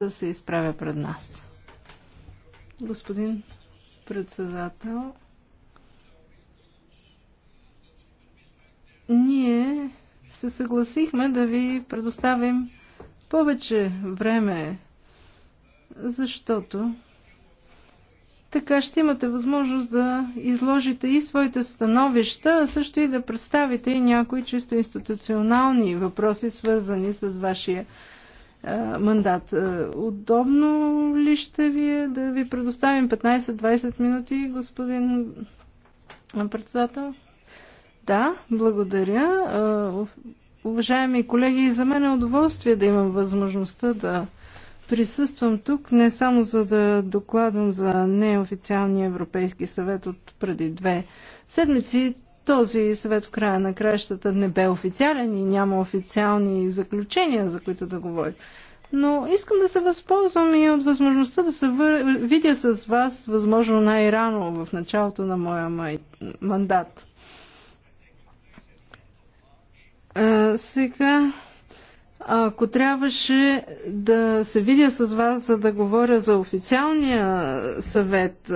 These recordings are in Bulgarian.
да се изправя пред нас. Господин председател, ние се съгласихме да ви предоставим повече време, защото така ще имате възможност да изложите и своите становища, а също и да представите и някои чисто институционални въпроси, свързани с вашия мандат. Удобно ли ще ви е да ви предоставим 15-20 минути, господин председател? Да, благодаря. Уважаеми колеги, за мен е удоволствие да имам възможността да присъствам тук не само за да докладвам за неофициалния Европейски съвет от преди две седмици. Този съвет в края на кращата не бе официален и няма официални заключения, за които да говорим. Но искам да се възползвам и от възможността да се вър... видя с вас, възможно най-рано в началото на моя май... мандат. А, сега, ако трябваше да се видя с вас, за да говоря за официалния съвет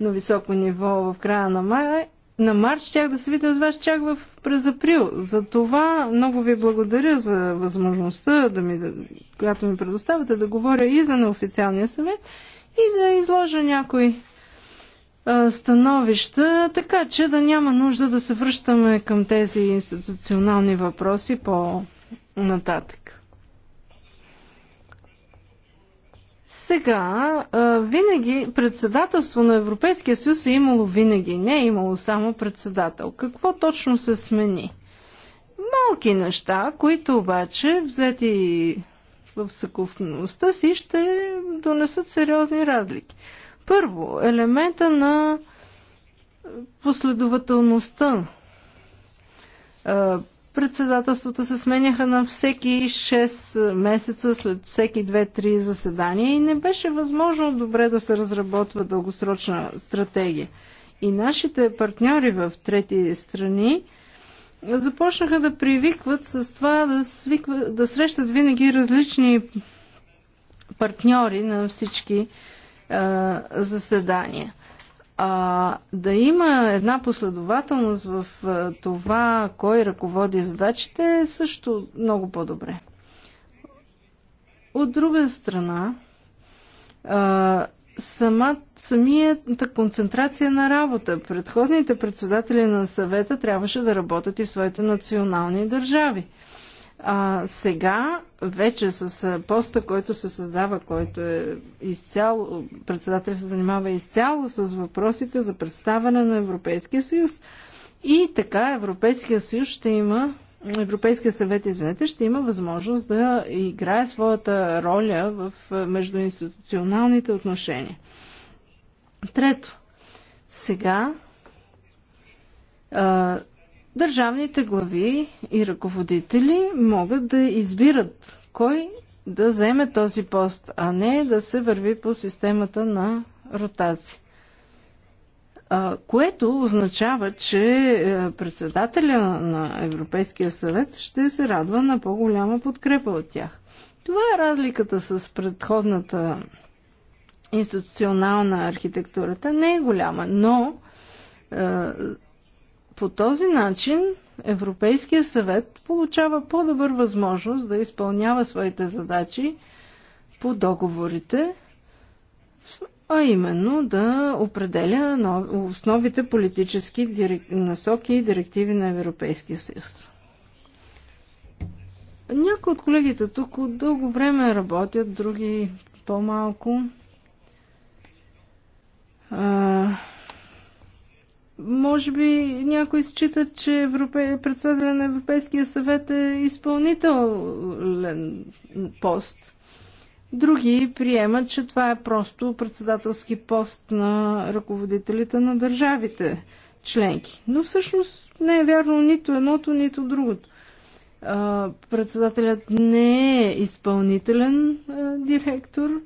на високо ниво в края на май, на март щях да се видя с вас чак в през април. За това много ви благодаря за възможността, да ми, която ми предоставяте, да говоря и за неофициалния съвет и да изложа някои становища, така че да няма нужда да се връщаме към тези институционални въпроси по-нататък. Сега, винаги председателство на Европейския съюз е имало винаги, не е имало само председател. Какво точно се смени? Малки неща, които обаче взети в съкупността си ще донесат сериозни разлики. Първо, елемента на последователността председателствата се сменяха на всеки 6 месеца, след всеки 2-3 заседания и не беше възможно добре да се разработва дългосрочна стратегия. И нашите партньори в трети страни започнаха да привикват с това да, свиква, да срещат винаги различни партньори на всички а, заседания. А да има една последователност в това, кой ръководи задачите, е също много по-добре. От друга страна, сама, самията концентрация на работа. Предходните председатели на съвета трябваше да работят и в своите национални държави. А сега, вече с поста, който се създава, който е изцяло, председател се занимава изцяло с въпросите за представяне на Европейския съюз. И така Европейския съюз ще има, Европейския съвет, извинете, ще има възможност да играе своята роля в междуинституционалните отношения. Трето, сега държавните глави и ръководители могат да избират кой да заеме този пост, а не да се върви по системата на ротация. Което означава, че е, председателя на Европейския съвет ще се радва на по-голяма подкрепа от тях. Това е разликата с предходната институционална архитектурата. Не е голяма, но е, по този начин Европейския съвет получава по-добър възможност да изпълнява своите задачи по договорите, а именно да определя основите политически насоки и директиви на Европейския съюз. Някои от колегите тук от дълго време работят, други по-малко може би някои считат, че Европе... председателя на Европейския съвет е изпълнителен пост. Други приемат, че това е просто председателски пост на ръководителите на държавите членки. Но всъщност не е вярно нито едното, нито другото. Председателят не е изпълнителен директор,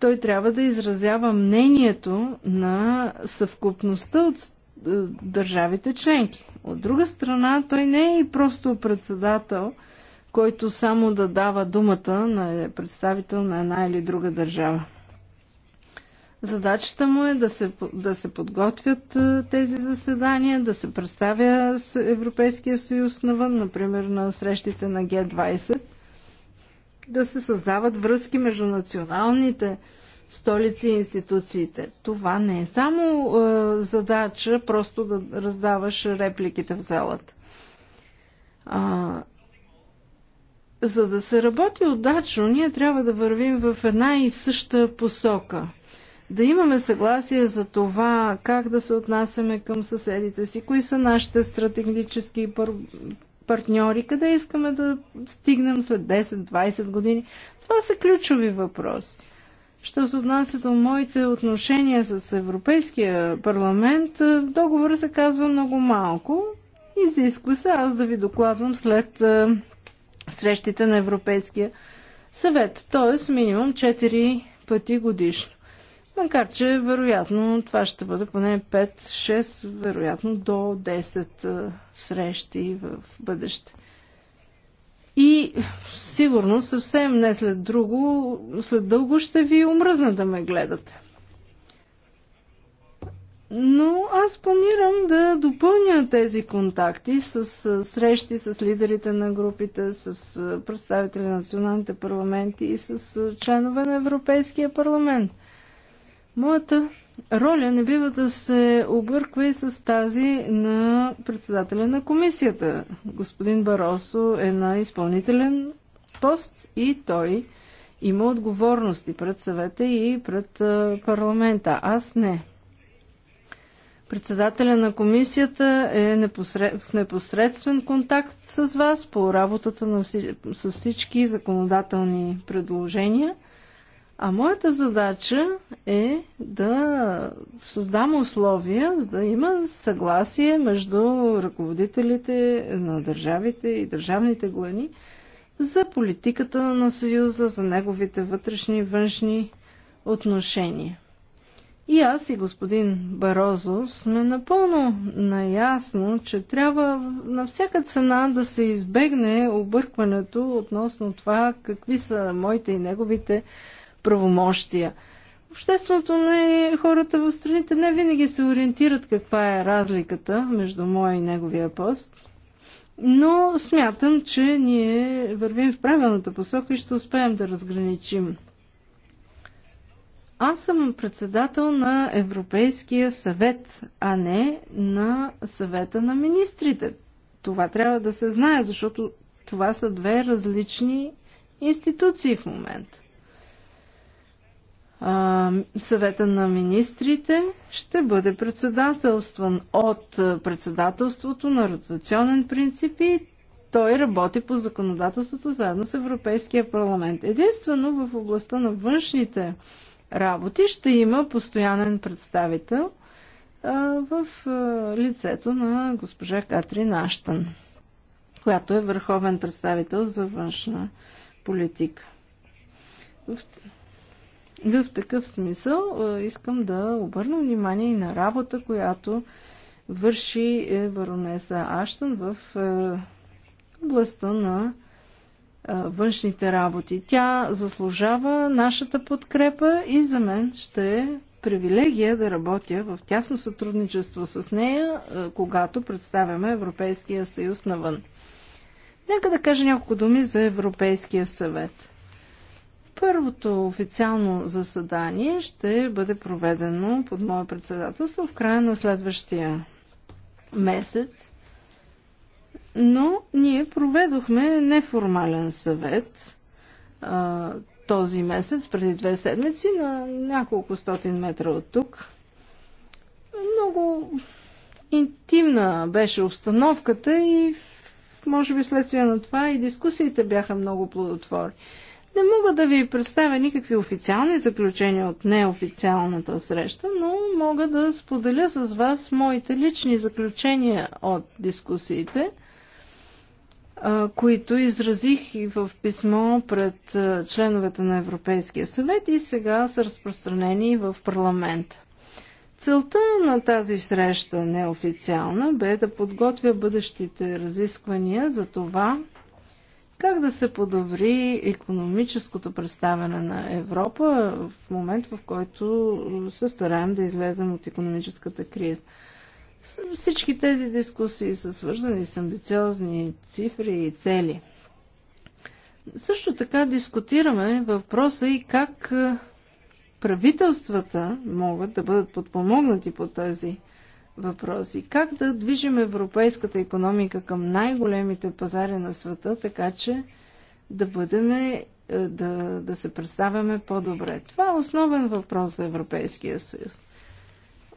той трябва да изразява мнението на съвкупността от е, държавите членки. От друга страна, той не е и просто председател, който само да дава думата на представител на една или друга държава. Задачата му е да се, да се подготвят е, тези заседания, да се представя Европейския съюз навън, например на срещите на Г-20 – да се създават връзки между националните столици и институциите. Това не е само е, задача просто да раздаваш репликите в залата. А, за да се работи удачно, ние трябва да вървим в една и съща посока. Да имаме съгласие за това как да се отнасяме към съседите си, кои са нашите стратегически партньори, къде искаме да стигнем след 10-20 години. Това са ключови въпроси. Що се отнася до моите отношения с Европейския парламент, е, договор се казва много малко. Изисква се аз да ви докладвам след е, срещите на Европейския съвет, т.е. минимум 4 пъти годишно. Макар, че вероятно това ще бъде поне 5-6, вероятно до 10 срещи в бъдеще. И сигурно съвсем не след друго, след дълго ще ви омръзна да ме гледате. Но аз планирам да допълня тези контакти с срещи с лидерите на групите, с представители на националните парламенти и с членове на Европейския парламент – Моята роля не бива да се обърква и с тази на председателя на комисията. Господин Баросо е на изпълнителен пост и той има отговорности пред съвета и пред парламента. Аз не. Председателя на комисията е в непосредствен контакт с вас по работата на, с всички законодателни предложения – а моята задача е да създам условия, за да има съгласие между ръководителите на държавите и държавните глани за политиката на Съюза, за неговите вътрешни и външни отношения. И аз и господин Барозо сме напълно наясно, че трябва на всяка цена да се избегне объркването относно това какви са моите и неговите правомощия. Общественото на е, хората в страните не винаги се ориентират каква е разликата между моя и неговия пост. Но смятам, че ние вървим в правилната посока и ще успеем да разграничим. Аз съм председател на Европейския съвет, а не на съвета на министрите. Това трябва да се знае, защото това са две различни институции в момента а, съвета на министрите ще бъде председателстван от председателството на ротационен принцип и той работи по законодателството заедно с Европейския парламент. Единствено в областта на външните работи ще има постоянен представител а, в а, лицето на госпожа Катрин Аштън, която е върховен представител за външна политика. В такъв смисъл е, искам да обърна внимание и на работа, която върши е, баронеса Аштън в е, областта на външните работи. Тя заслужава нашата подкрепа и за мен ще е привилегия да работя в тясно сътрудничество с нея, когато представяме Европейския съюз навън. Нека да кажа няколко думи за Европейския съвет. Първото официално заседание ще бъде проведено под мое председателство в края на следващия месец. Но ние проведохме неформален съвет а, този месец, преди две седмици, на няколко стотин метра от тук. Много интимна беше обстановката и може би следствие на това и дискусиите бяха много плодотворни. Не мога да ви представя никакви официални заключения от неофициалната среща, но мога да споделя с вас моите лични заключения от дискусиите, които изразих и в писмо пред членовете на Европейския съвет и сега са разпространени в парламента. Целта на тази среща неофициална бе да подготвя бъдещите разисквания за това, как да се подобри економическото представяне на Европа в момент, в който се стараем да излезем от економическата криза. Всички тези дискусии са свързани с амбициозни цифри и цели. Също така дискутираме въпроса и как правителствата могат да бъдат подпомогнати по тази въпроси. Как да движим европейската економика към най-големите пазари на света, така че да бъдем, е, да, да се представяме по-добре? Това е основен въпрос за Европейския съюз.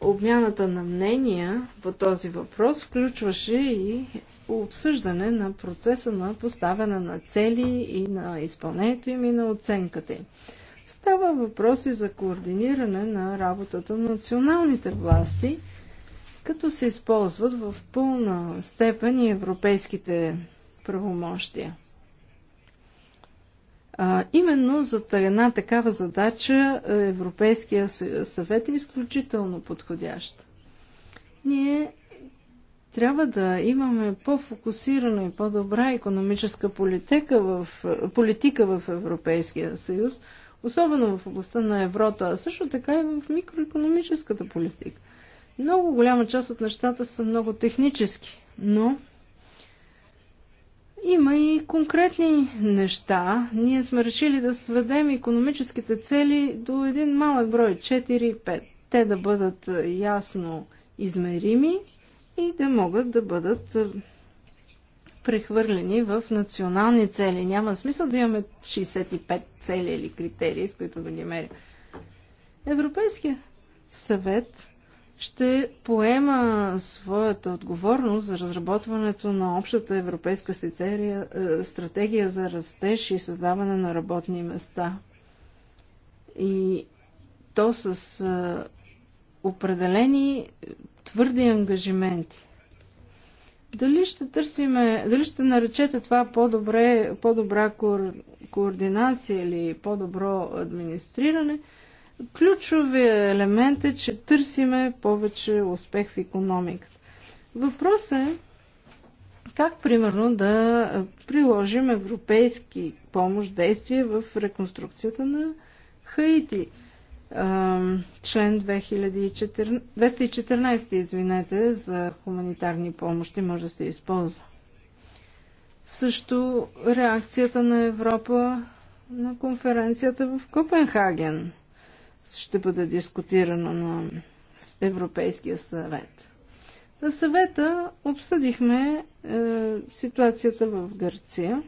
Обмяната на мнения по този въпрос включваше и обсъждане на процеса на поставяне на цели и на изпълнението им и на оценката им. Става въпроси за координиране на работата на националните власти – като се използват в пълна степен и европейските правомощия. А, именно за една такава задача Европейския съвет е изключително подходящ. Ние трябва да имаме по-фокусирана и по-добра економическа политика в, политика в Европейския съюз, особено в областта на еврото, а също така и в микроекономическата политика. Много голяма част от нещата са много технически, но има и конкретни неща. Ние сме решили да сведем економическите цели до един малък брой 4-5. Те да бъдат ясно измерими и да могат да бъдат прехвърлени в национални цели. Няма смисъл да имаме 65 цели или критерии, с които да ги мерим. Европейския съвет ще поема своята отговорност за разработването на общата европейска е, стратегия за растеж и създаване на работни места. И то с е, определени твърди ангажименти. Дали ще търсиме, дали ще наречете това по-добре, по-добра координация или по-добро администриране – Ключовия елемент е, че търсиме повече успех в економиката. Въпрос е как примерно да приложим европейски помощ действие в реконструкцията на Хаити. Член 2014, 214, извинете, за хуманитарни помощи може да се използва. Също реакцията на Европа на конференцията в Копенхаген ще бъде дискутирано на Европейския съвет. На съвета обсъдихме е, ситуацията в Гърция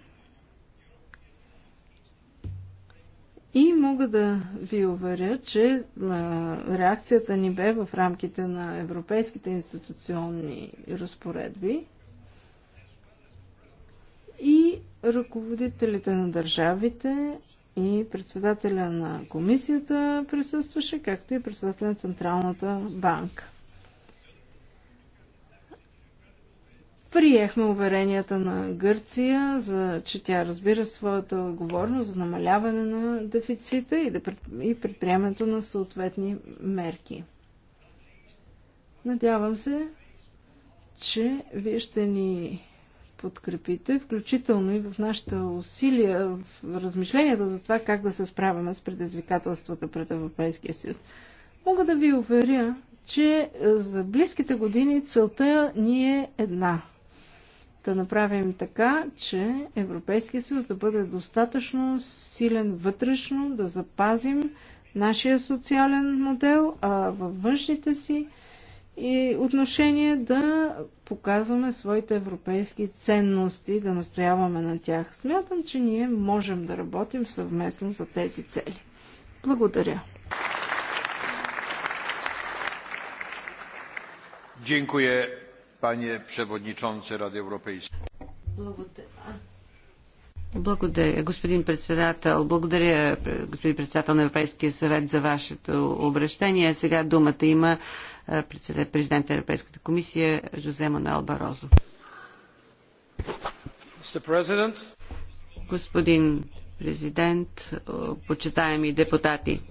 и мога да ви уверя, че е, реакцията ни бе в рамките на европейските институционни разпоредби и ръководителите на държавите и председателя на комисията присъстваше, както и председателя на Централната банка. Приехме уверенията на Гърция, за, че тя разбира своята отговорност за намаляване на дефицита и, да, и предприемането на съответни мерки. Надявам се, че вие ще ни подкрепите, включително и в нашите усилия, в размишленията за това как да се справяме с предизвикателствата пред Европейския съюз. Мога да ви уверя, че е, за близките години целта ни е една. Да направим така, че Европейския съюз да бъде достатъчно силен вътрешно, да запазим нашия социален модел, а във външните си и отношение да показваме своите европейски ценности, да настояваме на тях. Смятам, че ние можем да работим съвместно за тези цели. Благодаря. Dziękuję, panie przewodniczący Rady Europejskiej. Благодаря. Благодаря, господин председател. Благодаря, господин председател на Европейския съвет за вашето обращение. Сега думата има е, президент на Европейската комисия Жозе Мануел Барозо. Господин президент, почитаеми депутати.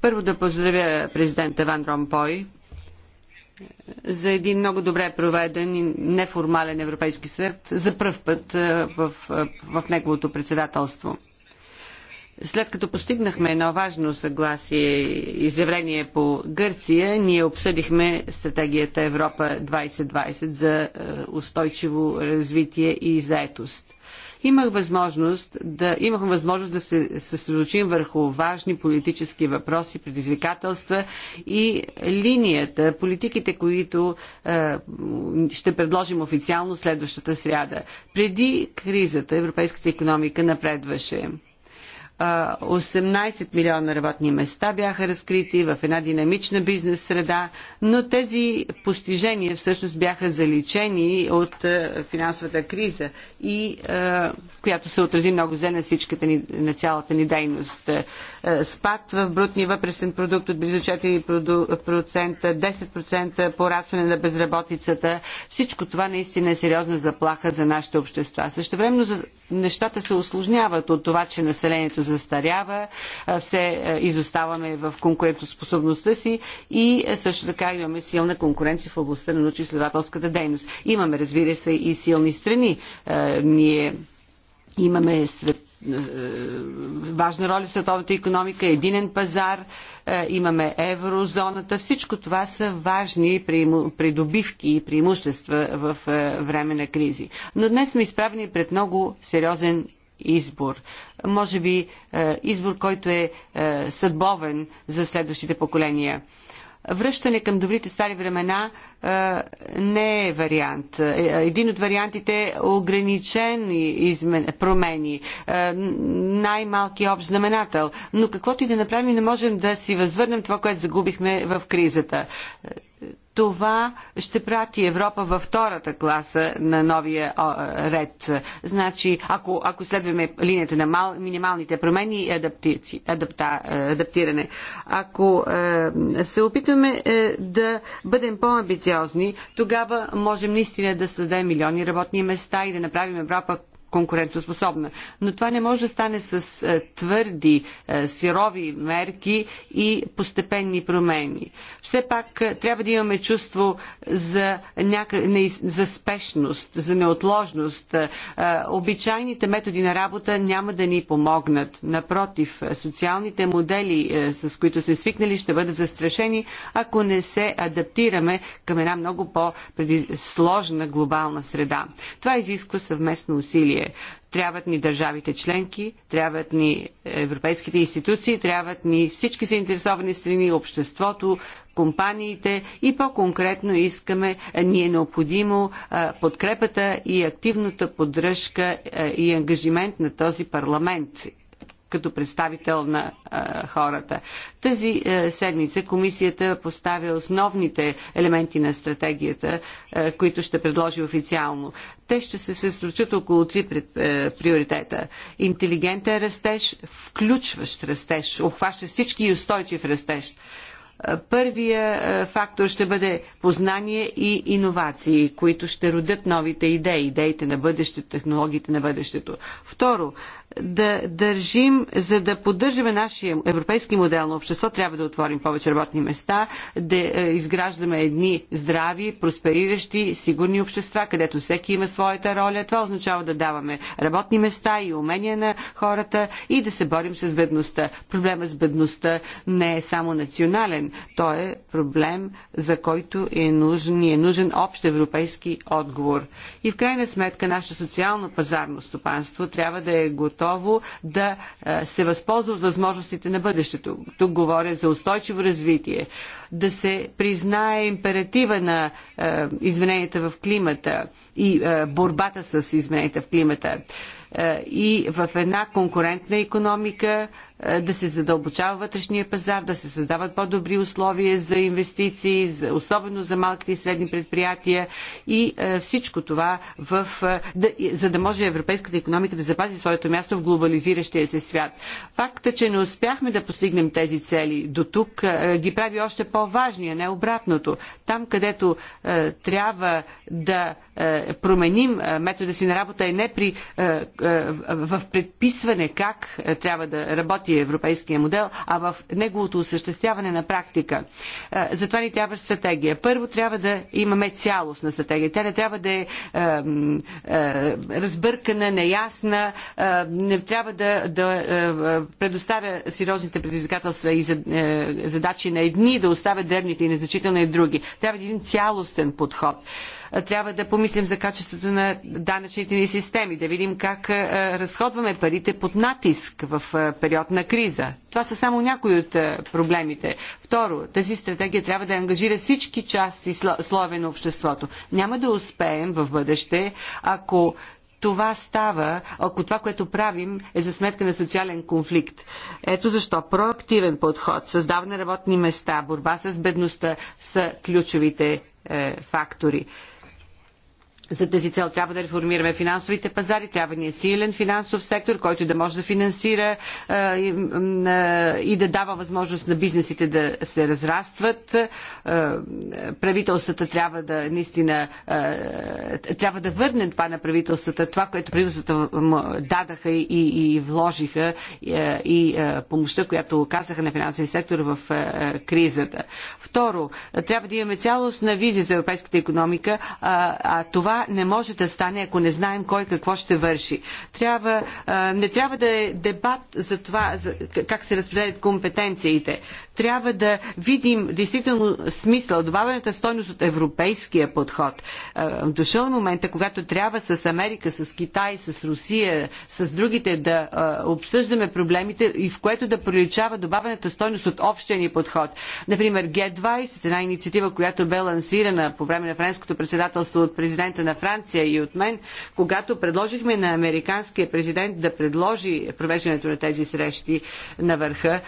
Първо да поздравя президента Ван Ромпой за един много добре проведен и неформален Европейски съвет за пръв път е, в, е, в неговото председателство. След като постигнахме едно важно съгласие и изявление по Гърция, ние обсъдихме стратегията Европа 2020 за е, устойчиво развитие и заетост. Имах възможност да, имах възможност да се съсредоточим върху важни политически въпроси, предизвикателства и линията, политиките, които е, ще предложим официално следващата сряда. Преди кризата европейската економика напредваше 18 милиона работни места бяха разкрити в една динамична бизнес среда, но тези постижения всъщност бяха заличени от е, финансовата криза и е, която се отрази много зле на, всичката ни, на цялата ни дейност. Е, спад в брутния вътрешен продукт от близо 4%, 10% порастване на безработицата. Всичко това наистина е сериозна заплаха за нашите общества. Същевременно нещата се осложняват от това, че населението застарява, все изоставаме в конкурентоспособността си и също така имаме силна конкуренция в областта на научно-изследователската дейност. Имаме, разбира се, и силни страни. Ние имаме свет, важна роля в световната економика, единен пазар, имаме еврозоната. Всичко това са важни придобивки и преимущества в време на кризи. Но днес сме изправени пред много сериозен избор. Може би е, избор, който е, е съдбовен за следващите поколения връщане към добрите стари времена е, не е вариант. Един от вариантите е ограничени измен... промени, най-малки общ знаменател. Но каквото и да направим, не можем да си възвърнем това, което загубихме в кризата това ще прати Европа във втората класа на новия ред. Значи, ако, ако следваме линията на мал, минималните промени и адапта, е, адаптиране, ако е, се опитваме е, да бъдем по-амбициозни, тогава можем наистина да създадем милиони работни места и да направим Европа конкурентоспособна. Но това не може да стане с е, твърди, е, сирови мерки и постепенни промени. Все пак е, трябва да имаме чувство за, няка... за спешност, за неотложност. Обичайните методи на работа няма да ни помогнат. Напротив, социалните модели, с които сме свикнали, ще бъдат застрашени, ако не се адаптираме към една много по-сложна глобална среда. Това изисква съвместно усилие развитие. Трябват ни държавите членки, трябват ни европейските институции, трябват ни всички заинтересовани страни, обществото, компаниите и по-конкретно искаме, ни е необходимо подкрепата и активната поддръжка и ангажимент на този парламент като представител на а, хората. Тази а, седмица комисията поставя основните елементи на стратегията, а, които ще предложи официално. Те ще се съсредоточат около три пред, а, приоритета. Интелигентен растеж, включващ растеж, обхваща всички и устойчив растеж. Първия фактор ще бъде познание и иновации, които ще родят новите идеи, идеите на бъдещето, технологиите на бъдещето. Второ, да държим, за да поддържаме нашия европейски модел на общество, трябва да отворим повече работни места, да е, изграждаме едни здрави, проспериращи, сигурни общества, където всеки има своята роля. Това означава да даваме работни места и умения на хората и да се борим с бедността. Проблема с бедността не е само национален, то е проблем, за който е нужен, е нужен общ европейски отговор. И в крайна сметка, нашата социално пазарно стопанство трябва да е готово готово да е, се възползва от възможностите на бъдещето. Тук говоря за устойчиво развитие. Да се признае императива на е, измененията в климата и е, борбата с измененията в климата и в една конкурентна економика е, да се задълбочава вътрешния пазар, да се създават по-добри условия за инвестиции, особено за малките и средни предприятия и е, всичко това, в, е, да, за да може европейската економика да запази своето място в глобализиращия се свят. Факта, че не успяхме да постигнем тези цели до тук, ги прави още по-важни, а не обратното. Там, където трябва да променим метода си на работа, е не при, в предписване как трябва да работи работи европейския модел, а в неговото осъществяване на практика. Е, затова ни трябва стратегия. Първо трябва да имаме цялост на стратегия. Тя не трябва да е, е, е разбъркана, неясна, е, не трябва да, да е, предоставя сериозните предизвикателства и е, задачи на едни, да оставя древните и незначителни други. Трябва да един цялостен подход трябва да помислим за качеството на данъчните ни системи, да видим как разходваме парите под натиск в период на криза. Това са само някои от проблемите. Второ, тази стратегия трябва да ангажира всички части слове на обществото. Няма да успеем в бъдеще, ако това става, ако това, което правим, е за сметка на социален конфликт. Ето защо проактивен подход, създаване на работни места, борба с бедността са ключовите е, фактори. За тази цел трябва да реформираме финансовите пазари, трябва ни е силен финансов сектор, който да може да финансира е, е, и да дава възможност на бизнесите да се разрастват. Е, правителствата трябва да наистина трябва да върне това на правителствата, това, което правителствата дадаха и, и вложиха и помощта, която оказаха на финансовия сектор в кризата. Второ, трябва да имаме цялостна визия за европейската економика, а това не може да стане, ако не знаем кой какво ще върши. Трябва, не трябва да е дебат за това за как се разпределят компетенциите. Трябва да видим действително смисъл, добавената стойност от европейския подход. Дошъл момента, когато трябва с Америка, с Китай, с Русия, с другите да обсъждаме проблемите и в което да проличава добавената стойност от общия ни подход. Например, G20, една инициатива, която бе лансирана по време на френското председателство от президента на Франция и от мен, когато предложихме на американския президент да предложи провеждането на тези срещи на върха,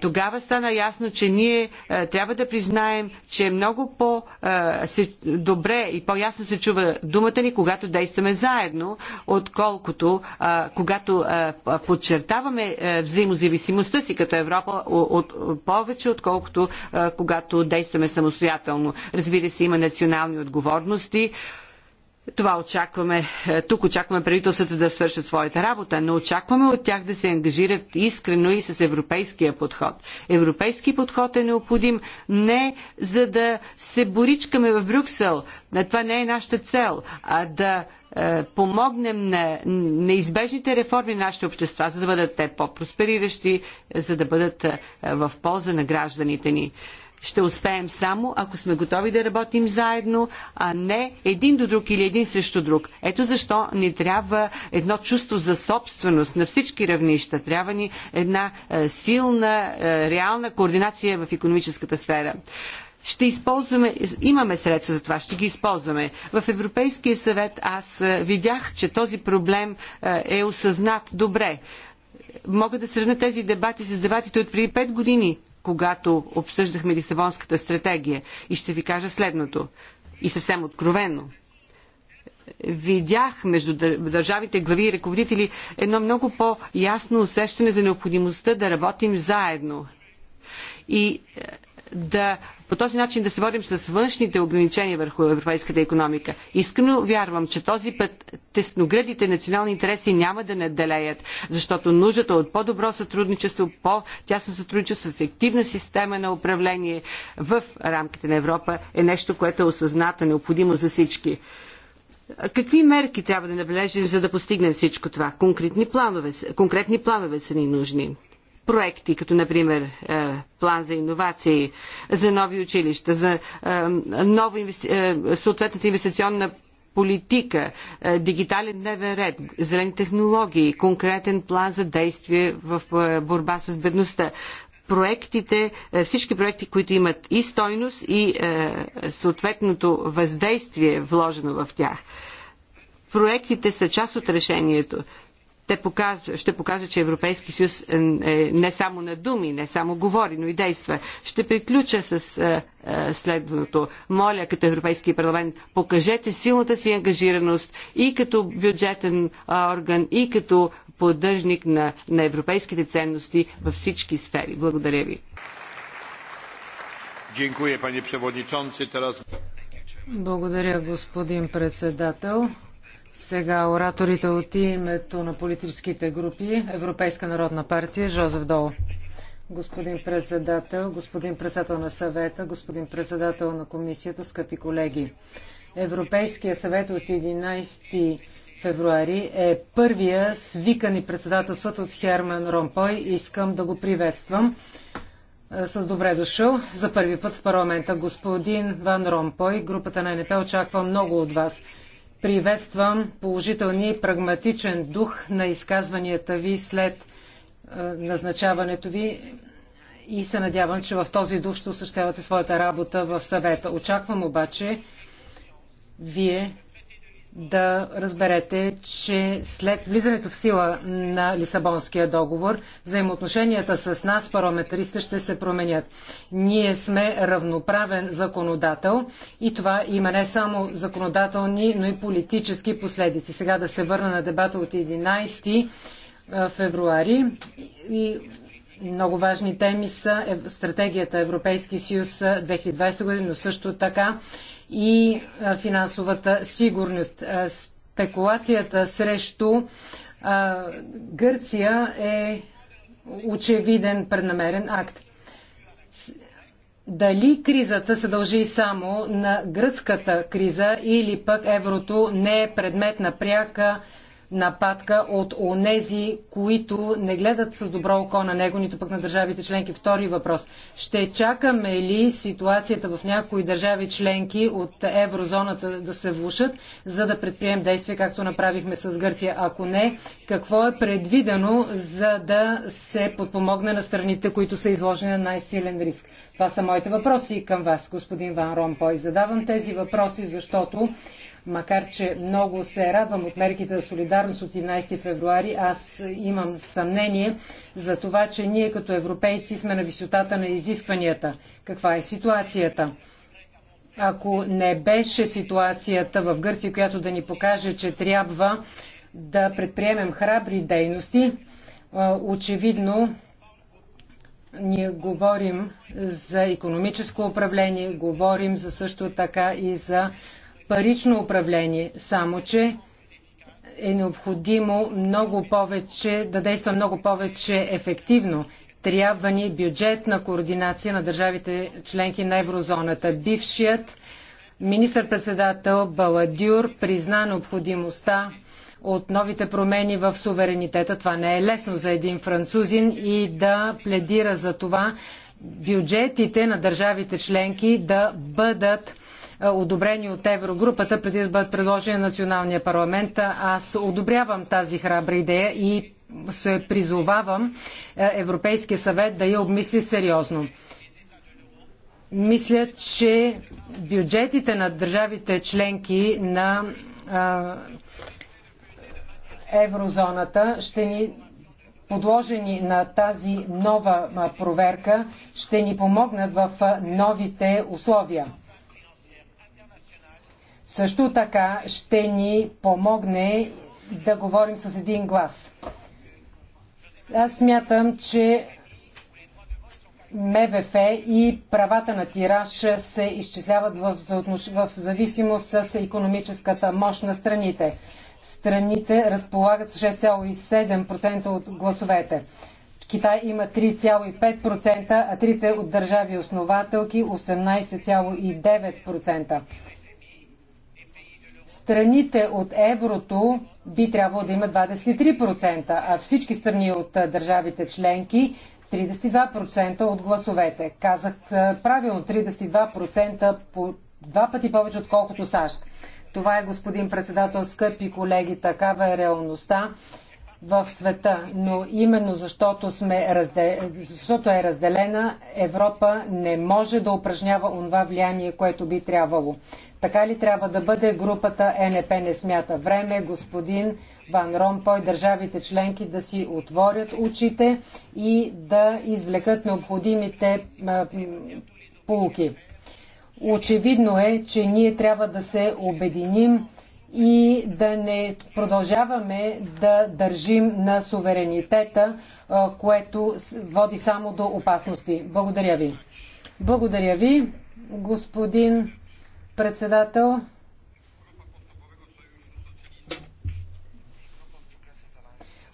тогава стана ясно, че ние трябва да признаем, че е много по-добре и по-ясно се чува думата ни, когато действаме заедно, отколкото когато подчертаваме взаимозависимостта си като Европа от, от, повече, отколкото когато действаме самостоятелно. Разбира се, има национални отговорности. Това очакваме. Е, тук очакваме правителствата да свършат своята работа, но очакваме от тях да се ангажират искрено и с европейския подход. Европейски подход е необходим не за да се боричкаме в Брюксел. Това не е нашата цел, а да е, помогнем на неизбежните реформи на нашите общества, за да бъдат те по-проспериращи, за да бъдат е, в полза на гражданите ни ще успеем само, ако сме готови да работим заедно, а не един до друг или един срещу друг. Ето защо ни трябва едно чувство за собственост на всички равнища. Трябва ни една е, силна, е, реална координация в економическата сфера ще използваме, имаме средства за това, ще ги използваме. В Европейския съвет аз е, видях, че този проблем е осъзнат добре. Мога да сравня тези дебати с дебатите от преди 5 години когато обсъждахме Лисабонската стратегия. И ще ви кажа следното. И съвсем откровено. Видях между държавите глави и ръководители едно много по-ясно усещане за необходимостта да работим заедно. И е, да по този начин да се борим с външните ограничения върху европейската економика. Искрено вярвам, че този път тесноградите национални интереси няма да наделеят, защото нуждата от по-добро сътрудничество, по-тясно сътрудничество, ефективна система на управление в рамките на Европа е нещо, което е осъзната, необходимо за всички. Какви мерки трябва да набележим, за да постигнем всичко това? Конкретни планове, конкретни планове са ни нужни проекти, като например е, план за иновации, за нови училища, за е, нова инвести... Е, съответната инвестиционна политика, дигитален дневен ред, зелени технологии, конкретен план за действие в борба с бедността. Проектите, всички проекти, които имат и стойност, и съответното въздействие вложено в тях. Проектите са част от решението те показва, ще покажа, че Европейски съюз е, е не само на думи, не само говори, но и действа. Ще приключа с е, е, следното. Моля, като Европейски парламент, покажете силната си ангажираност и като бюджетен орган, и като поддържник на, на европейските ценности във всички сфери. Благодаря ви. Благодаря, господин председател. Сега ораторите от името на политическите групи. Европейска народна партия, Жозеф Дол. Господин председател, господин председател на съвета, господин председател на комисията, скъпи колеги. Европейския съвет от 11 февруари е първия свикан и председателстват от Херман Ромпой. Искам да го приветствам с добре дошъл за първи път в парламента. Господин Ван Ромпой, групата на НП очаква много от вас. Приветствам положителния и прагматичен дух на изказванията ви след е, назначаването ви и се надявам, че в този дух ще осъществявате своята работа в съвета. Очаквам обаче вие да разберете, че след влизането в сила на Лисабонския договор, взаимоотношенията с нас, парламентаристите, ще се променят. Ние сме равноправен законодател и това има не само законодателни, но и политически последици. Сега да се върна на дебата от 11 февруари и много важни теми са е, стратегията Европейски съюз 2020 година, но също така и финансовата сигурност. Спекулацията срещу Гърция е очевиден преднамерен акт. Дали кризата се дължи само на гръцката криза или пък еврото не е предмет на пряка нападка от онези, които не гледат с добро око на него, нито пък на държавите членки. Втори въпрос. Ще чакаме ли ситуацията в някои държави членки от еврозоната да се влушат, за да предприем действия, както направихме с Гърция? Ако не, какво е предвидено, за да се подпомогне на страните, които са изложени на най-силен риск? Това са моите въпроси към вас, господин Ван Ромпой. Задавам тези въпроси, защото Макар, че много се радвам от мерките за солидарност от 11 февруари, аз имам съмнение за това, че ние като европейци сме на висотата на изискванията. Каква е ситуацията? Ако не беше ситуацията в Гърция, която да ни покаже, че трябва да предприемем храбри дейности, очевидно ние говорим за економическо управление, говорим за също така и за парично управление, само че е необходимо много повече, да действа много повече ефективно. Трябва ни бюджетна координация на държавите членки на еврозоната. Бившият министър-председател Баладюр призна необходимостта от новите промени в суверенитета. Това не е лесно за един французин и да пледира за това бюджетите на държавите членки да бъдат е, одобрени от Еврогрупата преди да бъдат предложени на националния парламент. Аз одобрявам тази храбра идея и се призовавам е, Европейския съвет да я обмисли сериозно. Мисля, че бюджетите на държавите членки на е, еврозоната ще ни подложени на тази нова проверка, ще ни помогнат в новите условия също така ще ни помогне да говорим с един глас. Аз смятам, че МВФ и правата на тираж се изчисляват в, в зависимост с економическата мощ на страните. Страните разполагат с 6,7% от гласовете. Китай има 3,5%, а трите от държави основателки 18,9%. Страните от еврото би трябвало да има 23%, а всички страни от държавите членки 32% от гласовете. Казах правилно 32% по два пъти повече отколкото САЩ. Това е, господин председател, скъпи колеги, такава е реалността в света. Но именно защото, сме разде... защото е разделена, Европа не може да упражнява онова влияние, което би трябвало. Така ли трябва да бъде групата е НП не смята време, господин Ван Ромпой, държавите членки да си отворят очите и да извлекат необходимите полуки. Очевидно е, че ние трябва да се обединим и да не продължаваме да държим на суверенитета, което води само до опасности. Благодаря ви. Благодаря ви, господин председател.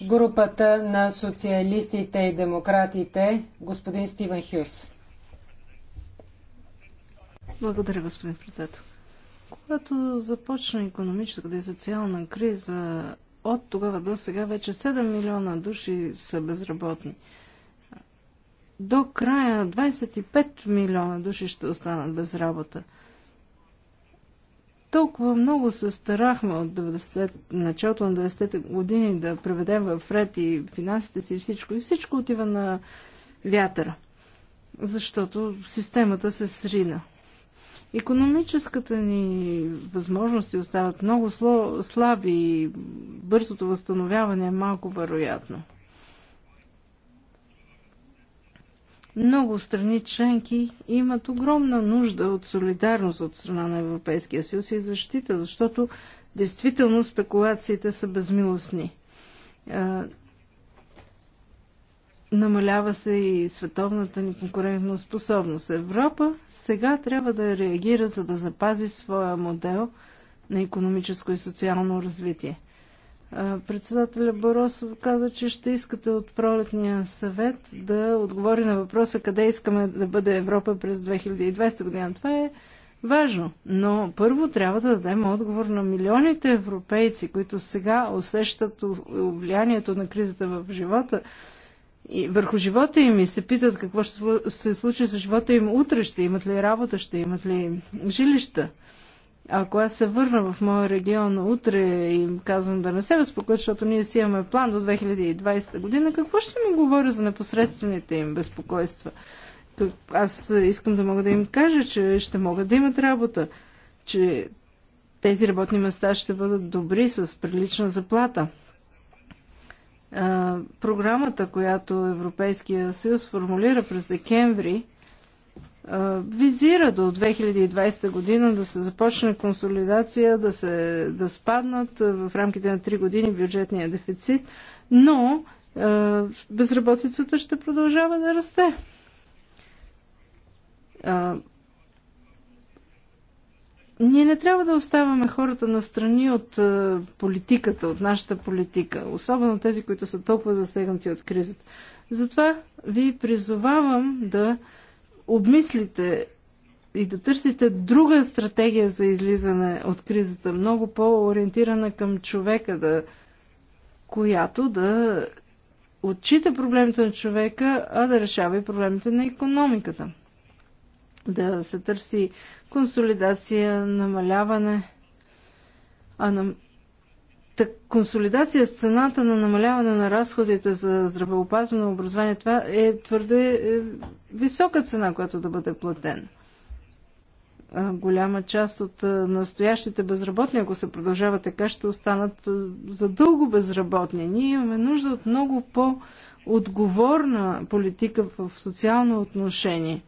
Групата на социалистите и демократите, господин Стивен Хюс. Благодаря, господин председател. Когато започна економическата и социална криза, от тогава до сега вече 7 милиона души са безработни. До края 25 милиона души ще останат без работа толкова много се старахме от 90, началото на 90-те години да преведем в ред и финансите си и всичко. И всичко отива на вятъра, защото системата се срина. Економическата ни възможности остават много слаби и бързото възстановяване е малко вероятно. Много страни членки имат огромна нужда от солидарност от страна на Европейския съюз и защита, защото действително спекулациите са безмилостни. Намалява се и световната ни конкурентна способност. Европа сега трябва да реагира, за да запази своя модел на економическо и социално развитие. Председателя Боросов каза, че ще искате от пролетния съвет да отговори на въпроса къде искаме да бъде Европа през 2020 година. Това е важно, но първо трябва да дадем отговор на милионите европейци, които сега усещат влиянието на кризата в живота и върху живота им и се питат какво ще се случи с живота им утре, ще имат ли работа, ще имат ли жилища. Ако аз се върна в моя регион утре и казвам да не се безпокоят, защото ние си имаме план до 2020 година, какво ще ми говоря за непосредствените им безпокойства? Аз искам да мога да им кажа, че ще могат да имат работа, че тези работни места ще бъдат добри с прилична заплата. програмата, която Европейския съюз формулира през декември, визира до 2020 година да се започне консолидация, да, се, да спаднат в рамките на 3 години бюджетния дефицит, но безработицата ще продължава да расте. Ние не трябва да оставяме хората настрани от политиката, от нашата политика, особено тези, които са толкова засегнати от кризата. Затова ви призовавам да обмислите и да търсите друга стратегия за излизане от кризата, много по-ориентирана към човека, да, която да отчита проблемите на човека, а да решава и проблемите на економиката. Да се търси консолидация, намаляване, а на Так, консолидация с цената на намаляване на разходите за здравеопазване, образование, това е твърде е, висока цена, която да бъде платена. Голяма част от настоящите безработни, ако се продължава така, ще останат задълго безработни. Ние имаме нужда от много по-отговорна политика в социално отношение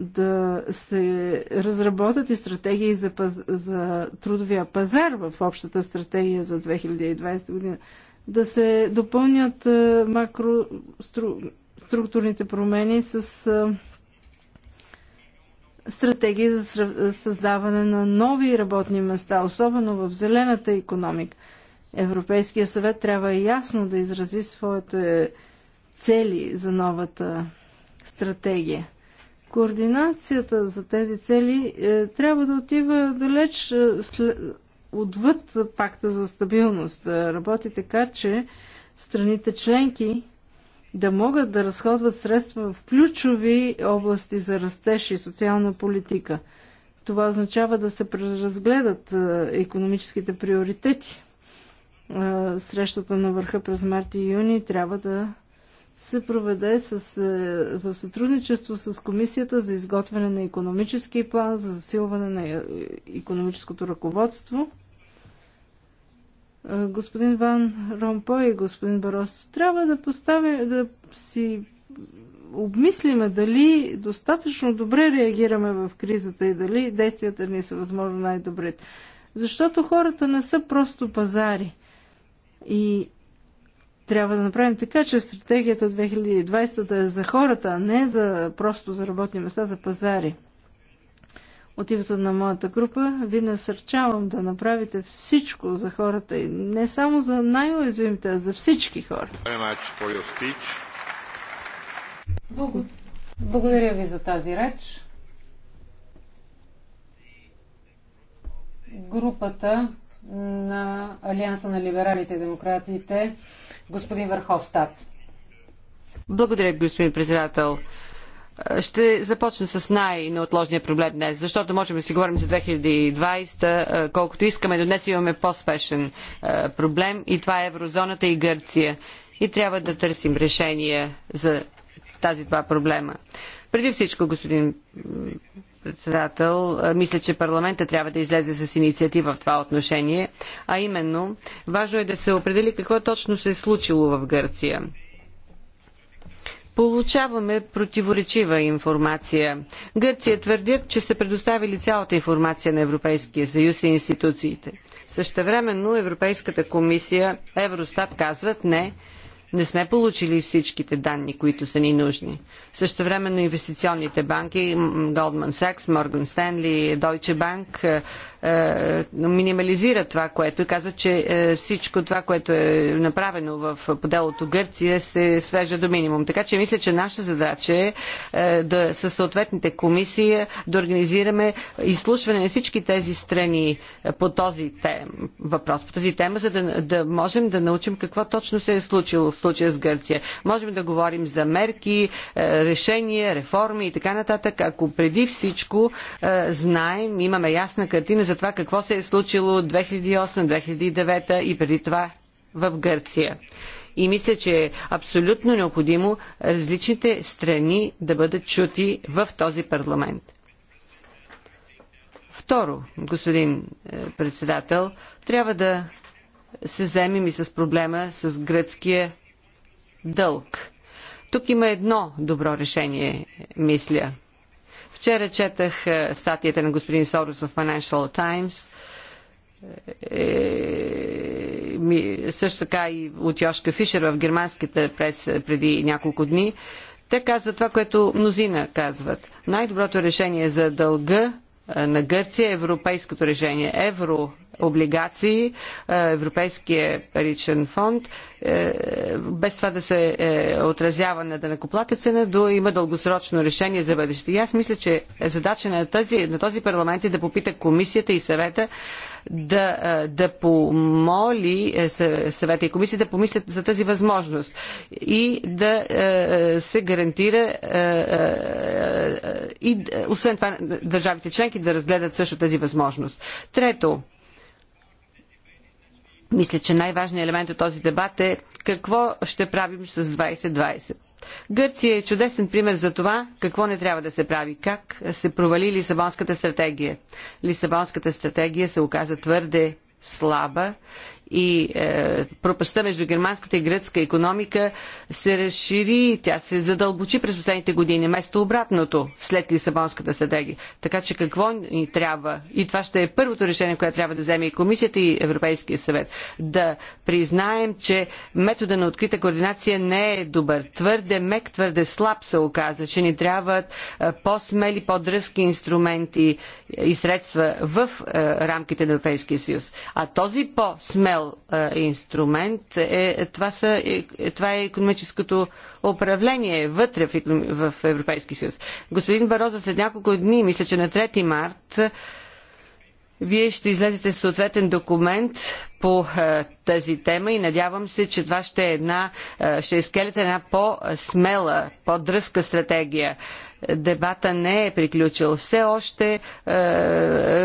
да се разработят и стратегии за, паз... за трудовия пазар в общата стратегия за 2020 година, да се допълнят е, макроструктурните промени с е, стратегии за създаване на нови работни места, особено в зелената економика. Европейския съвет трябва ясно да изрази своите цели за новата стратегия. Координацията за тези цели е, трябва да отива далеч е, отвъд пакта за стабилност, да работи така, че страните членки да могат да разходват средства в ключови области за растеж и социална политика. Това означава да се преразгледат е, економическите приоритети. Е, срещата на върха през март и юни трябва да се проведе с, е, в сътрудничество с Комисията за изготвяне на економически план за засилване на е, е, економическото ръководство. Господин Ван Ромпо и господин Баросто, трябва да поставим, да си обмислиме дали достатъчно добре реагираме в кризата и дали действията ни са възможно най-добре. Защото хората не са просто пазари. И трябва да направим така, че стратегията 2020 да е за хората, а не за просто за работни места, за пазари. От името на моята група ви насърчавам да направите всичко за хората и не само за най-уязвимите, а за всички хора. Благодаря ви за тази реч. Групата на Алианса на либералите и демократите, господин Върховстат. Благодаря, господин председател. Ще започна с най-неотложния проблем днес, защото можем да си говорим за 2020, колкото искаме, до днес имаме по-спешен проблем и това е еврозоната и Гърция. И трябва да търсим решение за тази два проблема. Преди всичко, господин председател, мисля, че парламента трябва да излезе с инициатива в това отношение, а именно важно е да се определи какво точно се е случило в Гърция. Получаваме противоречива информация. Гърция твърдят, че са предоставили цялата информация на Европейския съюз и институциите. Същевременно Европейската комисия, Евростат казват не, не сме получили всичките данни, които са ни нужни. Също инвестиционните банки, Goldman Sachs, Morgan Stanley, Deutsche Bank, е, е, минимализират това, което и казват, че е, всичко това, което е направено в поделото Гърция се свежа до минимум. Така че мисля, че наша задача е да със съответните комисии да организираме изслушване на всички тези страни по този тем, въпрос, по тази тема, за да, да можем да научим какво точно се е случило в случая с Гърция. Можем да говорим за мерки, решения, реформи и така нататък, ако преди всичко е, знаем, имаме ясна картина за това какво се е случило 2008-2009 и преди това в Гърция. И мисля, че е абсолютно необходимо различните страни да бъдат чути в този парламент. Второ, господин е, председател, трябва да се вземем и с проблема с гръцкия дълг. Тук има едно добро решение, мисля. Вчера четах е, статията на господин Сорос в Financial Times. Е, също така и от Йошка Фишер в германската прес преди няколко дни. Те казват това, което мнозина казват. Най-доброто решение за дълга е, на Гърция е европейското решение. Евро облигации, е, Европейския паричен фонд, е, без това да се е, отразява на дънакоплата цена, да има дългосрочно решение за бъдеще. И аз мисля, че задача на, тази, на този парламент е да попита комисията и съвета да, да помоли съвета и комисията да помислят за тази възможност и да се гарантира и освен това държавите членки да разгледат също тази възможност. Трето, мисля, че най-важният елемент от този дебат е какво ще правим с 2020. Гърция е чудесен пример за това какво не трябва да се прави, как се провали Лисабонската стратегия. Лисабонската стратегия се оказа твърде слаба и е, пропаста между германската и гръцка економика се разшири, тя се задълбочи през последните години, вместо обратното след Лисабонската стратегия. Така че какво ни трябва? И това ще е първото решение, което трябва да вземе и комисията и Европейския съвет. Да признаем, че метода на открита координация не е добър. Твърде мек, твърде слаб се оказа, че ни трябват е, по-смели, по-дръзки инструменти и средства в е, рамките на Европейския съюз. А този по-смел МРЕЛ инструмент, е, това, са, е, това е економическото управление вътре в, в Европейски съюз. Господин Бароза, след няколко дни, мисля, че на 3 март, вие ще излезете с съответен документ по а, тази тема и надявам се, че това ще е една, а, ще изкелите е една по-смела, по-дръзка стратегия дебата не е приключил. Все още е,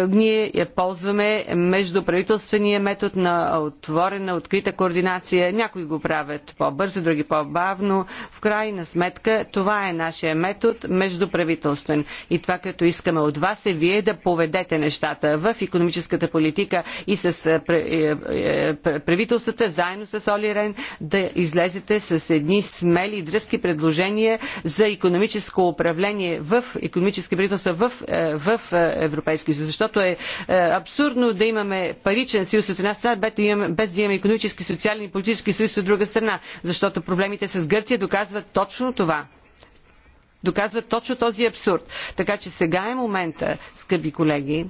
ние ползваме междуправителствения метод на отворена, открита координация. Някои го правят по-бързо, други по-бавно. В крайна сметка това е нашия метод междуправителствен. И това, като искаме от вас е вие да поведете нещата в економическата политика и с е, е, е, правителствата, заедно с Оли Рен, да излезете с едни смели дръзки предложения за економическо управление управление в економически правителства в, е, в е, Европейския съюз. Защото е, е абсурдно да имаме паричен съюз от една страна, без да имаме економически, социален и политически съюз от друга страна. Защото проблемите с Гърция доказват точно това доказват точно този абсурд. Така че сега е момента, скъпи колеги,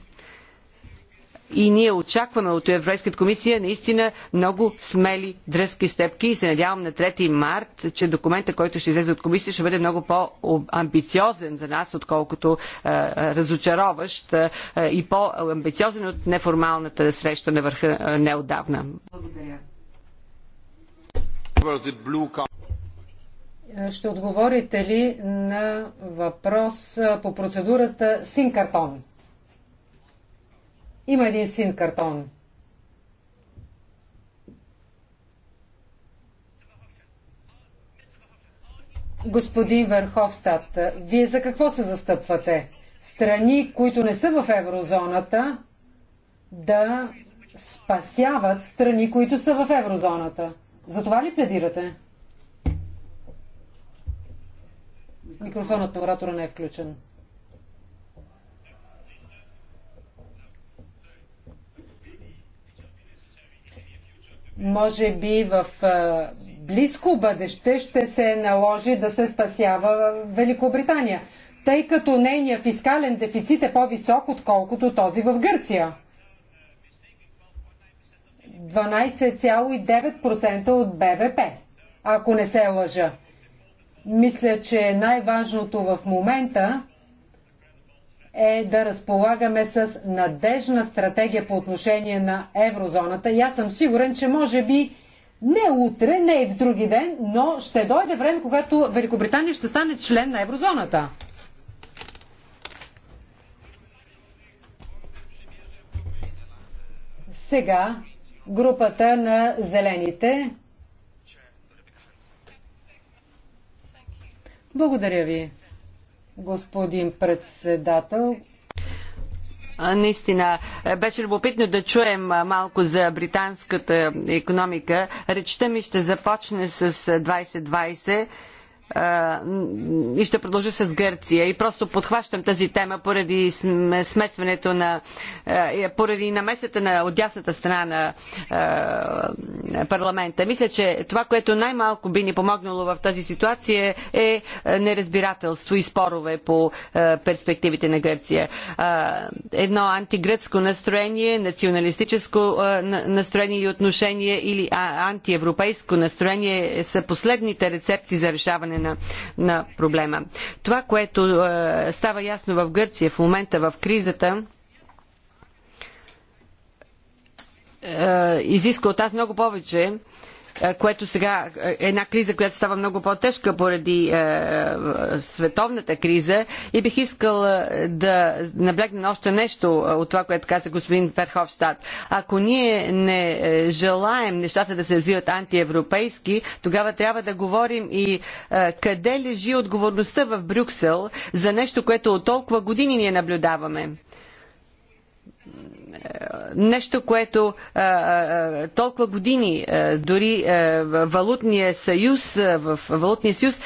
и ние очакваме от Европейската комисия наистина много смели дръзки стъпки и се надявам на 3 март, че документа, който ще излезе от комисия, ще бъде много по-амбициозен за нас, отколкото а, е, е, разочароващ а, е, и по-амбициозен от неформалната среща на върха неодавна. Благодаря. Ще отговорите ли на въпрос по процедурата син има един син картон. Господин Верховстат, вие за какво се застъпвате? Страни, които не са в еврозоната, да спасяват страни, които са в еврозоната. За това ли пледирате? Микрофонът на оратора не е включен. Може би в близко бъдеще ще се наложи да се спасява Великобритания, тъй като нейният фискален дефицит е по-висок, отколкото този в Гърция. 12,9% от БВП, ако не се лъжа. Мисля, че най-важното в момента е да разполагаме с надежна стратегия по отношение на еврозоната. И аз съм сигурен, че може би не утре, не и в други ден, но ще дойде време, когато Великобритания ще стане член на еврозоната. Сега групата на зелените. Благодаря ви господин председател. Наистина, е, беше любопитно да чуем малко за британската економика. Речта ми ще започне с 2020 и ще продължа с Гърция и просто подхващам тази тема поради смесването на поради намесата на отясната страна на парламента. Мисля, че това, което най-малко би ни помогнало в тази ситуация е неразбирателство и спорове по перспективите на Гърция. Едно антигръцко настроение, националистическо настроение и отношение или антиевропейско настроение са последните рецепти за решаване решаване на, на проблема. Това, което е, става ясно в Гърция в момента в кризата, е, изисква от нас много повече е, което сега е една криза, която става много по-тежка поради е, световната криза. И бих искал е, да наблегна още нещо от това, което каза господин Ферховстад. Ако ние не желаем нещата да се развиват антиевропейски, тогава трябва да говорим и къде лежи отговорността в Брюксел за нещо, което от толкова години ние наблюдаваме нещо, което а, а, толкова години, а, дори валутния съюз, в валутния съюз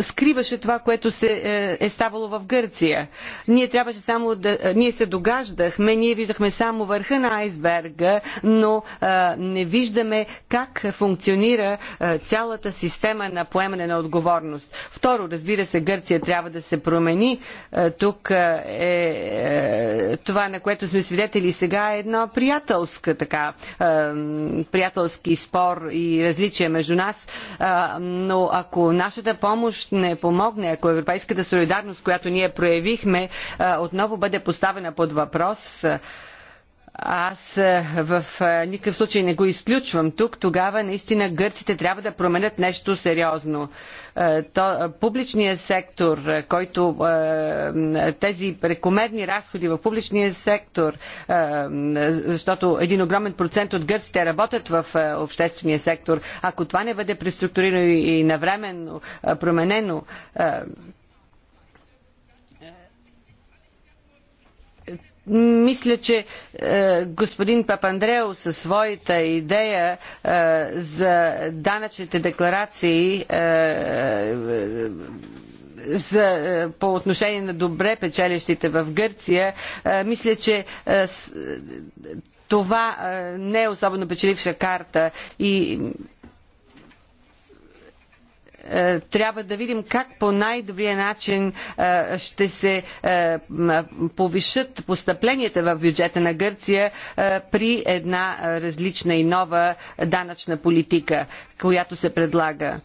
скриваше това, което се е, е ставало в Гърция. Ние трябваше само да, ние се догаждахме, ние виждахме само върха на айсберга, но не виждаме как функционира цялата система на поемане на отговорност. Второ, разбира се, Гърция трябва да се промени. Тук е, е това, на което сме свидетели сега е едно приятелска така, е, приятелски спор и различие между нас, е, но ако нашата помощ не помогне, ако европейската солидарност, която ние проявихме, е, отново бъде поставена под въпрос, аз е, в е, никакъв случай не го изключвам тук. Тогава наистина гърците трябва да променят нещо сериозно. Е, то, публичният сектор, който тези прекомерни разходи в публичния сектор, защото един огромен процент от гърците работят в обществения сектор, ако това не бъде преструктурирано и навременно променено, Мисля, че е, господин Папандрео със своята идея е, за данъчните декларации е, е, за, е, по отношение на добре печелищите в Гърция, е, мисля, че е, с, това е, не е особено печеливша карта и е, трябва да видим как по най-добрия начин е, ще се е, повишат постъпленията в бюджета на Гърция при една различна и нова данъчна политика, която се предлага.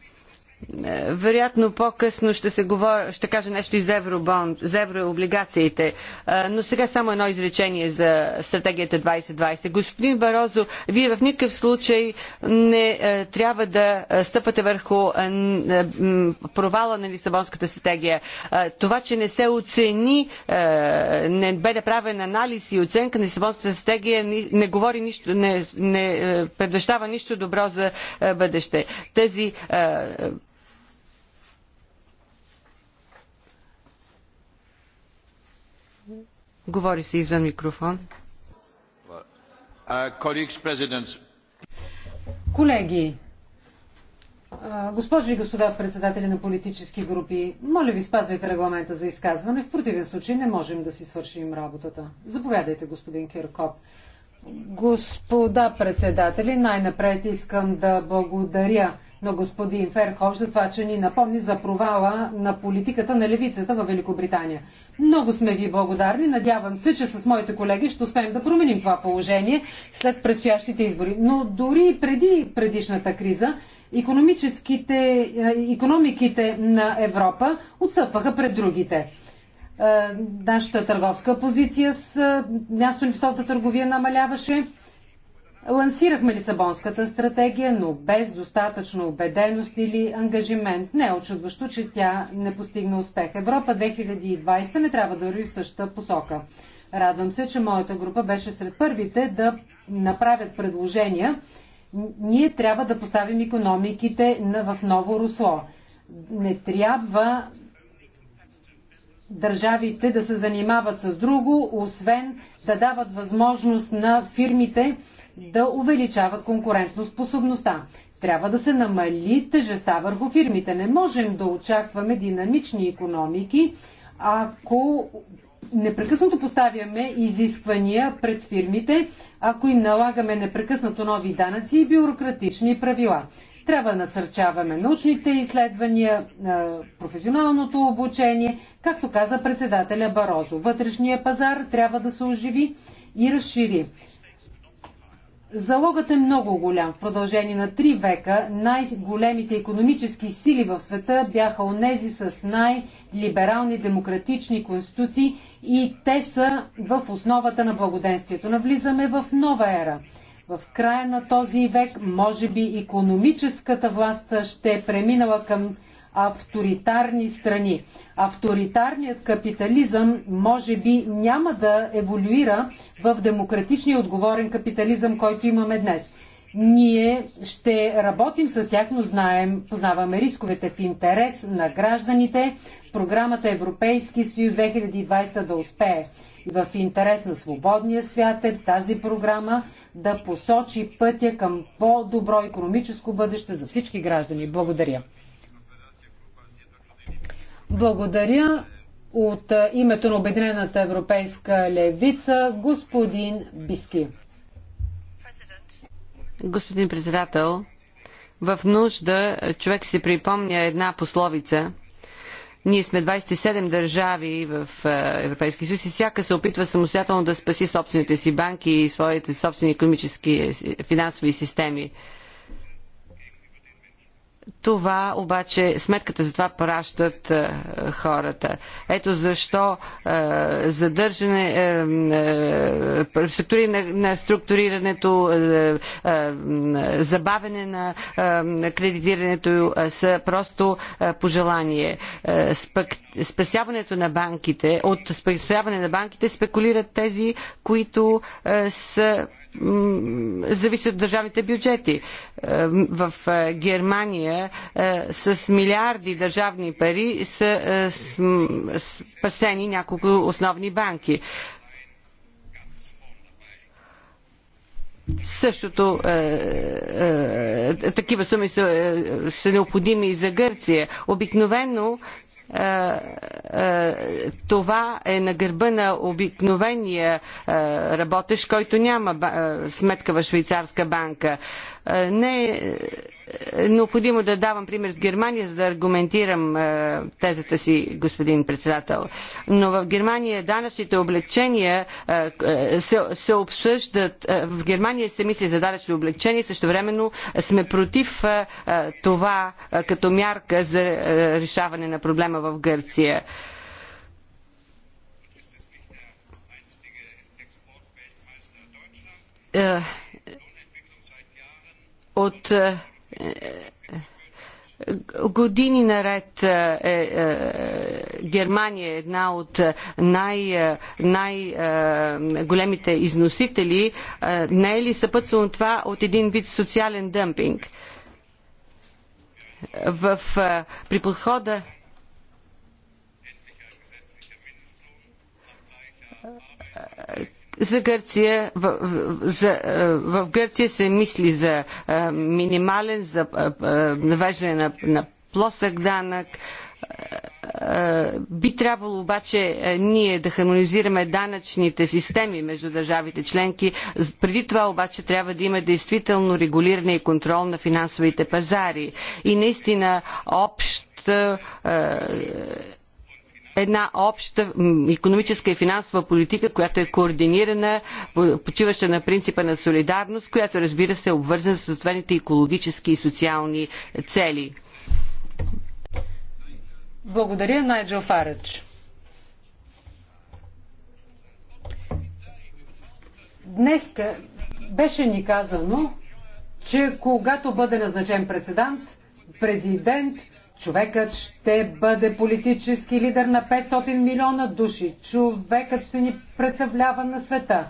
Е, вероятно по-късно ще, се говор... ще кажа нещо и за, евробонд, за еврооблигациите, е, но сега само едно изречение за стратегията 2020. Господин Барозо, вие в никакъв случай не е, трябва да стъпате върху провала на Лисабонската стратегия. Това, че не се оцени, не бе направен анализ и оценка на Лисабонската стратегия, не говори нищо, не, не предвещава нищо добро за бъдеще. Тези Говори се извън микрофон. Uh, Колеги, госпожи и господа председатели на политически групи, моля ви спазвайте регламента за изказване. В противен случай не можем да си свършим работата. Заповядайте, господин Киркоп. Господа председатели, най-напред искам да благодаря на господин Ферхов за това, че ни напомни за провала на политиката на левицата във Великобритания. Много сме ви благодарни. Надявам се, че с моите колеги ще успеем да променим това положение след предстоящите избори. Но дори преди предишната криза, економическите, економиките на Европа отстъпваха пред другите е, нашата търговска позиция с е, място ни в столта търговия намаляваше. Лансирахме Лисабонската стратегия, но без достатъчно убеденост или ангажимент. Не е очудващо, че тя не постигна успех. Европа 2020 не трябва да върви в същата посока. Радвам се, че моята група беше сред първите да направят предложения. Ние трябва да поставим економиките в ново русло. Не трябва държавите да се занимават с друго, освен да дават възможност на фирмите да увеличават конкурентоспособността. Трябва да се намали тежеста върху фирмите. Не можем да очакваме динамични економики, ако непрекъснато поставяме изисквания пред фирмите, ако им налагаме непрекъснато нови данъци и бюрократични правила. Трябва да насърчаваме научните изследвания, е, професионалното обучение, както каза председателя Барозо. Вътрешния пазар трябва да се оживи и разшири. Залогът е много голям. В продължение на три века най-големите економически сили в света бяха онези с най-либерални демократични конституции и те са в основата на благоденствието. Навлизаме в нова ера. В края на този век, може би, економическата власт ще е преминала към авторитарни страни. Авторитарният капитализъм може би няма да еволюира в демократичния отговорен капитализъм, който имаме днес. Ние ще работим с тях, но знаем, познаваме рисковете в интерес на гражданите. Програмата Европейски съюз 2020 да успее. В интерес на свободния свят е тази програма да посочи пътя към по-добро економическо бъдеще за всички граждани. Благодаря. Благодаря от името на Обединената европейска левица господин Биски. Господин председател, в нужда човек си припомня една пословица. Ние сме 27 държави в Европейския съюз и всяка се опитва самостоятелно да спаси собствените си банки и своите собствени економически финансови системи. Това обаче сметката за това пращат е, хората. Ето защо е, задържане е, е структури на, на структурирането, е, е, забавене на кредитирането са просто пожелание. Спък, спасяването на банките, от спасяване на банките спекулират тези, които са зависи от държавните бюджети. Е, в е, Германия е, с милиарди държавни пари са спасени няколко основни банки. Същото е, е, такива суми са, е, са необходими и за Гърция. Обикновено е, е, това е на гърба на обикновения е, работещ, който няма е, сметка в швейцарска банка. Е, не е е, необходимо да давам пример с Германия, за да аргументирам е, тезата си, господин председател. Но в Германия данъчните облегчения е, се, се обсъждат. в Германия се мисли за данъчни облегчения, също времено сме против това като мярка за решаване на проблема в Гърция. от години наред е, е, е, Германия е една от най, най-големите е, е износители, е, не е ли съпътствано това от един вид социален дъмпинг? В, при подхода за Гърция, в, за, е, в Гърция се мисли за е, минимален, за навеждане е, на, на плосък данък, би трябвало обаче ние да хармонизираме данъчните системи между държавите членки. Преди това обаче трябва да има действително регулиране и контрол на финансовите пазари. И наистина общ една обща економическа и финансова политика, която е координирана, почиваща на принципа на солидарност, която разбира се е обвързана с съответните екологически и социални цели. Благодаря, Найджел Фарач. Днес беше ни казано, че когато бъде назначен президент, президент Човекът ще бъде политически лидер на 500 милиона души. Човекът ще ни представлява на света.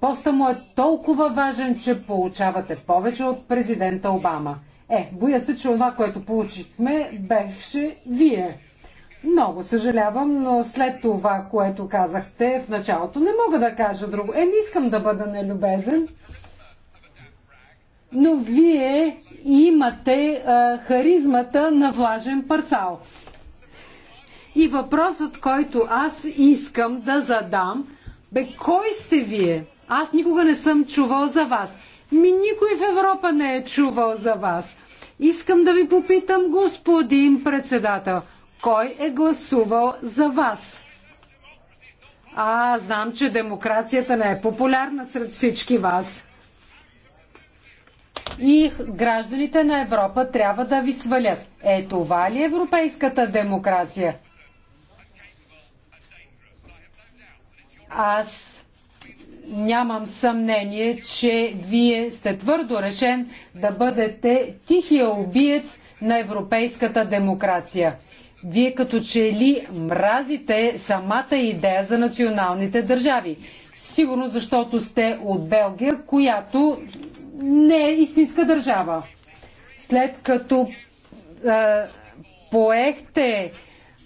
Поста му е толкова важен, че получавате повече от президента Обама. Е, боя се, че това, което получихме, беше вие. Много съжалявам, но след това, което казахте в началото, не мога да кажа друго. Е, не искам да бъда нелюбезен. Но вие имате а, е, харизмата на влажен парцал. И въпросът, който аз искам да задам, бе, кой сте вие? Аз никога не съм чувал за вас. Ми никой в Европа не е чувал за вас. Искам да ви попитам, господин председател, кой е гласувал за вас? А, знам, че демокрацията не е популярна сред всички вас и гражданите на Европа трябва да ви свалят. Е това ли е европейската демокрация? Аз нямам съмнение, че вие сте твърдо решен да бъдете тихия убиец на европейската демокрация. Вие като че ли мразите самата идея за националните държави. Сигурно защото сте от Белгия, която не е истинска държава. След като а, поехте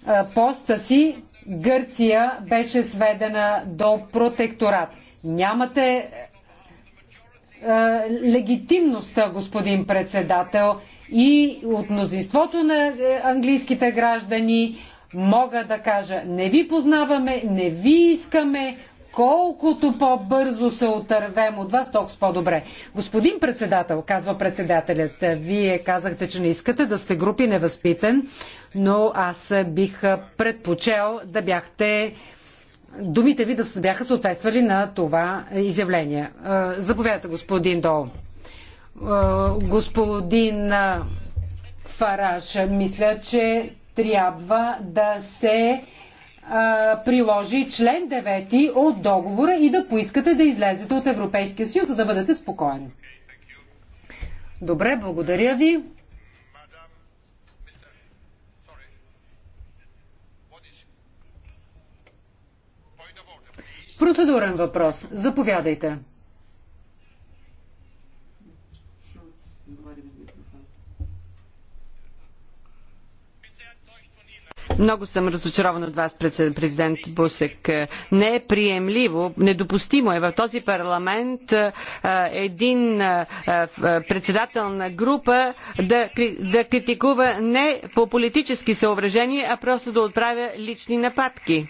а, поста си, Гърция беше сведена до протекторат. Нямате легитимността, господин председател, и от мнозинството на е, английските граждани мога да кажа не ви познаваме, не ви искаме, колкото по-бързо се отървем от вас, толкова по-добре. Господин председател, казва председателят, вие казахте, че не искате да сте групи невъзпитан, но аз бих предпочел да бяхте думите ви да бяха съответствали на това изявление. Заповядайте, господин Дол. Господин Фараш, мисля, че трябва да се приложи член 9 от договора и да поискате да излезете от Европейския съюз, за да бъдете спокоен. Добре, благодаря ви. Процедурен въпрос. Заповядайте. Много съм разочарован от вас, президент Бусек. Не е приемливо, недопустимо е в този парламент един председател на група да, да критикува не по политически съображения, а просто да отправя лични нападки.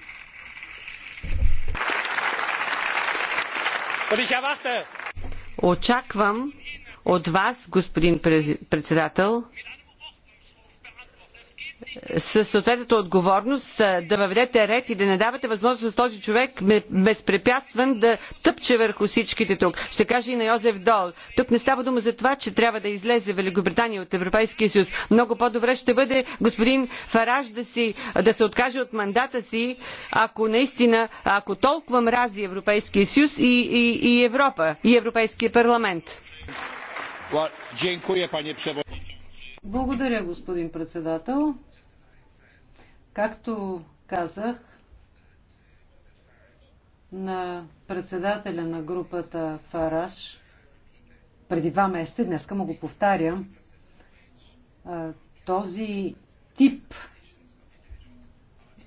Очаквам от вас, господин председател, със съответната отговорност да въведете ред и да не давате възможност с този човек безпрепятстван да тъпче върху всичките тук. Ще кажа и на Йозеф Дол. Тук не става дума за това, че трябва да излезе Великобритания от Европейския съюз. Много по-добре ще бъде господин Фараж да, си, да се откаже от мандата си, ако наистина, ако толкова мрази Европейския съюз и, и, и Европа, и Европейския парламент. Благодаря, господин председател. Както казах на председателя на групата Фараш преди два месеца, днеска му го повтарям, този тип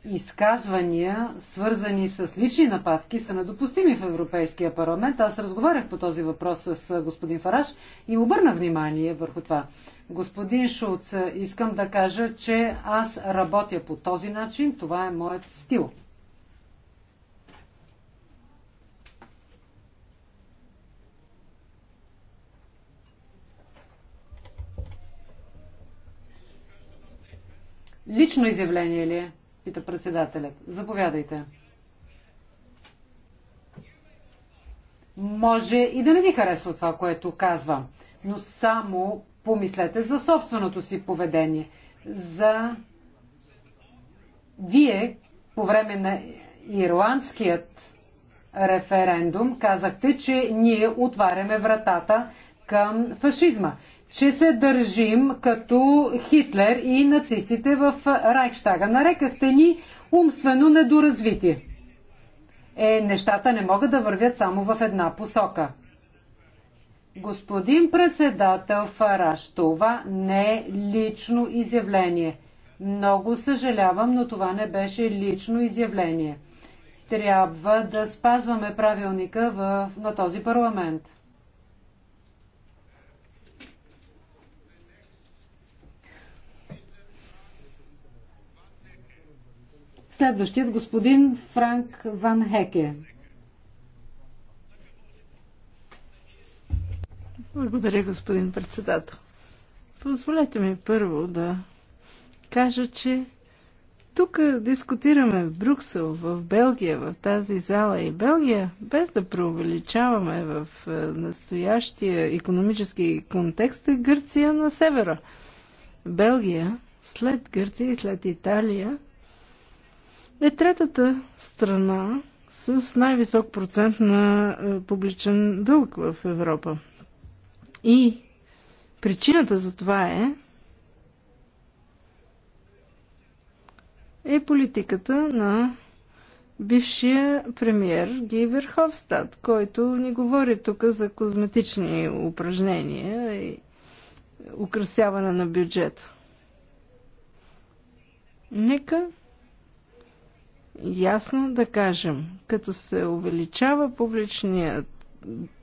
изказвания, свързани с лични нападки, са недопустими в Европейския парламент. Аз разговарях по този въпрос с господин Фараш и обърнах внимание върху това. Господин Шулц, искам да кажа, че аз работя по този начин. Това е моят стил. Лично изявление ли е? пита председателят. Заповядайте. Може и да не ви харесва това, което казвам, но само помислете за собственото си поведение, за вие по време на ирландският референдум казахте, че ние отваряме вратата към фашизма. Ще се държим като Хитлер и нацистите в Райхштага. Нарекахте ни умствено недоразвити. Е, нещата не могат да вървят само в една посока. Господин председател Фараш, това не е лично изявление. Много съжалявам, но това не беше лично изявление. Трябва да спазваме правилника в, на този парламент. Следващият господин Франк Ван Хеке. Благодаря, господин председател. Позволете ми първо да кажа, че тук дискутираме в Брюксел, в Белгия, в тази зала и Белгия, без да преувеличаваме в е, настоящия економически контекст, е Гърция на севера. Белгия, след Гърция и след Италия, е третата страна с най-висок процент на е, публичен дълг в Европа. И причината за това е е политиката на бившия премьер Ги Верховстад, който ни говори тук за козметични упражнения и украсяване на бюджета. Нека ясно да кажем, като се увеличава публичният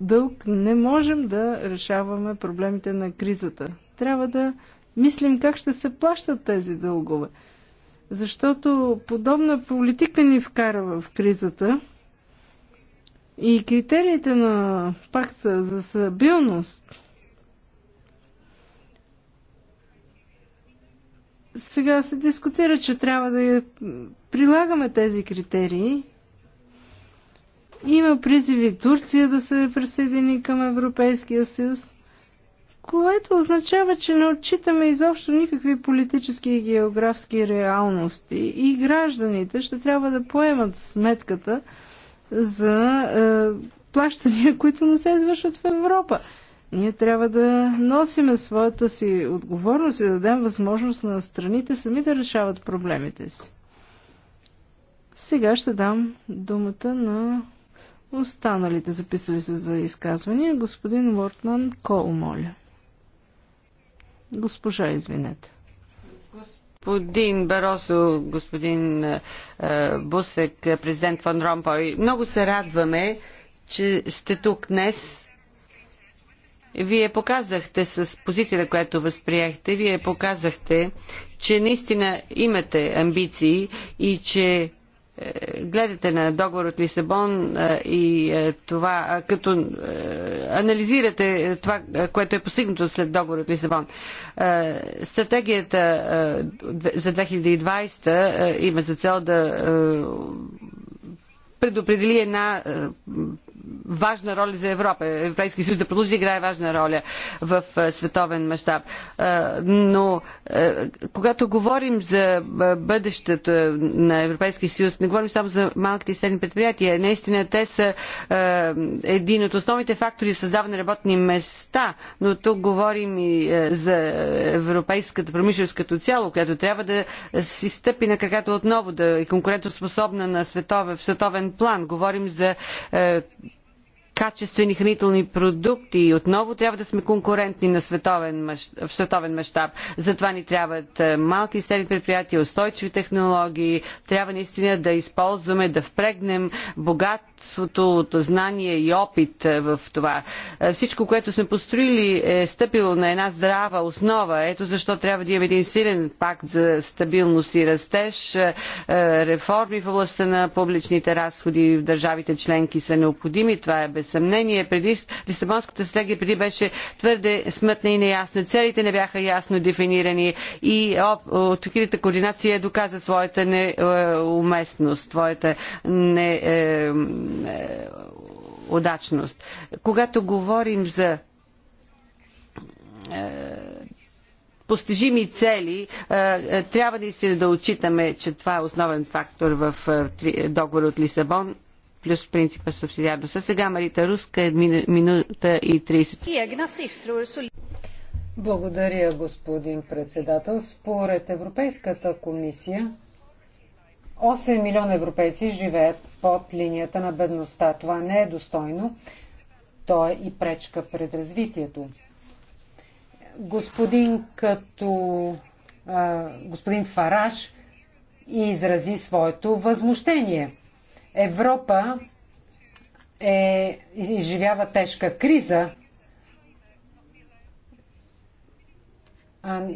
дълг, не можем да решаваме проблемите на кризата. Трябва да мислим как ще се плащат тези дългове. Защото подобна политика ни вкара в кризата и критериите на пакта за стабилност Сега се дискутира, че трябва да прилагаме тези критерии. Има призиви Турция да се присъедини към Европейския съюз, което означава, че не отчитаме изобщо никакви политически и географски реалности и гражданите ще трябва да поемат сметката за е, плащания, които не се извършват в Европа. Ние трябва да носиме своята си отговорност и да дадем възможност на страните сами да решават проблемите си. Сега ще дам думата на останалите записали се за изказвания. Господин Лортман Кол, моля. Госпожа, извинете. Господин Баросо, господин е, Бусек, президент Фон Ромпой, много се радваме, че сте тук днес вие показахте с позицията, която възприехте, вие показахте, че наистина имате амбиции и че е, гледате на договор от Лисабон е, и е, това, като анализирате това, което е постигнато след договор от Лисабон. Стратегията за 2020 има за цел да предопредели една важна роля за Европа. Европейския съюз да продължи да играе важна роля в световен мащаб. Но когато говорим за бъдещето на Европейския съюз, не говорим само за малките и средни предприятия. Наистина те са един от основните фактори за създаване на работни места, но тук говорим и за европейската промишленост като цяло, която трябва да си стъпи на краката отново, да е конкурентоспособна на светове, в световен план. Говорим за качествени хранителни продукти и отново трябва да сме конкурентни на световен, в световен мащаб. Затова ни трябват е, малки и средни предприятия, устойчиви технологии. Трябва наистина да използваме, да впрегнем богат богатството от знание и опит е, в това. Е, всичко, което сме построили е стъпило на една здрава основа. Ето защо трябва да имаме един силен пакт за стабилност и растеж. Е, реформи в областта на публичните разходи в държавите членки са необходими. Това е без съмнение. Преди Лисабонската стратегия преди беше твърде смътна и неясна. Целите не бяха ясно дефинирани и открита координация доказа своята неуместност, своята не, е, удачност. Когато говорим за е, постижими цели, е, трябва наистина се да отчитаме, че това е основен фактор в договор от Лисабон плюс принципа субсидиарност. сега Марита Руска е минута и 30. Благодаря, господин председател. Според Европейската комисия, 8 милиона европейци живеят под линията на бедността. Това не е достойно. То е и пречка пред развитието. Господин като а, господин Фараш изрази своето възмущение. Европа е, изживява тежка криза. А,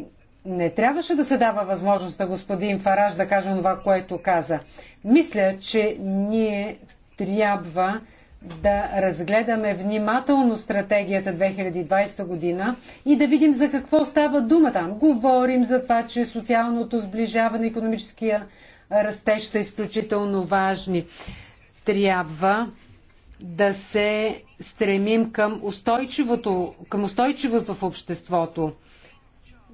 не трябваше да се дава възможност на господин Фараж да каже това, което каза. Мисля, че ние трябва да разгледаме внимателно стратегията 2020 година и да видим за какво става дума там. Говорим за това, че социалното сближаване, и економическия растеж са изключително важни. Трябва да се стремим към устойчивото, към устойчивост в обществото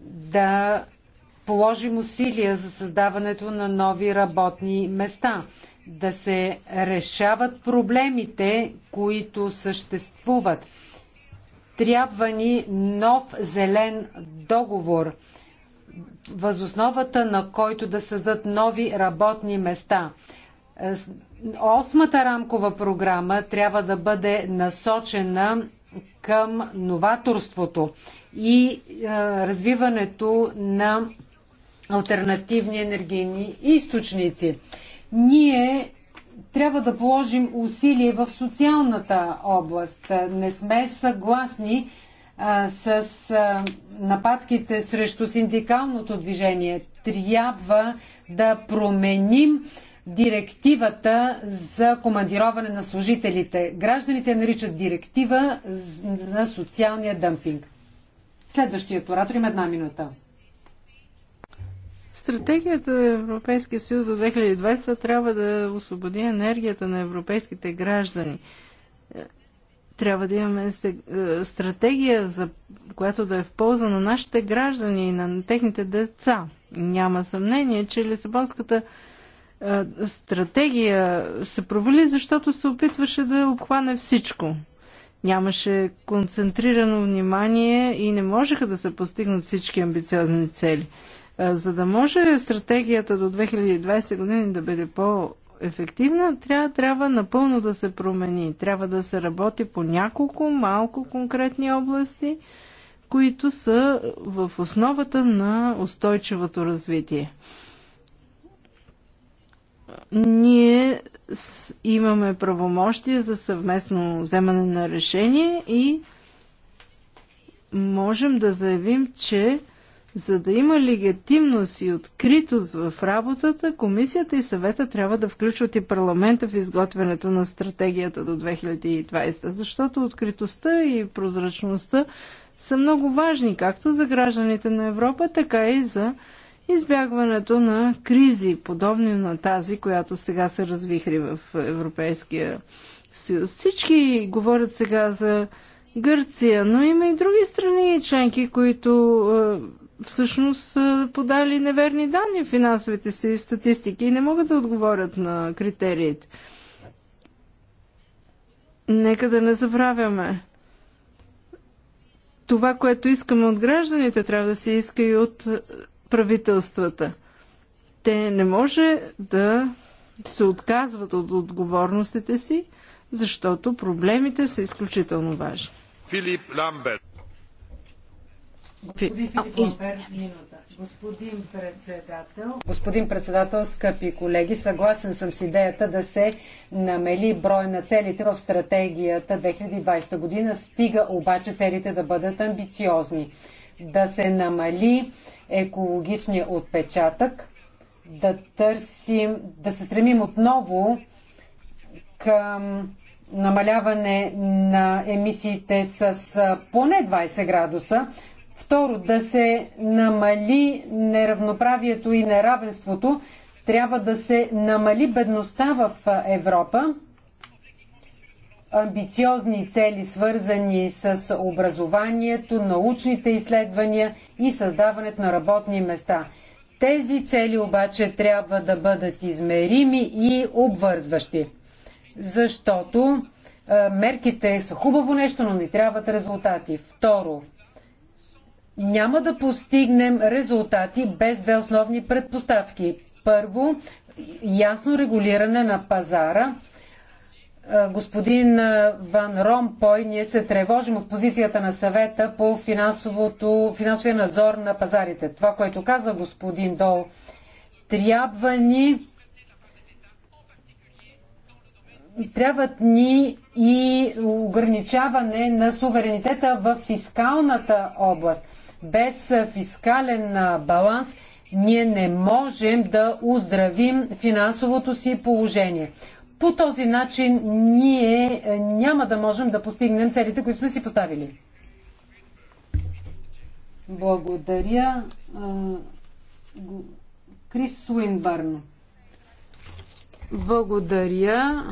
да положим усилия за създаването на нови работни места, да се решават проблемите, които съществуват. Трябва ни нов зелен договор, възосновата на който да създадат нови работни места. Осмата рамкова програма трябва да бъде насочена към новаторството и развиването на альтернативни енергийни източници. Ние трябва да положим усилие в социалната област. Не сме съгласни а, с а, нападките срещу синдикалното движение. Трябва да променим директивата за командироване на служителите. Гражданите наричат директива на социалния дъмпинг. Следващият оратор има една минута. Стратегията на Европейския съюз до 2020 трябва да освободи енергията на европейските граждани. Трябва да имаме е, стратегия, за която да е в полза на нашите граждани и на техните деца. Няма съмнение, че Лисабонската е, стратегия се провали, защото се опитваше да обхване всичко. Нямаше концентрирано внимание и не можеха да се постигнат всички амбициозни цели. За да може стратегията до 2020 години да бъде по-ефективна, трябва, трябва напълно да се промени. Трябва да се работи по няколко малко конкретни области, които са в основата на устойчивото развитие ние имаме правомощия за съвместно вземане на решение и можем да заявим, че за да има легитимност и откритост в работата, комисията и съвета трябва да включват и парламента в изготвянето на стратегията до 2020, защото откритостта и прозрачността са много важни както за гражданите на Европа, така и за избягването на кризи, подобни на тази, която сега се развихри в Европейския съюз. Всички говорят сега за Гърция, но има и други страни членки, които е, всъщност са е, подали неверни данни в финансовите си статистики и не могат да отговорят на критериите. Нека да не забравяме. Това, което искаме от гражданите, трябва да се иска и от е, правителствата. Те не може да се отказват от отговорностите си, защото проблемите са изключително важни. Филип Ламбер. Господин Господин председател. Господин председател, скъпи колеги, съгласен съм с идеята да се намели брой на целите в стратегията 2020 година, стига обаче целите да бъдат амбициозни да се намали екологичния отпечатък, да търсим, да се стремим отново към намаляване на емисиите с поне 20 градуса. Второ, да се намали неравноправието и неравенството. Трябва да се намали бедността в Европа амбициозни цели, свързани с образованието, научните изследвания и създаването на работни места. Тези цели обаче трябва да бъдат измерими и обвързващи, защото мерките са хубаво нещо, но не трябват резултати. Второ, няма да постигнем резултати без две основни предпоставки. Първо, ясно регулиране на пазара – господин Ван Ромпой, ние се тревожим от позицията на съвета по финансовия надзор на пазарите. Това, което каза господин Дол, трябва ни трябват ни и ограничаване на суверенитета в фискалната област. Без фискален баланс ние не можем да оздравим финансовото си положение. По този начин ние е, няма да можем да постигнем целите, които сме си поставили. Благодаря. Крис Суинбърн. Благодаря.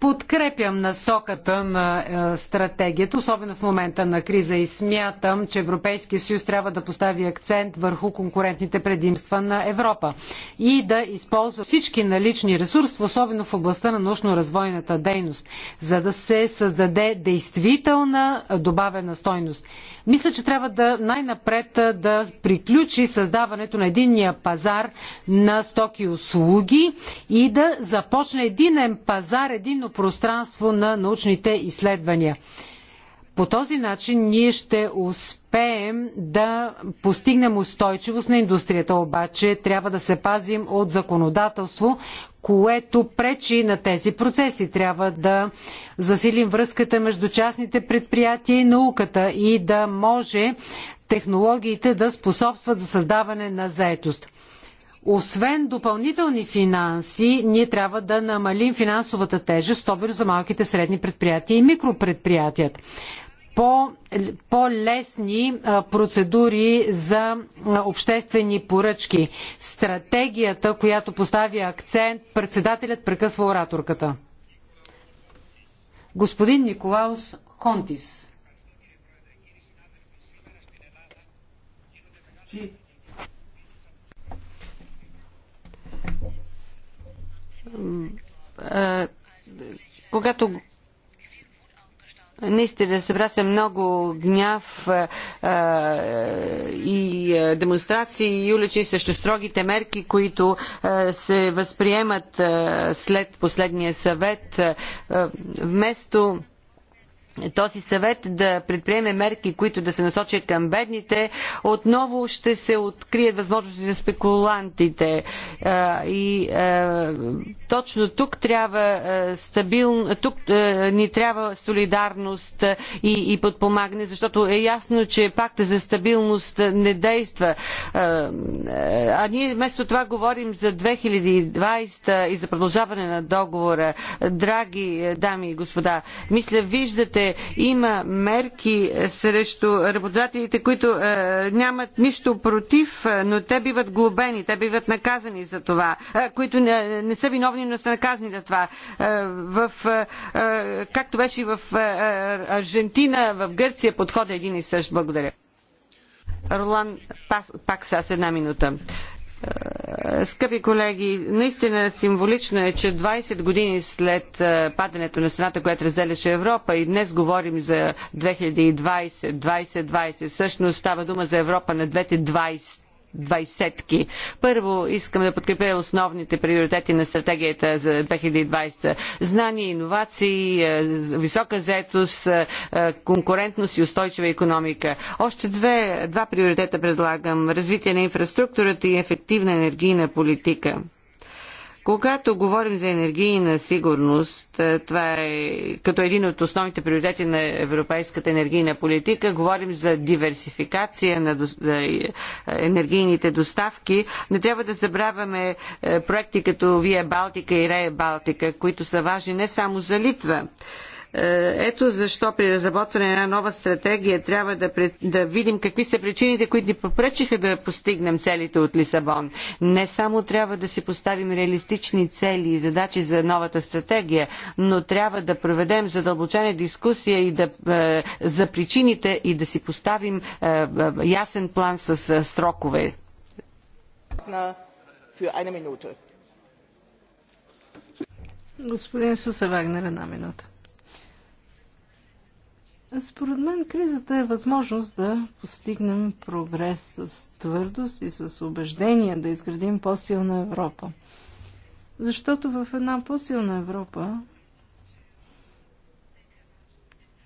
Подкрепям насоката на е, стратегията, особено в момента на криза и смятам, че Европейския съюз трябва да постави акцент върху конкурентните предимства на Европа и да използва всички налични ресурси, особено в областта на научно-развойната дейност, за да се създаде действителна добавена стойност. Мисля, че трябва да най-напред е, да приключи създаването на единния пазар на стоки и услуги и да започне единен пазар, единно пространство на научните изследвания. По този начин ние ще успеем да постигнем устойчивост на индустрията, обаче трябва да се пазим от законодателство, което пречи на тези процеси. Трябва да засилим връзката между частните предприятия и науката и да може технологиите да способстват за създаване на заетост освен допълнителни финанси, ние трябва да намалим финансовата тежест, обир за малките средни предприятия и микропредприятията. По, по-лесни процедури за обществени поръчки. Стратегията, която поставя акцент, председателят прекъсва ораторката. Господин Николаус Хонтис. Чи? когато наистина събра се много гняв а, и демонстрации и уличи срещу строгите мерки, които а, се възприемат а, след последния съвет. А, вместо този съвет да предприеме мерки, които да се насочат към бедните, отново ще се открият възможности за спекулантите. И точно тук трябва стабилно, тук ни трябва солидарност и, и подпомагане, защото е ясно, че пакта за стабилност не действа. А ние вместо това говорим за 2020 и за продължаване на договора. Драги дами и господа, мисля, виждате има мерки срещу работодателите, които е, нямат нищо против, е, но те биват глобени, те биват наказани за това, е, които не, не са виновни, но са наказани за това. Е, в, е, е както беше и в е, е, Аржентина, в Гърция подходът е един и същ. Благодаря. Ролан, пак с една минута е, скъпи колеги, наистина символично е, че 20 години след е, падането на стената, която разделяше Европа и днес говорим за 2020, 2020, всъщност става дума за Европа на двете 20 двайсетки. Първо искам да подкрепя основните приоритети на стратегията за 2020. Знания, иновации, е, висока заетост, е, е, конкурентност и устойчива економика. Още две, два приоритета предлагам. Развитие на инфраструктурата и ефективна енергийна политика. Когато говорим за енергийна сигурност, е, това е като един от основните приоритети на европейската енергийна политика, говорим за диверсификация на е, е, енергийните доставки. Не трябва да забравяме проекти като Вие Балтика и Рея Балтика, които са важни не само за Литва. Е, ето защо при разработване на една нова стратегия трябва да, да видим какви са причините, които ни попречиха да постигнем целите от Лисабон. Не само трябва да си поставим реалистични цели и задачи за новата стратегия, но трябва да проведем задълбочена дискусия и да, е, за причините и да си поставим е, е, ясен план с е, срокове. Господин Суса Вагнер, една минута. Според мен кризата е възможност да постигнем прогрес с твърдост и с убеждение да изградим по-силна Европа. Защото в една по-силна Европа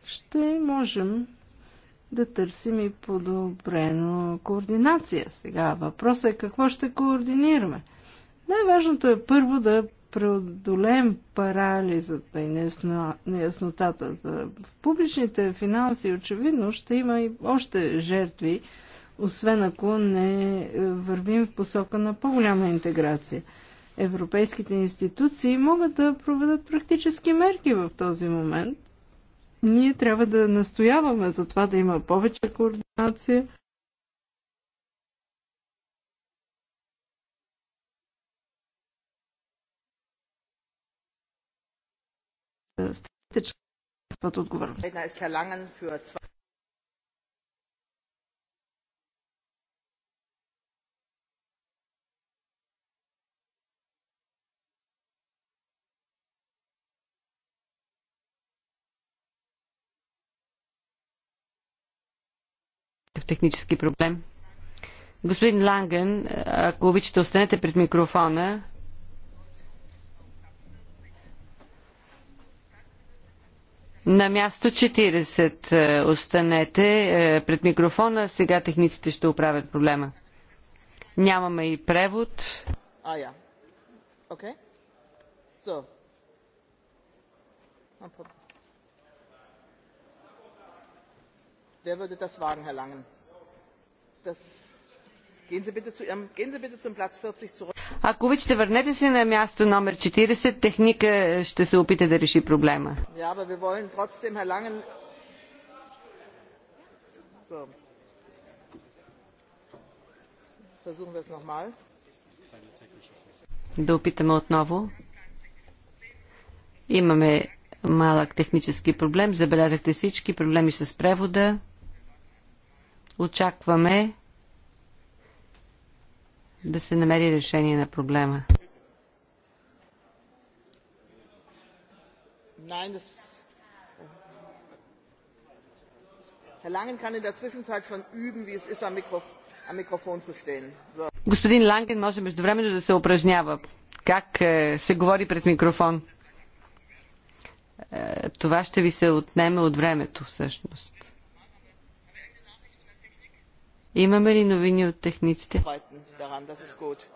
ще можем да търсим и подобрено координация. Сега въпросът е какво ще координираме. Най-важното е първо да преодолем парализата и неяснотата за публичните финанси, очевидно ще има и още жертви, освен ако не е, вървим в посока на по-голяма интеграция. Европейските институции могат да проведат практически мерки в този момент. Ние трябва да настояваме за това да има повече координация сте чувстват отговорност. технически проблем. Господин Ланген, ако обичате, останете пред микрофона. На място 40 е, останете е, пред микрофона, сега техниците ще оправят проблема. Нямаме и превод. А, я. Окей. Со. Wer würde das wagen, Herr Langen? Das ако обичате, върнете се на място номер 40. Техника е, ще се опита да реши проблема. Да опитаме отново. Имаме малък технически проблем. Забелязахте всички проблеми с превода. Очакваме да се намери решение на проблема. Господин Ланген може междувременно да се упражнява. Как е, се говори пред микрофон? Е, това ще ви се отнеме от времето, всъщност. Имаме ли новини от техниците? daran. Das ist gut.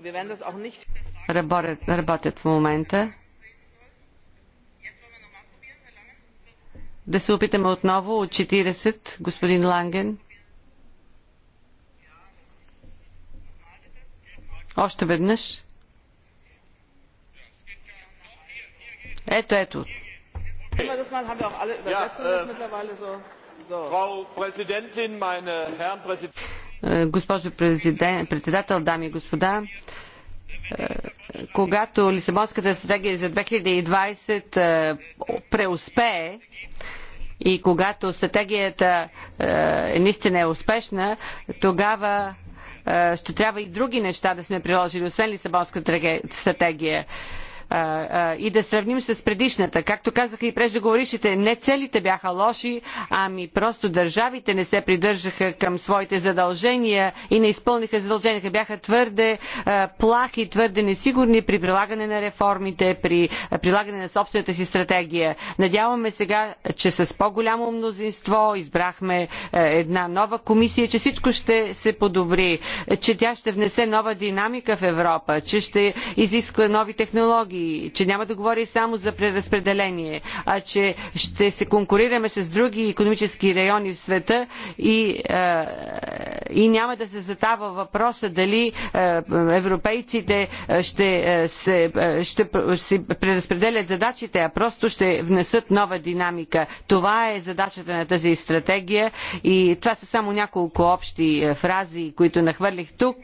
Wir werden das auch nicht. Работят, работят в момента. Да се опитаме отново от 40, господин Ланген. Още веднъж. Ето, ето. Haben wir das mal, haben wir auch alle Übersetzungen ja, äh, mittlerweile so? Е, госпожо председател, дами и господа, е, когато Лисабонската стратегия за 2020 е, преуспее и когато стратегията наистина е успешна, тогава ще трябва и други неща да сме приложили, освен Лисабонската стратегия и да сравним с предишната. Както казаха и преждеговорившите, не целите бяха лоши, ами просто държавите не се придържаха към своите задължения и не изпълниха задълженията. Бяха твърде плахи, твърде несигурни при прилагане на реформите, при прилагане на собствената си стратегия. Надяваме сега, че с по-голямо мнозинство избрахме една нова комисия, че всичко ще се подобри, че тя ще внесе нова динамика в Европа, че ще изисква нови технологии, че няма да говори само за преразпределение, а че ще се конкурираме с други економически райони в света и, е, и няма да се задава въпроса дали е, европейците е, ще се, ще ще преразпределят задачите, а просто ще внесат нова динамика. Това е задачата на тази стратегия и това са само няколко общи фрази, които нахвърлих тук,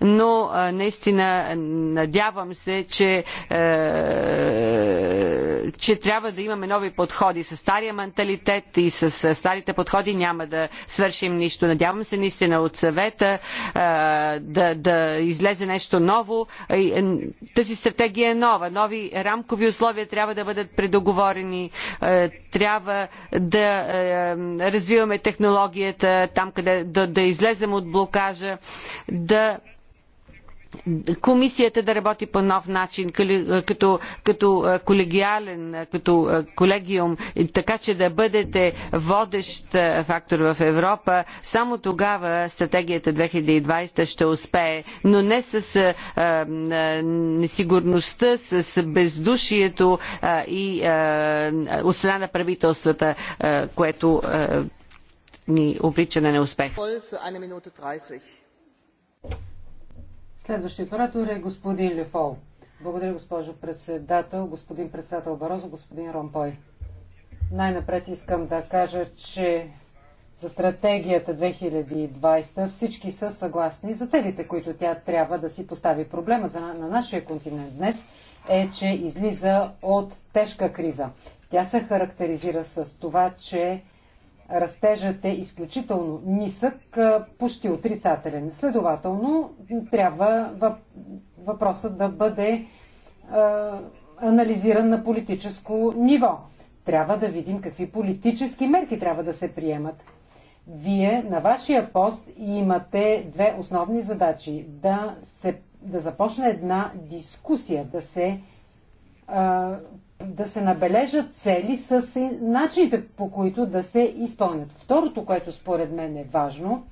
но наистина надявам се, че е, че трябва да имаме нови подходи с стария менталитет и с старите подходи няма да свършим нищо. Надявам се наистина от съвета е, да, да излезе нещо ново. Е, тази стратегия е нова. Нови рамкови условия трябва да бъдат предоговорени. Трябва да развиваме технологията там, къде да, да излезем от блокажа, да комисията да работи по нов начин, като, като колегиален, като колегиум, така че да бъдете водещ фактор в Европа. Само тогава стратегията 2020 ще успее, но не с а, несигурността, с бездушието а, и а, от страна на правителствата, а, което а, ни обрича на неуспех. Следващият оратор е господин Лефол. Благодаря, госпожо председател, господин председател Барозо, господин Ромпой. Най-напред искам да кажа, че за стратегията 2020 всички са съгласни за целите, които тя трябва да си постави. Проблема за, на нашия континент днес е, че излиза от тежка криза. Тя се характеризира с това, че Растежът е изключително нисък, почти отрицателен. Следователно, трябва въпросът да бъде анализиран на политическо ниво. Трябва да видим какви политически мерки трябва да се приемат. Вие на вашия пост имате две основни задачи. Да, се, да започне една дискусия, да се да се набележат цели с начините по които да се изпълнят. Второто, което според мен е важно,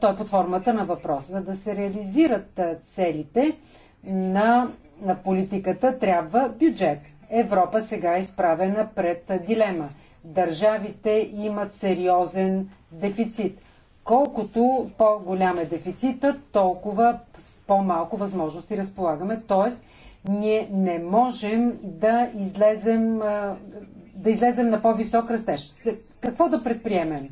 то е под формата на въпрос. За да се реализират целите на, на политиката трябва бюджет. Европа сега е изправена пред дилема. Държавите имат сериозен дефицит. Колкото по-голям е дефицитът, толкова по-малко възможности разполагаме. Тоест, ние не можем да излезем, да излезем на по-висок растеж. Какво да предприемем?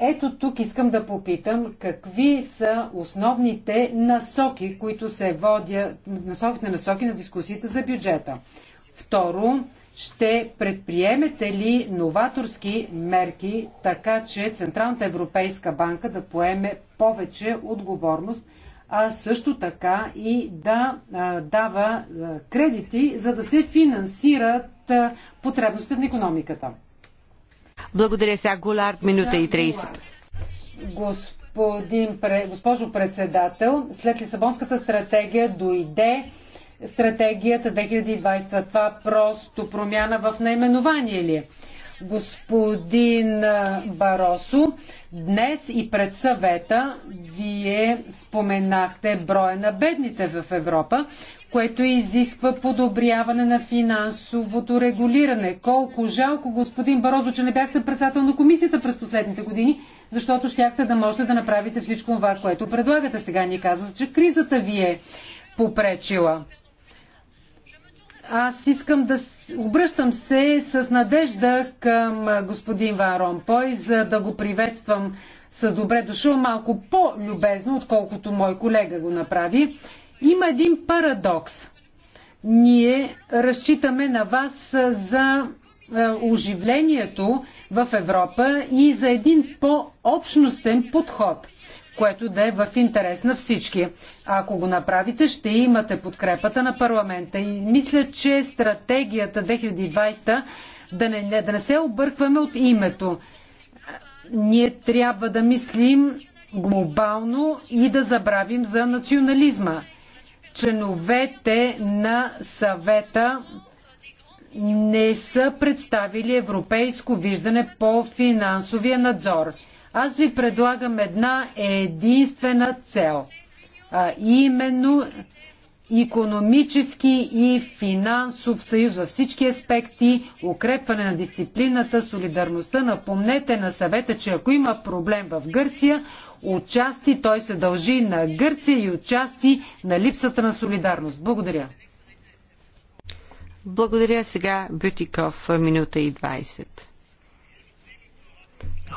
Ето тук искам да попитам какви са основните насоки, които се водят, насоките насоки на дискусията за бюджета. Второ, ще предприемете ли новаторски мерки, така че Централната европейска банка да поеме повече отговорност а също така и да дава кредити, за да се финансират потребностите на економиката. Благодаря сега, Голард, минута и 30. Господин, госпожо председател, след Лисабонската стратегия дойде стратегията 2020. Това просто промяна в наименование ли е? господин Баросо. Днес и пред съвета вие споменахте броя на бедните в Европа, което изисква подобряване на финансовото регулиране. Колко жалко, господин Барозо, че не бяхте председател на комисията през последните години, защото щяхте да можете да направите всичко това, което предлагате. Сега ни казват, че кризата ви е попречила. Аз искам да обръщам се с надежда към господин Ван Ромпой, за да го приветствам с добре дошъл малко по-любезно, отколкото мой колега го направи. Има един парадокс. Ние разчитаме на вас за оживлението в Европа и за един по-общностен подход което да е в интерес на всички. Ако го направите, ще имате подкрепата на парламента. И мисля, че стратегията 2020 да не, да не се объркваме от името. Ние трябва да мислим глобално и да забравим за национализма. Членовете на съвета не са представили европейско виждане по финансовия надзор. Аз ви предлагам една единствена цел, а именно економически и финансов съюз във всички аспекти, укрепване на дисциплината, солидарността. Напомнете на съвета, че ако има проблем в Гърция, отчасти той се дължи на Гърция и отчасти на липсата на солидарност. Благодаря. Благодаря сега Бютиков, минута и 20.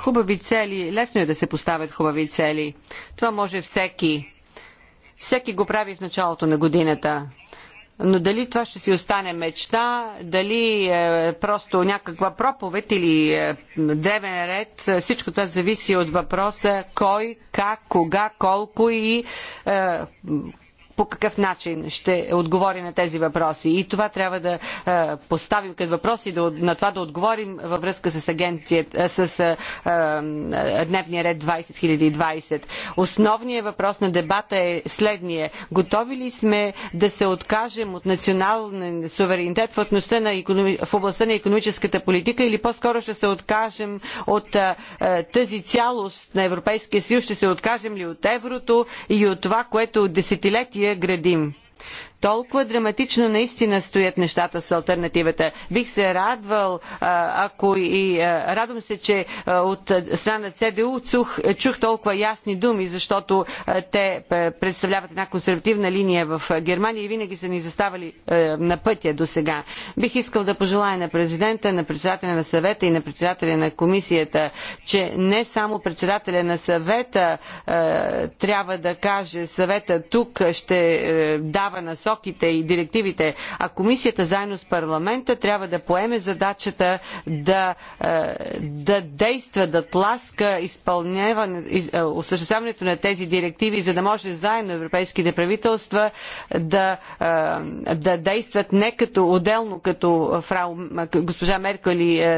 Хубави цели, лесно е да се поставят хубави цели. Това може всеки. Всеки го прави в началото на годината. Но дали това ще си остане мечта, дали е, просто някаква проповед или е, древен ред, е, всичко това зависи от въпроса кой, как, кога, колко и е, по какъв начин ще отговори на тези въпроси. И това трябва да поставим като въпрос и да, на това да отговорим във връзка с агенцията, с дневния ред 2020. Основният въпрос на дебата е следния. Готови ли сме да се откажем от национален суверенитет в, на в областта на економическата политика или по-скоро ще се откажем от а, а, тази цялост на Европейския съюз, ще се откажем ли от еврото и от това, което десетилетия градим. Толкова драматично наистина стоят нещата с альтернативата. Бих се радвал, ако и радвам се, че от страна на ЦДУ чух, чух толкова ясни думи, защото те представляват една консервативна линия в Германия и винаги са ни заставали на пътя до сега. Бих искал да пожелая на президента, на председателя на съвета и на председателя на комисията, че не само председателя на съвета трябва да каже съвета тук ще дава насоки, насоките и директивите, а комисията заедно с парламента трябва да поеме задачата да, е, да действа, да тласка е, осъществяването на тези директиви, за да може заедно европейските правителства да, е, да действат не като отделно, като фрау, госпожа Меркел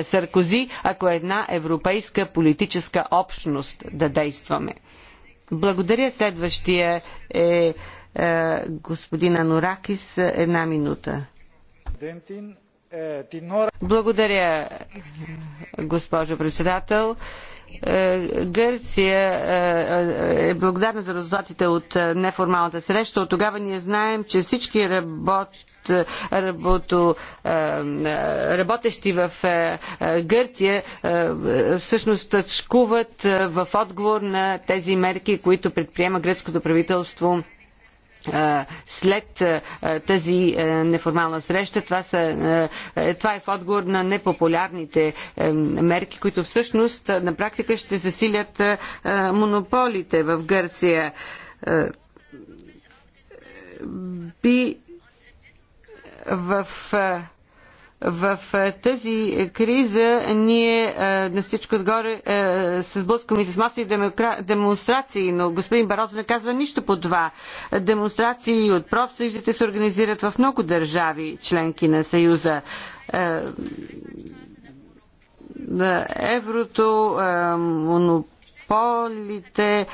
Саркози, ако е една европейска политическа общност да действаме. Благодаря. Следващия е е, Господина Норакис, една минута. Благодаря, госпожо председател. Е, Гърция е, е благодарна за резултатите от неформалната среща. От тогава ние знаем, че всички работ, работо, работещи в Гърция всъщност тъчкуват в отговор на тези мерки, които предприема гръцкото правителство след тази неформална среща. Това, са, е, това е в отговор на непопулярните е, мерки, които всъщност на практика ще засилят монополите в Гърция. Би в в е, тази криза ние е, на всичко отгоре е, се сблъскваме с масови демонстрации, но господин Барозо не казва нищо по това. Демонстрации от профсъюзите се организират в много държави, членки на Съюза еврото, монополите.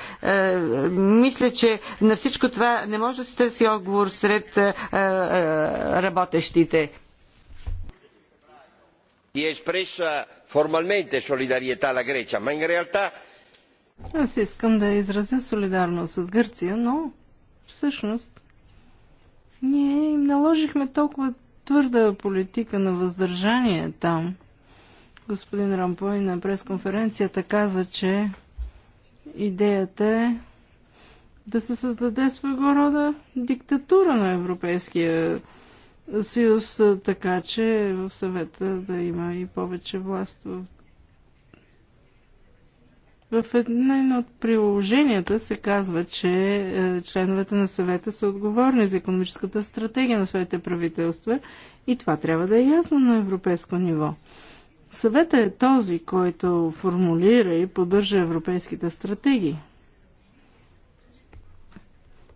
Мисля, че на всичко това не може да се търси отговор сред работещите si espressa formalmente solidarietà alla Grecia, ma in realtà аз искам да изразя солидарност с Гърция, но всъщност ние им наложихме толкова твърда политика на въздържание там. Господин Рампой на пресконференцията каза, че идеята е да се създаде своего рода диктатура на Европейския съюз, така че в съвета да има и повече власт в в едно от приложенията се казва, че е, членовете на съвета са отговорни за економическата стратегия на своите правителства и това трябва да е ясно на европейско ниво. Съветът е този, който формулира и поддържа европейските стратегии.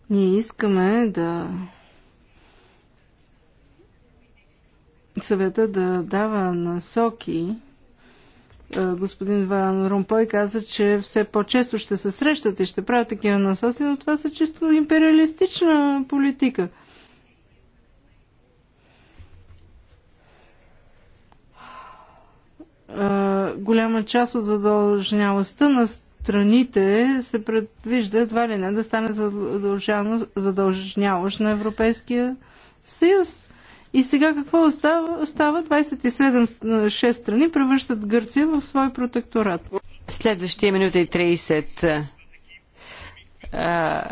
Ние искаме да съвета да дава насоки, господин Ван Румпой каза, че все по-често ще се срещат и ще правят такива насоки, но това са чисто империалистична политика. голяма част от задължнявостта на страните се предвижда едва ли не да стане задължняващ на Европейския съюз. И сега какво остава? Остава 27-6 страни, превръщат Гърция в свой протекторат. Следващия минута и 30. А,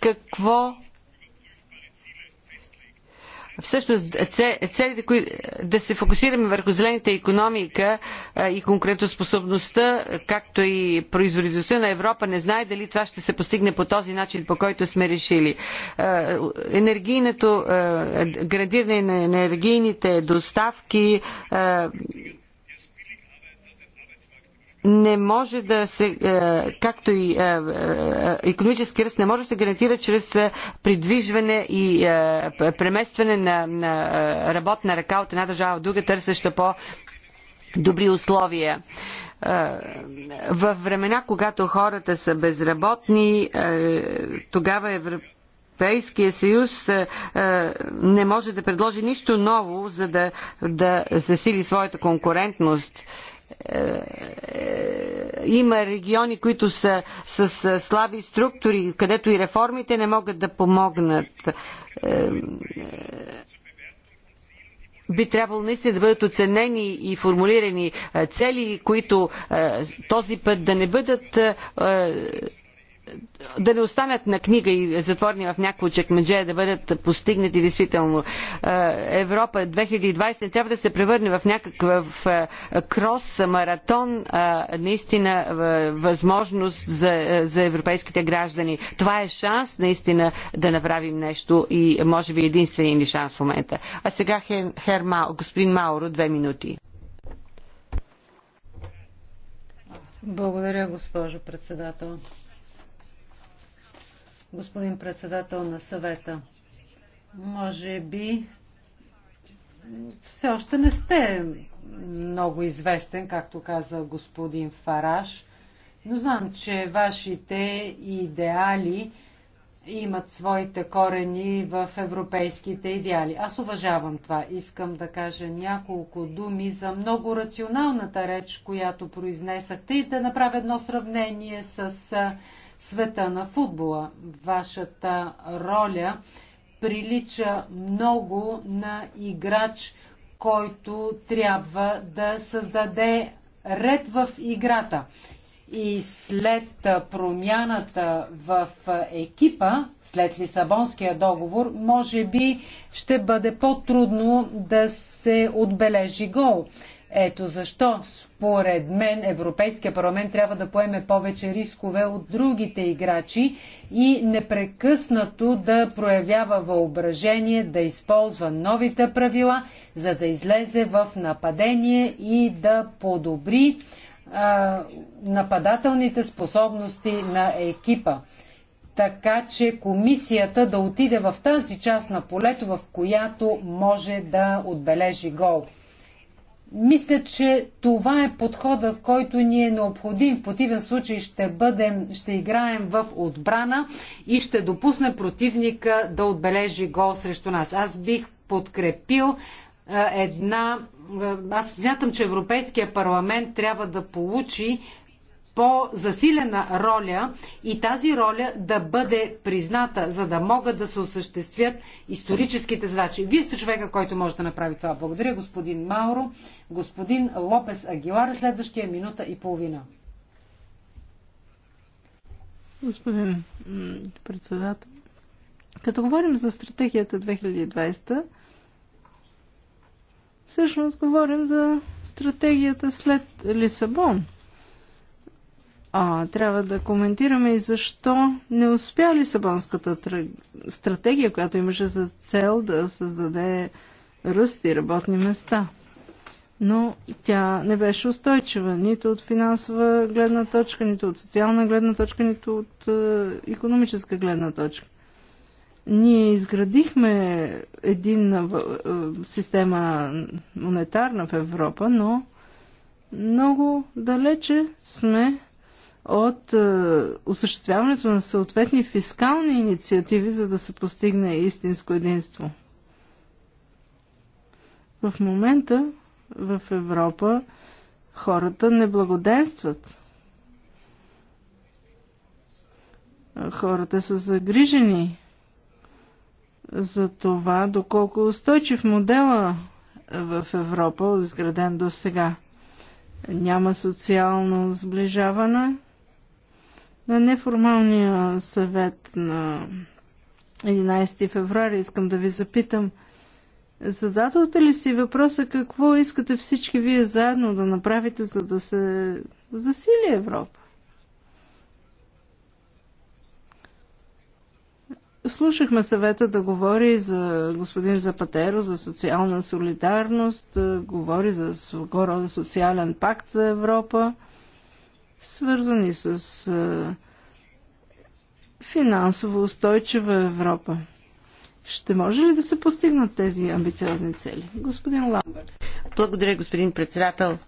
какво всъщност целите, кои, да се фокусираме върху зелената економика и конкурентоспособността, както и производителността на Европа, не знае дали това ще се постигне по този начин, по който сме решили. Енергийното, градиране на енергийните доставки, не може да се, е, както и економически е, е, ръст, не може да се гарантира чрез придвижване и преместване на, на работна ръка от една държава в друга, търсеща по добри условия. В времена, когато хората са безработни, тогава Европейския съюз не може да предложи нищо ново, за да, да засили своята конкурентност. Е, е, има региони, които са с слаби структури, където и реформите не могат да помогнат. Е, би трябвало наистина да бъдат оценени и формулирани цели, които този път да не бъдат да не останат на книга и затворени в някакво чекмедже, да бъдат постигнати действително. Европа 2020 не трябва да се превърне в някакъв крос, маратон, наистина възможност за, за европейските граждани. Това е шанс наистина да направим нещо и може би единствения ни шанс в момента. А сега Хер, Хер Мау, господин Мауро, две минути. Благодаря, госпожо председател господин председател на съвета. Може би все още не сте много известен, както каза господин Фараш, но знам, че вашите идеали имат своите корени в европейските идеали. Аз уважавам това. Искам да кажа няколко думи за много рационалната реч, която произнесахте и да направя едно сравнение с света на футбола. Вашата роля прилича много на играч, който трябва да създаде ред в играта. И след промяната в екипа, след Лисабонския договор, може би ще бъде по-трудно да се отбележи гол. Ето защо, според мен, Европейския парламент трябва да поеме повече рискове от другите играчи и непрекъснато да проявява въображение, да използва новите правила, за да излезе в нападение и да подобри а, нападателните способности на екипа. Така че комисията да отиде в тази част на полето, в която може да отбележи гол. Мисля, че това е подходът, който ни е необходим. В противен случай ще, бъдем, ще играем в отбрана и ще допусне противника да отбележи гол срещу нас. Аз бих подкрепил една. Аз смятам, че Европейския парламент трябва да получи по-засилена роля и тази роля да бъде призната, за да могат да се осъществят историческите задачи. Вие сте човека, който може да направи това. Благодаря, господин Мауро. Господин Лопес Агилар, е следващия минута и половина. Господин председател, като говорим за стратегията 2020, всъщност говорим за стратегията след Лисабон – а, трябва да коментираме и защо не успя Лисабонската стратегия, която имаше за цел да създаде ръст и работни места. Но тя не беше устойчива нито от финансова гледна точка, нито от социална гледна точка, нито от е, економическа гледна точка. Ние изградихме единна е, система монетарна в Европа, но много далече сме от е, осъществяването на съответни фискални инициативи, за да се постигне истинско единство. В момента в Европа хората не благоденстват. Хората са загрижени за това, доколко устойчив модела в Европа, изграден до сега. Няма социално сближаване, на неформалния съвет на 11 февруари искам да ви запитам, зададохте ли си въпроса какво искате всички вие заедно да направите, за да се засили Европа? Слушахме съвета да говори за господин Запатеро, за социална солидарност, говори за своего рода социален пакт за Европа – свързани с финансово устойчива Европа. Ще може ли да се постигнат тези амбициозни цели? Господин Ламберт. Благодаря, господин председател.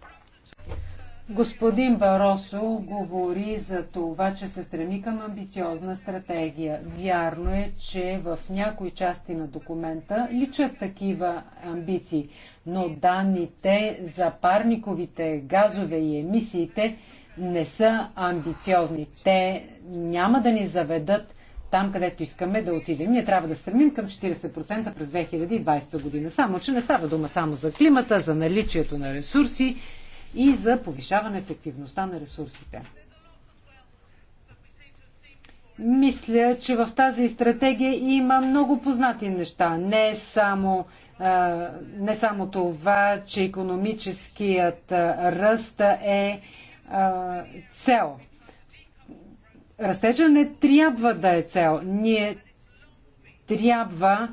Господин Баросо говори за това, че се стреми към амбициозна стратегия. Вярно е, че в някои части на документа личат такива амбиции, но данните за парниковите газове и емисиите не са амбициозни. Те няма да ни заведат там, където искаме да отидем. Ние трябва да стремим към 40% през 2020 година. Само, че не става дума само за климата, за наличието на ресурси и за повишаване ефективността на ресурсите. Мисля, че в тази стратегия има много познати неща. Не само, не само това, че економическият ръст е цел. Растежа не трябва да е цел. Ние трябва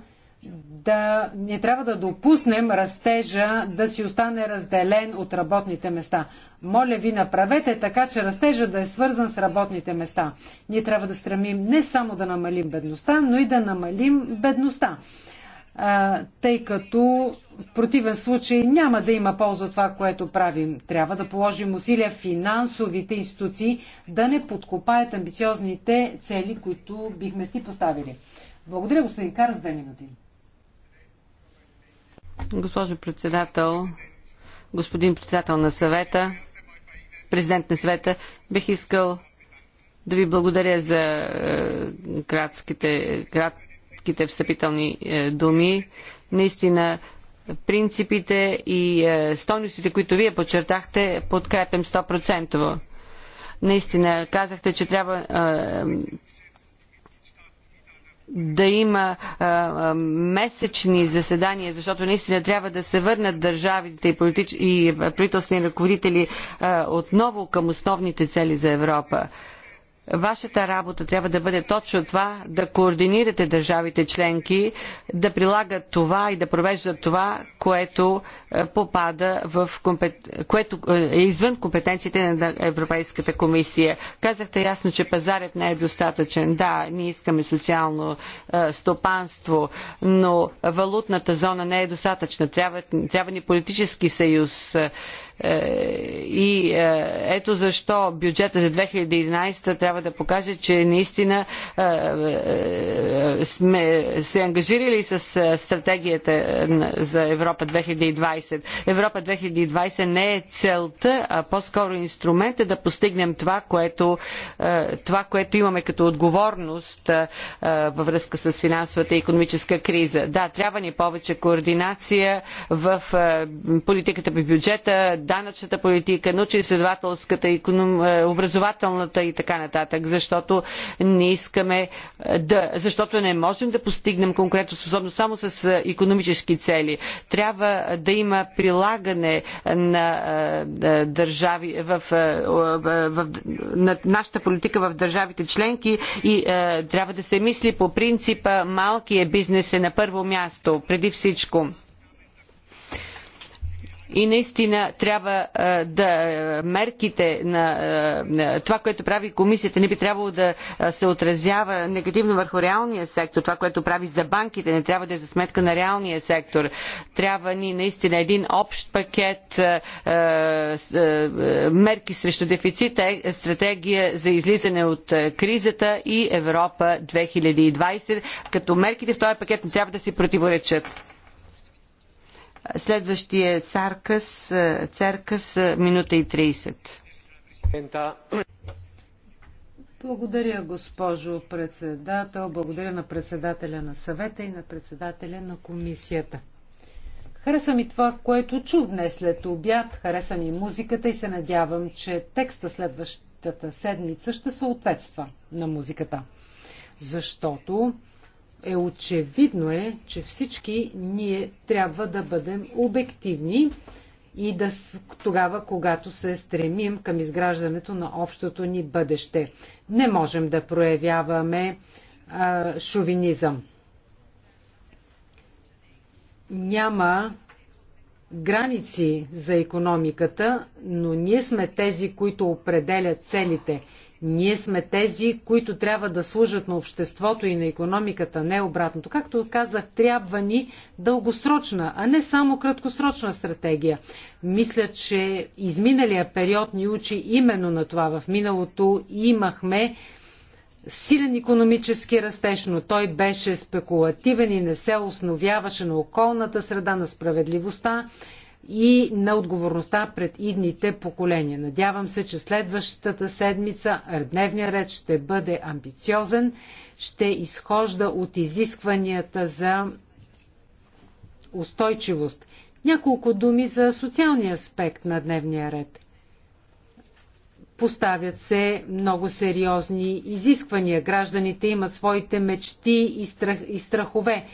да не трябва да допуснем растежа да си остане разделен от работните места. Моля ви, направете така, че растежа да е свързан с работните места. Ние трябва да стремим не само да намалим бедността, но и да намалим бедността тъй като в противен случай няма да има полза от това, което правим. Трябва да положим усилия финансовите институции да не подкопаят амбициозните цели, които бихме си поставили. Благодаря, господин Кар, с две минути. Госпожо председател, господин председател на съвета, президент на съвета, бих искал да ви благодаря за кратките, е, крат, кратките встъпителни е, думи. Наистина принципите и е, стойностите, които вие подчертахте, подкрепям 100%. Наистина казахте, че трябва е, да има а, месечни заседания, защото наистина трябва да се върнат държавите и, политич... и правителствени ръководители а, отново към основните цели за Европа. Вашата работа трябва да бъде точно това, да координирате държавите членки, да прилагат това и да провеждат това, което е, попада в компет... което е, е извън компетенциите на Европейската комисия. Казахте ясно, че пазарът не е достатъчен. Да, ние искаме социално е, стопанство, но валутната зона не е достатъчна. Трябва, трябва ни политически съюз. Е, и е, ето защо бюджета за 2011 трябва да покаже, че наистина е, сме се ангажирали с стратегията за Европа 2020. Европа 2020 не е целта, а по-скоро инструмента да постигнем това, което, това, което имаме като отговорност във връзка с финансовата и економическа криза. Да, трябва ни повече координация в политиката по бюджета, данъчната политика, научно-изследователската, економ... Е, образователната и така нататък, защото не искаме е, да, защото не можем да постигнем конкретно способност само с економически цели. Трябва да има прилагане на е, държави в, в, на нашата политика в държавите членки и трябва да се мисли по принципа малкият бизнес е на първо място, преди всичко и наистина трябва да мерките на това, което прави комисията, не би трябвало да се отразява негативно върху реалния сектор. Това, което прави за банките, не трябва да е за сметка на реалния сектор. Трябва ни наистина един общ пакет мерки срещу дефицита, е, стратегия за излизане от кризата и Европа 2020, като мерките в този пакет не трябва да си противоречат. Следващия е Саркас, е, Церкас, е, минута и 30. Благодаря, госпожо председател. Благодаря на председателя на съвета и на председателя на комисията. Хареса ми това, което чух днес след обяд, хареса ми музиката и се надявам, че текста следващата седмица ще съответства на музиката. Защото е очевидно е, че всички ние трябва да бъдем обективни и да тогава, когато се стремим към изграждането на общото ни бъдеще. Не можем да проявяваме а, шовинизъм. Няма граници за економиката, но ние сме тези, които определят целите ние сме тези, които трябва да служат на обществото и на економиката, не обратното. Както казах, трябва ни дългосрочна, а не само краткосрочна стратегия. Мисля, че изминалия период ни учи именно на това. В миналото имахме силен економически растеж, но той беше спекулативен и не се основяваше на околната среда, на справедливостта и на отговорността пред идните поколения. Надявам се, че следващата седмица дневния ред ще бъде амбициозен, ще изхожда от изискванията за устойчивост. Няколко думи за социалния аспект на дневния ред. Поставят се много сериозни изисквания. Гражданите имат своите мечти и, страх, и страхове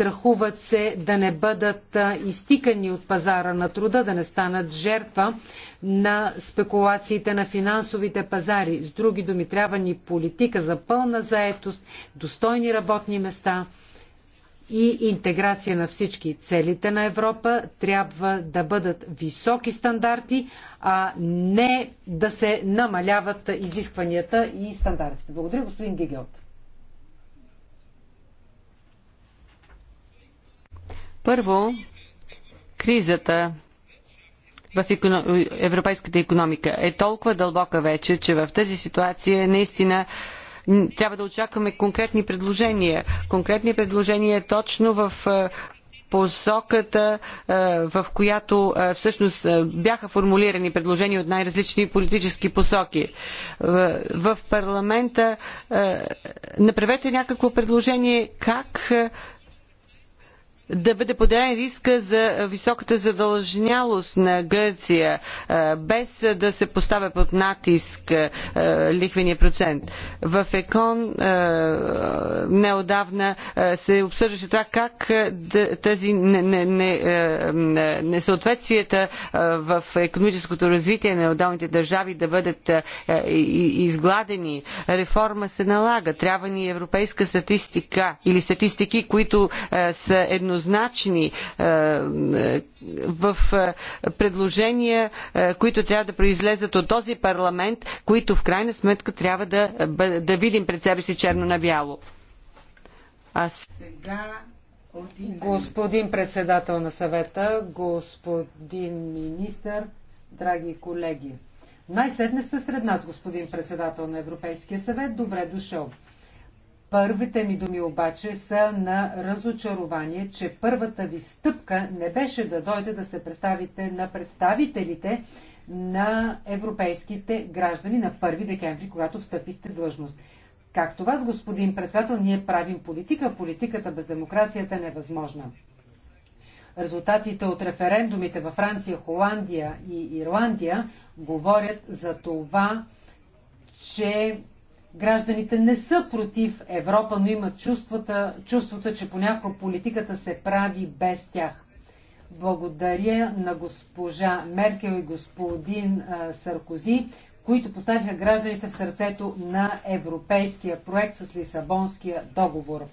страхуват се да не бъдат изтикани от пазара на труда, да не станат жертва на спекулациите на финансовите пазари. С други думи, трябва ни политика за пълна заетост, достойни работни места и интеграция на всички. Целите на Европа трябва да бъдат високи стандарти, а не да се намаляват изискванията и стандартите. Благодаря, господин Гигелт. Първо, кризата в европейската економика е толкова дълбока вече, че в тази ситуация наистина трябва да очакваме конкретни предложения. Конкретни предложения точно в посоката, в която всъщност бяха формулирани предложения от най-различни политически посоки. В парламента направете някакво предложение как да бъде поделен риска за високата задължнялост на Гърция, без да се поставя под натиск лихвения процент. В ЕКОН неодавна се обсъждаше това как тази несъответствията в економическото развитие на отделните държави да бъдат изгладени. Реформа се налага. Трябва ни европейска статистика или статистики, които са едно еднозначни е, в е, предложения, е, които трябва да произлезат от този парламент, които в крайна сметка трябва да, да видим пред себе си черно на бяло. А сега господин председател на съвета, господин министър, драги колеги. Най-сетне сте сред нас, господин председател на Европейския съвет. Добре дошъл. Първите ми думи обаче са на разочарование, че първата ви стъпка не беше да дойде да се представите на представителите на европейските граждани на 1 декември, когато встъпихте в длъжност. Както вас, господин председател, ние правим политика. Политиката без демокрацията е невъзможна. Резултатите от референдумите във Франция, Холандия и Ирландия говорят за това, че Гражданите не са против Европа, но имат чувствата, чувствата че понякога политиката се прави без тях. Благодаря на госпожа Меркел и господин а, Саркози, които поставиха гражданите в сърцето на европейския проект с Лисабонския договор.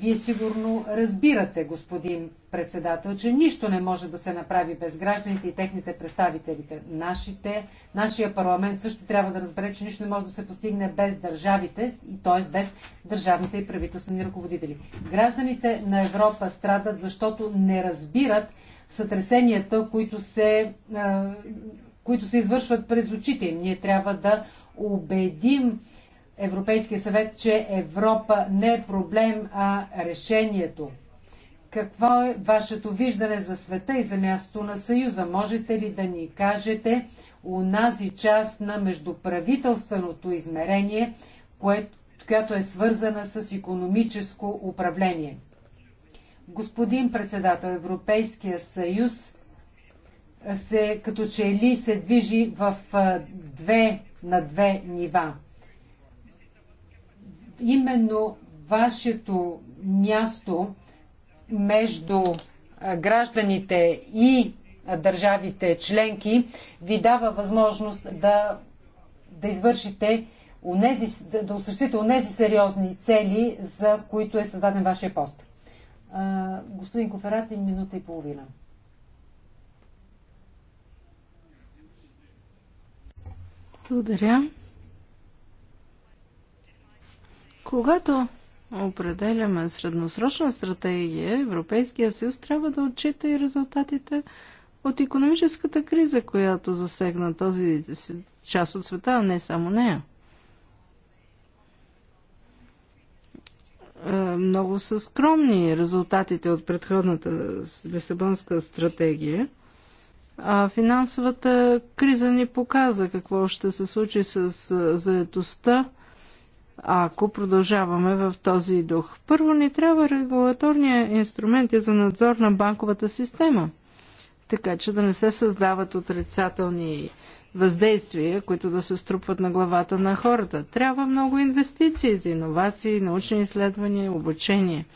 Вие сигурно разбирате, господин председател, че нищо не може да се направи без гражданите и техните представителите. Нашите, нашия парламент също трябва да разбере, че нищо не може да се постигне без държавите, т.е. без държавните и правителствени ръководители. Гражданите на Европа страдат, защото не разбират сътресенията, които се, които се извършват през очите им. Ние трябва да убедим Европейския съвет, че Европа не е проблем, а решението какво е вашето виждане за света и за мястото на Съюза? Можете ли да ни кажете унази част на междуправителственото измерение, което, която е свързана с економическо управление? Господин председател, Европейския съюз се, като че ли се движи в две, на две нива. Именно вашето място между гражданите и държавите членки ви дава възможност да, да извършите унези, да, осъществите онези сериозни цели, за които е създаден вашия пост. А, господин Коферати, минута и половина. Благодаря. Когато определяме средносрочна стратегия, Европейския съюз трябва да отчита и резултатите от економическата криза, която засегна този част от света, а не само нея. Е, много са скромни резултатите от предходната Лисабонска стратегия. А финансовата криза ни показа какво ще се случи с е, заедостта ако продължаваме в този дух. Първо ни трябва регулаторния инструмент за надзор на банковата система, така че да не се създават отрицателни въздействия, които да се струпват на главата на хората. Трябва много инвестиции за иновации, научни изследвания, обучение.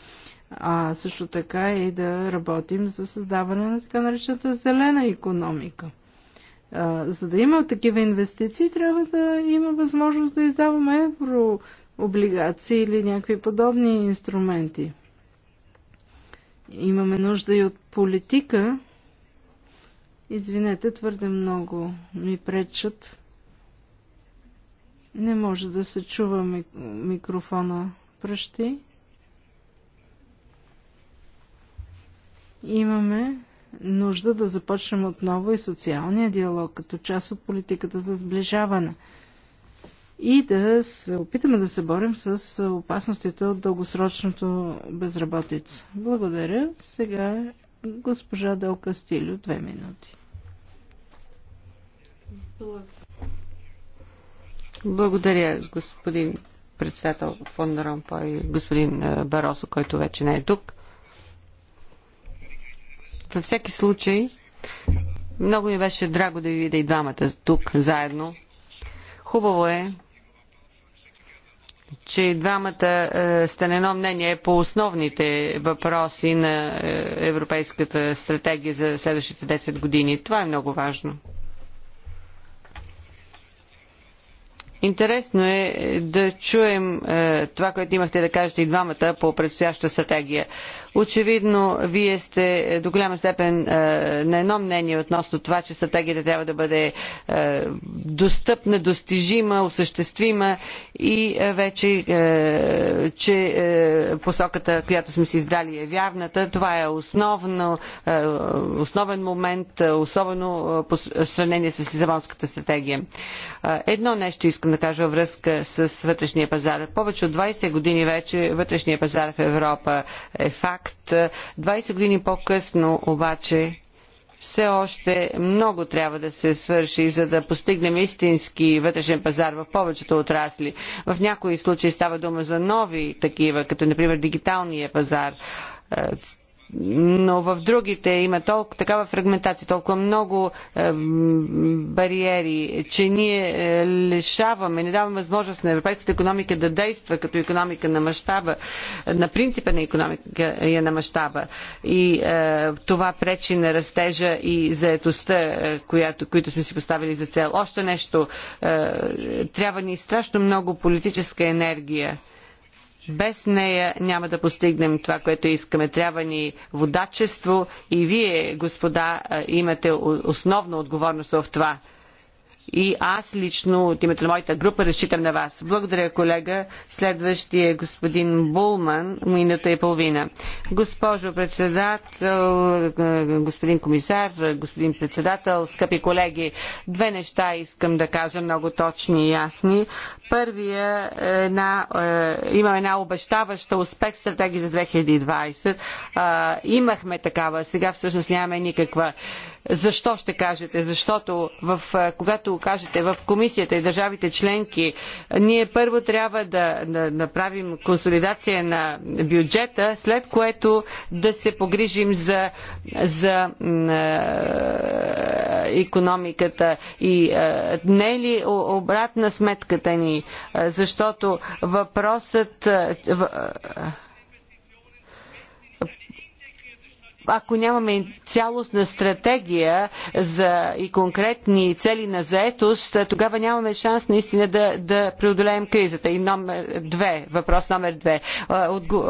А също така и да работим за създаване на така наречената зелена економика – за да има такива инвестиции, трябва да има възможност да издаваме еврооблигации или някакви подобни инструменти. Имаме нужда и от политика. Извинете, твърде много ми пречат. Не може да се чува микрофона. Пръщи. Имаме нужда да започнем отново и социалния диалог като част от политиката за сближаване и да се опитаме да се борим с опасностите от дългосрочното безработица. Благодаря. Сега госпожа Дел Стилю, две минути. Благодаря, господин председател фон и господин Баросо, който вече не е тук. Във всеки случай, много ми беше драго да ви видя и двамата тук заедно. Хубаво е, че и двамата е, сте на едно мнение по основните въпроси на е, Европейската стратегия за следващите 10 години. Това е много важно. Интересно е, е да чуем е, това, което имахте да кажете и двамата по предстояща стратегия. Очевидно, вие сте е, до голяма степен е, на едно мнение относно това, че стратегията трябва да бъде е, достъпна, достижима, осъществима и е, вече, е, че е, посоката, която сме си избрали е вярната. Това е основно, е, основен момент, е, особено е, по сравнение с Лизабонската стратегия. Е, едно нещо искам да да кажа във връзка с вътрешния пазар. Повече от 20 години вече вътрешния пазар в Европа е факт. 20 години по-късно обаче все още много трябва да се свърши, за да постигнем истински вътрешен пазар в повечето отрасли. В някои случаи става дума за нови такива, като например дигиталния пазар но в другите има толкова такава фрагментация, толкова много е, бариери, че ние е, лишаваме, не даваме възможност на европейската економика да действа като економика на мащаба, на принципа на економика е, на мащаба. И е, това пречи на растежа и заетостта, е, която, които сме си поставили за цел. Още нещо, е, трябва ни страшно много политическа енергия без нея няма да постигнем това, което искаме. Трябва ни водачество и вие, господа, имате основна отговорност в това и аз лично от името на моята група разчитам на вас. Благодаря, колега. Следващия е господин Булман, минута и половина. Госпожо председател, господин комисар, господин председател, скъпи колеги, две неща искам да кажа много точни и ясни. Първия една, е, има една обещаваща успех стратегия за 2020. Е, имахме такава, сега всъщност нямаме никаква. Защо ще кажете? Защото в, когато кажете в комисията и държавите членки, ние първо трябва да, да направим консолидация на бюджета, след което да се погрижим за, за економиката и не е ли обратна сметката ни? Защото въпросът ако нямаме цялостна стратегия за и конкретни цели на заетост, тогава нямаме шанс наистина да, да преодолеем кризата. И номер две, въпрос номер две.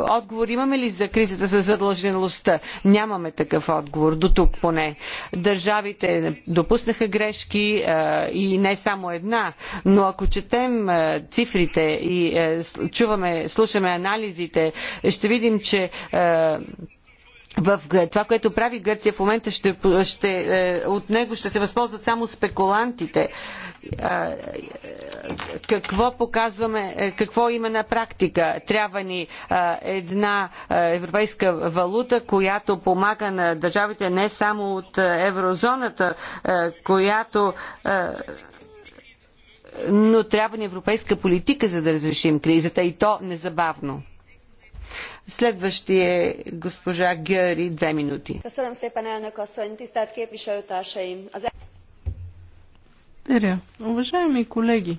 Отговор имаме ли за кризата за задължеността? Нямаме такъв отговор, до тук поне. Държавите допуснаха грешки и не само една, но ако четем цифрите и е, чуваме, слушаме анализите, ще видим, че е, в това, което прави Гърция в момента, ще, ще, е, от него ще се възползват само спекулантите. Е, е, какво показваме, какво има на практика? Трябва ни една европейска валута, която помага на държавите не само от еврозоната, която но трябва ни европейска политика, за да разрешим кризата и то незабавно. Следващия е госпожа Гьори, две минути. E- Благодаря. Уважаеми колеги,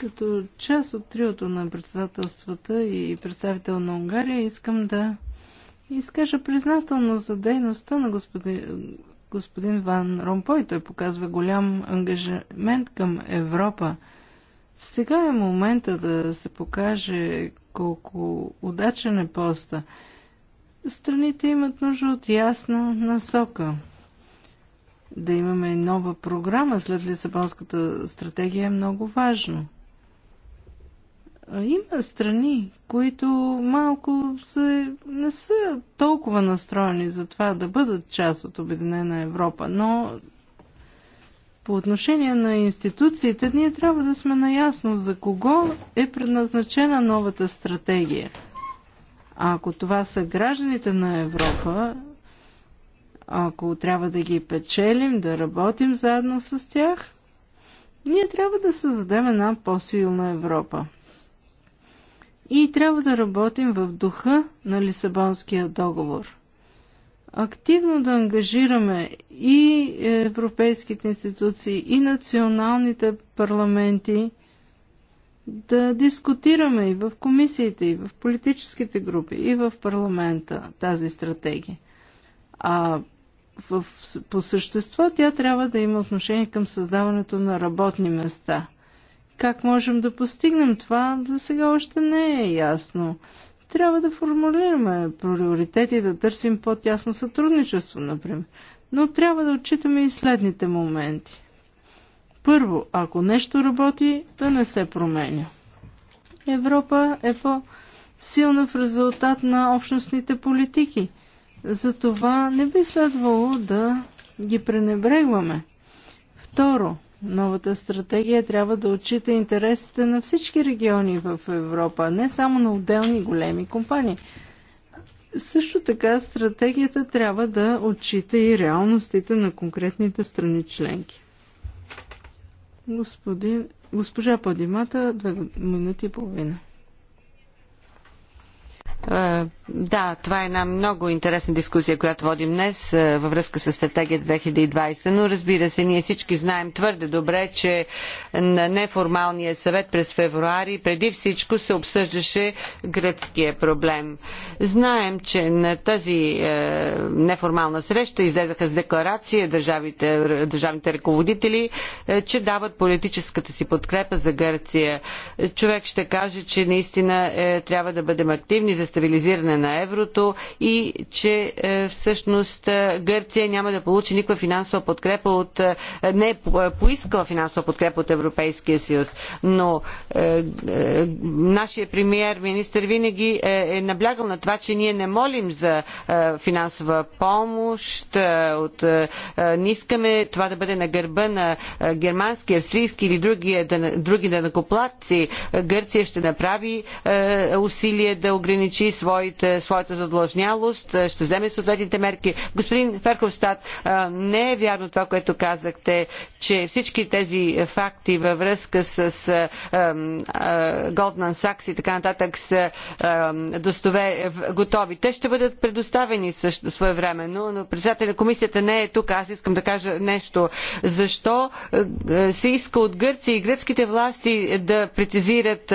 като част от триото на председателствата и представител на Унгария, искам да изкажа признателно за дейността на господин, господин Ван Ромпой. Той показва голям ангажимент към Европа. Сега е момента да се покаже колко удачен е поста. Страните имат нужда от ясна насока. Да имаме нова програма след Лисабонската стратегия е много важно. Има страни, които малко се, не са толкова настроени за това да бъдат част от Обединена Европа, но по отношение на институциите, ние трябва да сме наясно за кого е предназначена новата стратегия. А ако това са гражданите на Европа, ако трябва да ги печелим, да работим заедно с тях, ние трябва да създадем една по-силна Европа. И трябва да работим в духа на Лисабонския договор активно да ангажираме и европейските институции, и националните парламенти, да дискутираме и в комисиите, и в политическите групи, и в парламента тази стратегия. А в, по същество тя трябва да има отношение към създаването на работни места. Как можем да постигнем това, за сега още не е ясно. Трябва да формулираме приоритети и да търсим по-тясно сътрудничество, например. Но трябва да отчитаме и следните моменти. Първо, ако нещо работи, да не се променя. Европа е по-силна в резултат на общностните политики. Затова не би следвало да ги пренебрегваме. Второ, Новата стратегия трябва да отчита интересите на всички региони в Европа, не само на отделни големи компании. Също така стратегията трябва да отчита и реалностите на конкретните страни членки. Господин, госпожа Падимата, две минути и половина. Е, да, това е една много интересна дискусия, която водим днес е, във връзка с стратегия 2020, но разбира се, ние всички знаем твърде добре, че на неформалния съвет през февруари преди всичко се обсъждаше гръцкия проблем. Знаем, че на тази е, неформална среща излезаха с декларация държавите, държавните ръководители, че дават политическата си подкрепа за Гърция. Човек ще каже, че наистина трябва да бъдем активни за стабилизиране на еврото и че е, всъщност е, Гърция няма да получи никаква финансова подкрепа от... Е, не е поискала финансова подкрепа от Европейския съюз. Но нашия премиер министр винаги е наблягал на това, че ние не молим за финансова помощ, от... не искаме това да бъде на гърба на германски, австрийски или други, други данакоплатци. Гърция ще направи усилие да ограничи своите, своята задлъжнялост, е, ще вземе съответните мерки. Господин Ферховстат, е, не е вярно това, което казахте, че всички тези факти във връзка с е, Goldman Sachs и така нататък са достове, готови. Те ще бъдат предоставени също своевременно, но председател на комисията не е тук. Аз искам да кажа нещо. Защо се иска от Гърция и гръцките власти да прецизират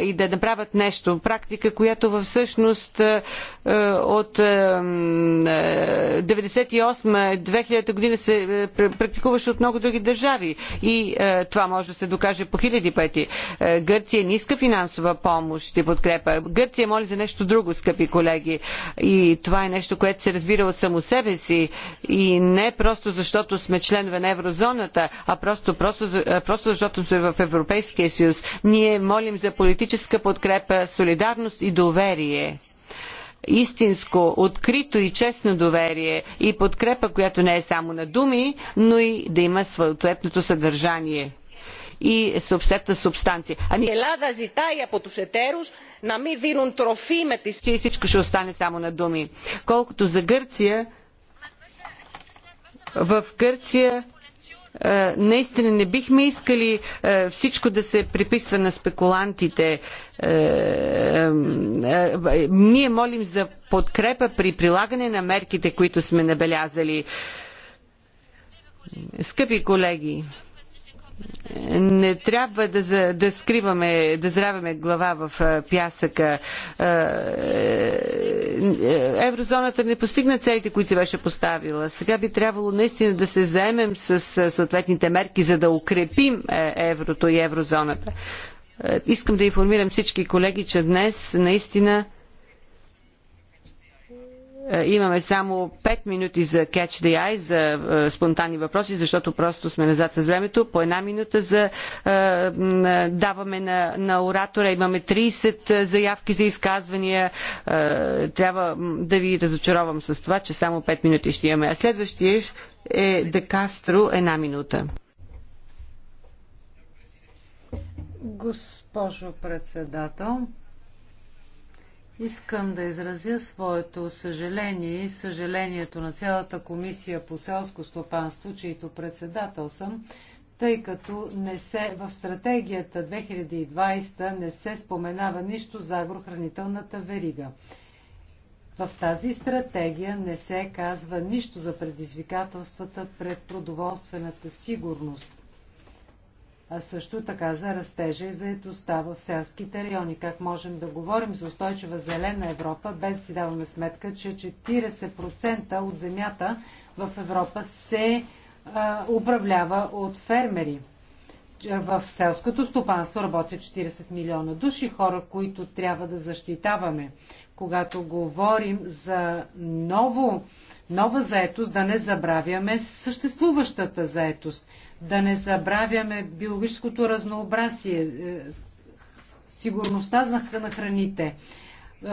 и да направят нещо? Практика, която в същност всъщност е, е, от 98 е, 2000 година се практикуваше от много други държави и това може да се докаже по хиляди пъти. Гърция не иска финансова помощ и подкрепа. Гърция моли за нещо друго, скъпи колеги. И това е нещо, което се разбира от само себе си и не просто защото сме членове на еврозоната, а просто, просто, просто защото сме в Европейския съюз. Ние молим за политическа подкрепа, солидарност и доверие доверие истинско, открито и честно доверие и подкрепа, която не е само на думи, но и да има съответното съдържание и съответната субстанция. А ни... Ελλάδα ζητάει από τους εταίρους να μην И всичко ще остане само на думи. Колкото за Гърция, в Гърция е, наистина не бихме искали е, всичко да се приписва на спекулантите. Е, ние молим за подкрепа при прилагане на мерките, които сме набелязали. Скъпи колеги, не трябва да, да скриваме, да здравяме глава в пясъка. Е, еврозоната не постигна целите, които се беше поставила. Сега би трябвало наистина да се заемем с съответните мерки, за да укрепим е, еврото и еврозоната. Е, искам да информирам всички колеги, че днес наистина е, имаме само 5 минути за Catch the Eye, за е, спонтанни въпроси, защото просто сме назад с времето. По една минута за, е, даваме на, на оратора. Имаме 30 заявки за изказвания. трябва да ви разочаровам с това, че само 5 минути ще имаме. А следващия е Де Кастро, една минута. Госпожо председател, Искам да изразя своето съжаление и съжалението на цялата комисия по селско стопанство, чието председател съм, тъй като не се, в стратегията 2020 не се споменава нищо за агрохранителната верига. В тази стратегия не се казва нищо за предизвикателствата пред продоволствената сигурност а също така за растежа и заедостта в селските райони. Как можем да говорим за устойчива зелена Европа, без да си даваме сметка, че 40% от земята в Европа се а, управлява от фермери. В селското стопанство работят 40 милиона души хора, които трябва да защитаваме когато говорим за ново, нова заетост, да не забравяме съществуващата заетост, да не забравяме биологическото разнообразие, е, сигурността на храните,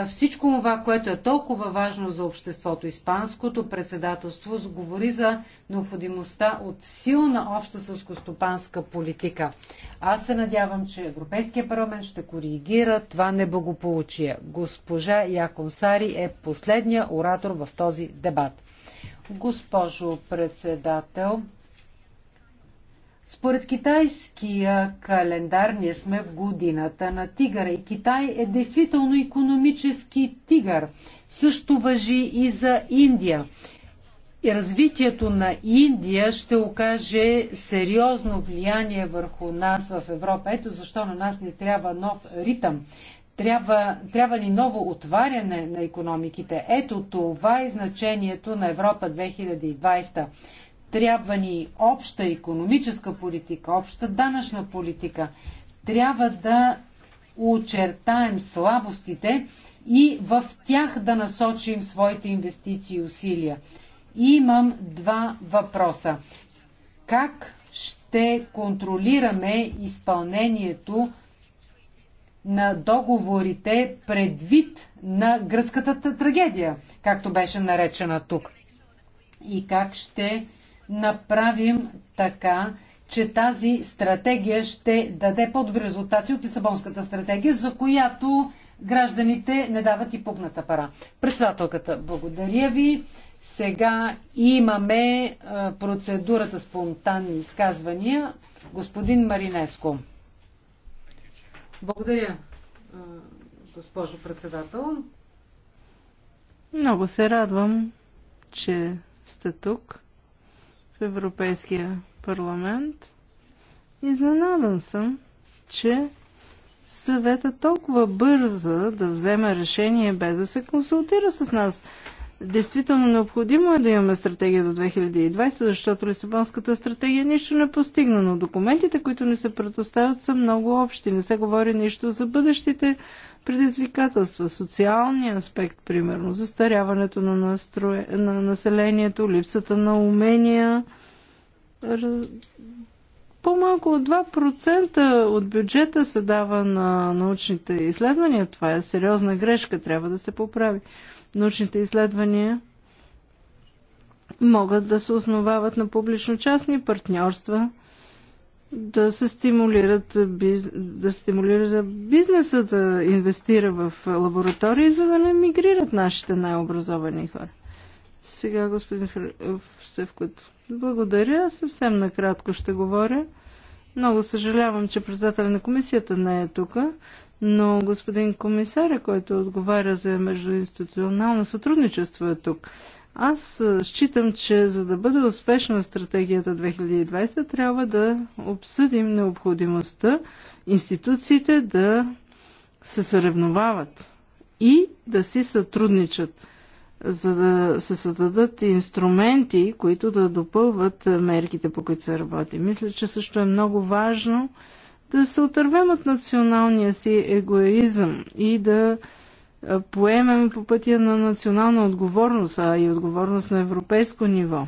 всичко това, което е толкова важно за обществото. Испанското председателство говори за необходимостта от силна обща сълскостопанска политика. Аз се надявам, че Европейския парламент ще коригира това неблагополучие. Госпожа Яконсари е последния оратор в този дебат. Госпожо председател, според китайския календар ние сме в годината на тигъра и Китай е действително економически тигър. Също въжи и за Индия. И развитието на Индия ще окаже сериозно влияние върху нас в Европа. Ето защо на нас не трябва нов ритъм. Трябва, трябва ни ново отваряне на економиките. Ето това е значението на Европа 2020. Трябва ни обща економическа политика, обща данъчна политика. Трябва да очертаем слабостите и в тях да насочим своите инвестиции и усилия. И имам два въпроса. Как ще контролираме изпълнението на договорите предвид на гръцката трагедия, както беше наречена тук? И как ще направим така, че тази стратегия ще даде по-добри резултати от Лисабонската стратегия, за която гражданите не дават и пукната пара. Председателката, благодаря ви. Сега имаме процедурата спонтанни изказвания. Господин Маринеско. Благодаря, госпожо председател. Много се радвам, че сте тук в Европейския парламент. Изненадан съм, че съвета толкова бърза да вземе решение без да се консултира с нас. Действително необходимо е да имаме стратегия до 2020, защото Лисабонската стратегия нищо не постигна, но документите, които ни се предоставят, са много общи. Не се говори нищо за бъдещите предизвикателства, социалния аспект, примерно, застаряването на, настрое, на населението, липсата на умения. Раз... По-малко от 2% от бюджета се дава на научните изследвания. Това е сериозна грешка, трябва да се поправи. Научните изследвания могат да се основават на публично-частни партньорства да се стимулират, да стимулира бизнеса да инвестира в лаборатории, за да не мигрират нашите най-образовани хора. Сега, господин Севкот, благодаря. Съвсем накратко ще говоря. Много съжалявам, че председател на комисията не е тук, но господин комисаря, който отговаря за междуинституционално сътрудничество е тук. Аз считам, че за да бъде успешна стратегията 2020, трябва да обсъдим необходимостта институциите да се съревновават и да си сътрудничат, за да се създадат инструменти, които да допълват мерките, по които се работи. Мисля, че също е много важно да се отървем от националния си егоизъм и да е, поемем по пътя на национална отговорност, а и отговорност на европейско ниво.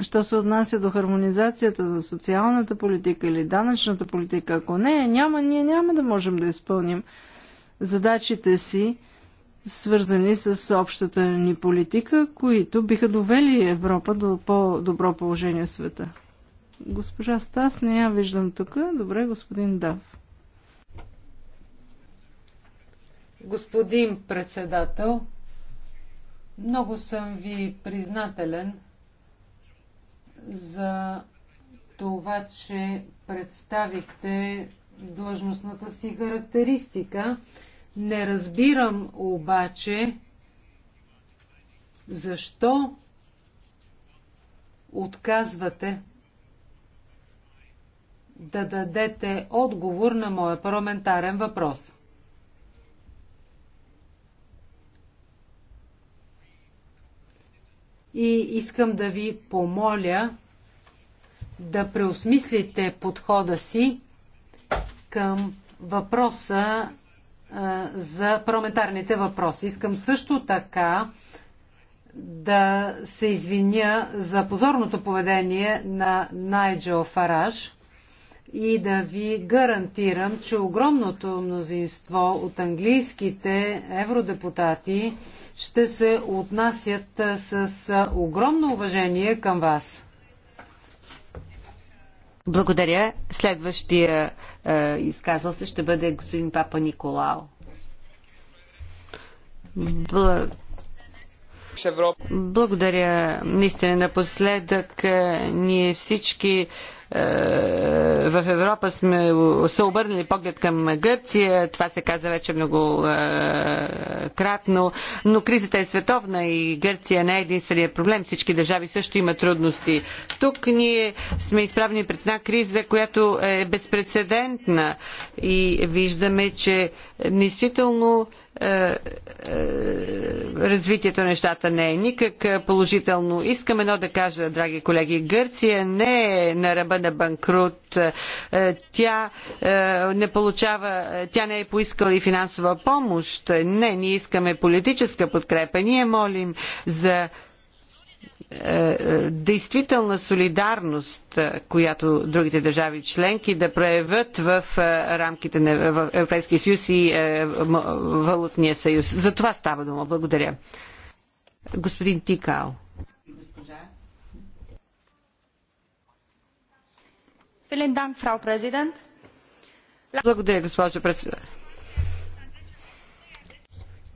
Що се отнася до хармонизацията на социалната политика или данъчната политика, ако не, няма, ние няма да можем да изпълним задачите си, свързани с общата ни политика, които биха довели Европа до по-добро положение в света. Госпожа Стас, не я виждам тук. Добре, господин Дав. Господин председател, много съм ви признателен за това, че представихте длъжностната си характеристика. Не разбирам обаче защо отказвате да дадете отговор на моя парламентарен въпрос. и искам да ви помоля да преосмислите подхода си към въпроса а, за парламентарните въпроси. Искам също така да се извиня за позорното поведение на Найджел Фараж и да ви гарантирам, че огромното мнозинство от английските евродепутати ще се отнасят с огромно уважение към вас. Благодаря. Следващия е, изказал се ще бъде господин Папа Николао. Бл... Благодаря. Наистина напоследък ние всички е, в Европа сме се обърнали поглед към Гърция, това се каза вече много е, кратно, но кризата е световна и Гърция не е единствения проблем. Всички държави също имат трудности. Тук ние сме изправени пред една криза, която е безпредседентна и виждаме, че действително е, е, развитието на нещата не е никак е, положително. Искам едно да кажа, драги колеги, Гърция не е на ръба на банкрут. Е, е, тя е, не получава, тя не е поискала и финансова помощ. Не, ние искаме политическа подкрепа. Ние молим за действителна солидарност, която другите държави членки да проявят в рамките на Европейския съюз и Валутния съюз. За това става дума. Благодаря. Господин Тикао. Благодаря, госпожо председател.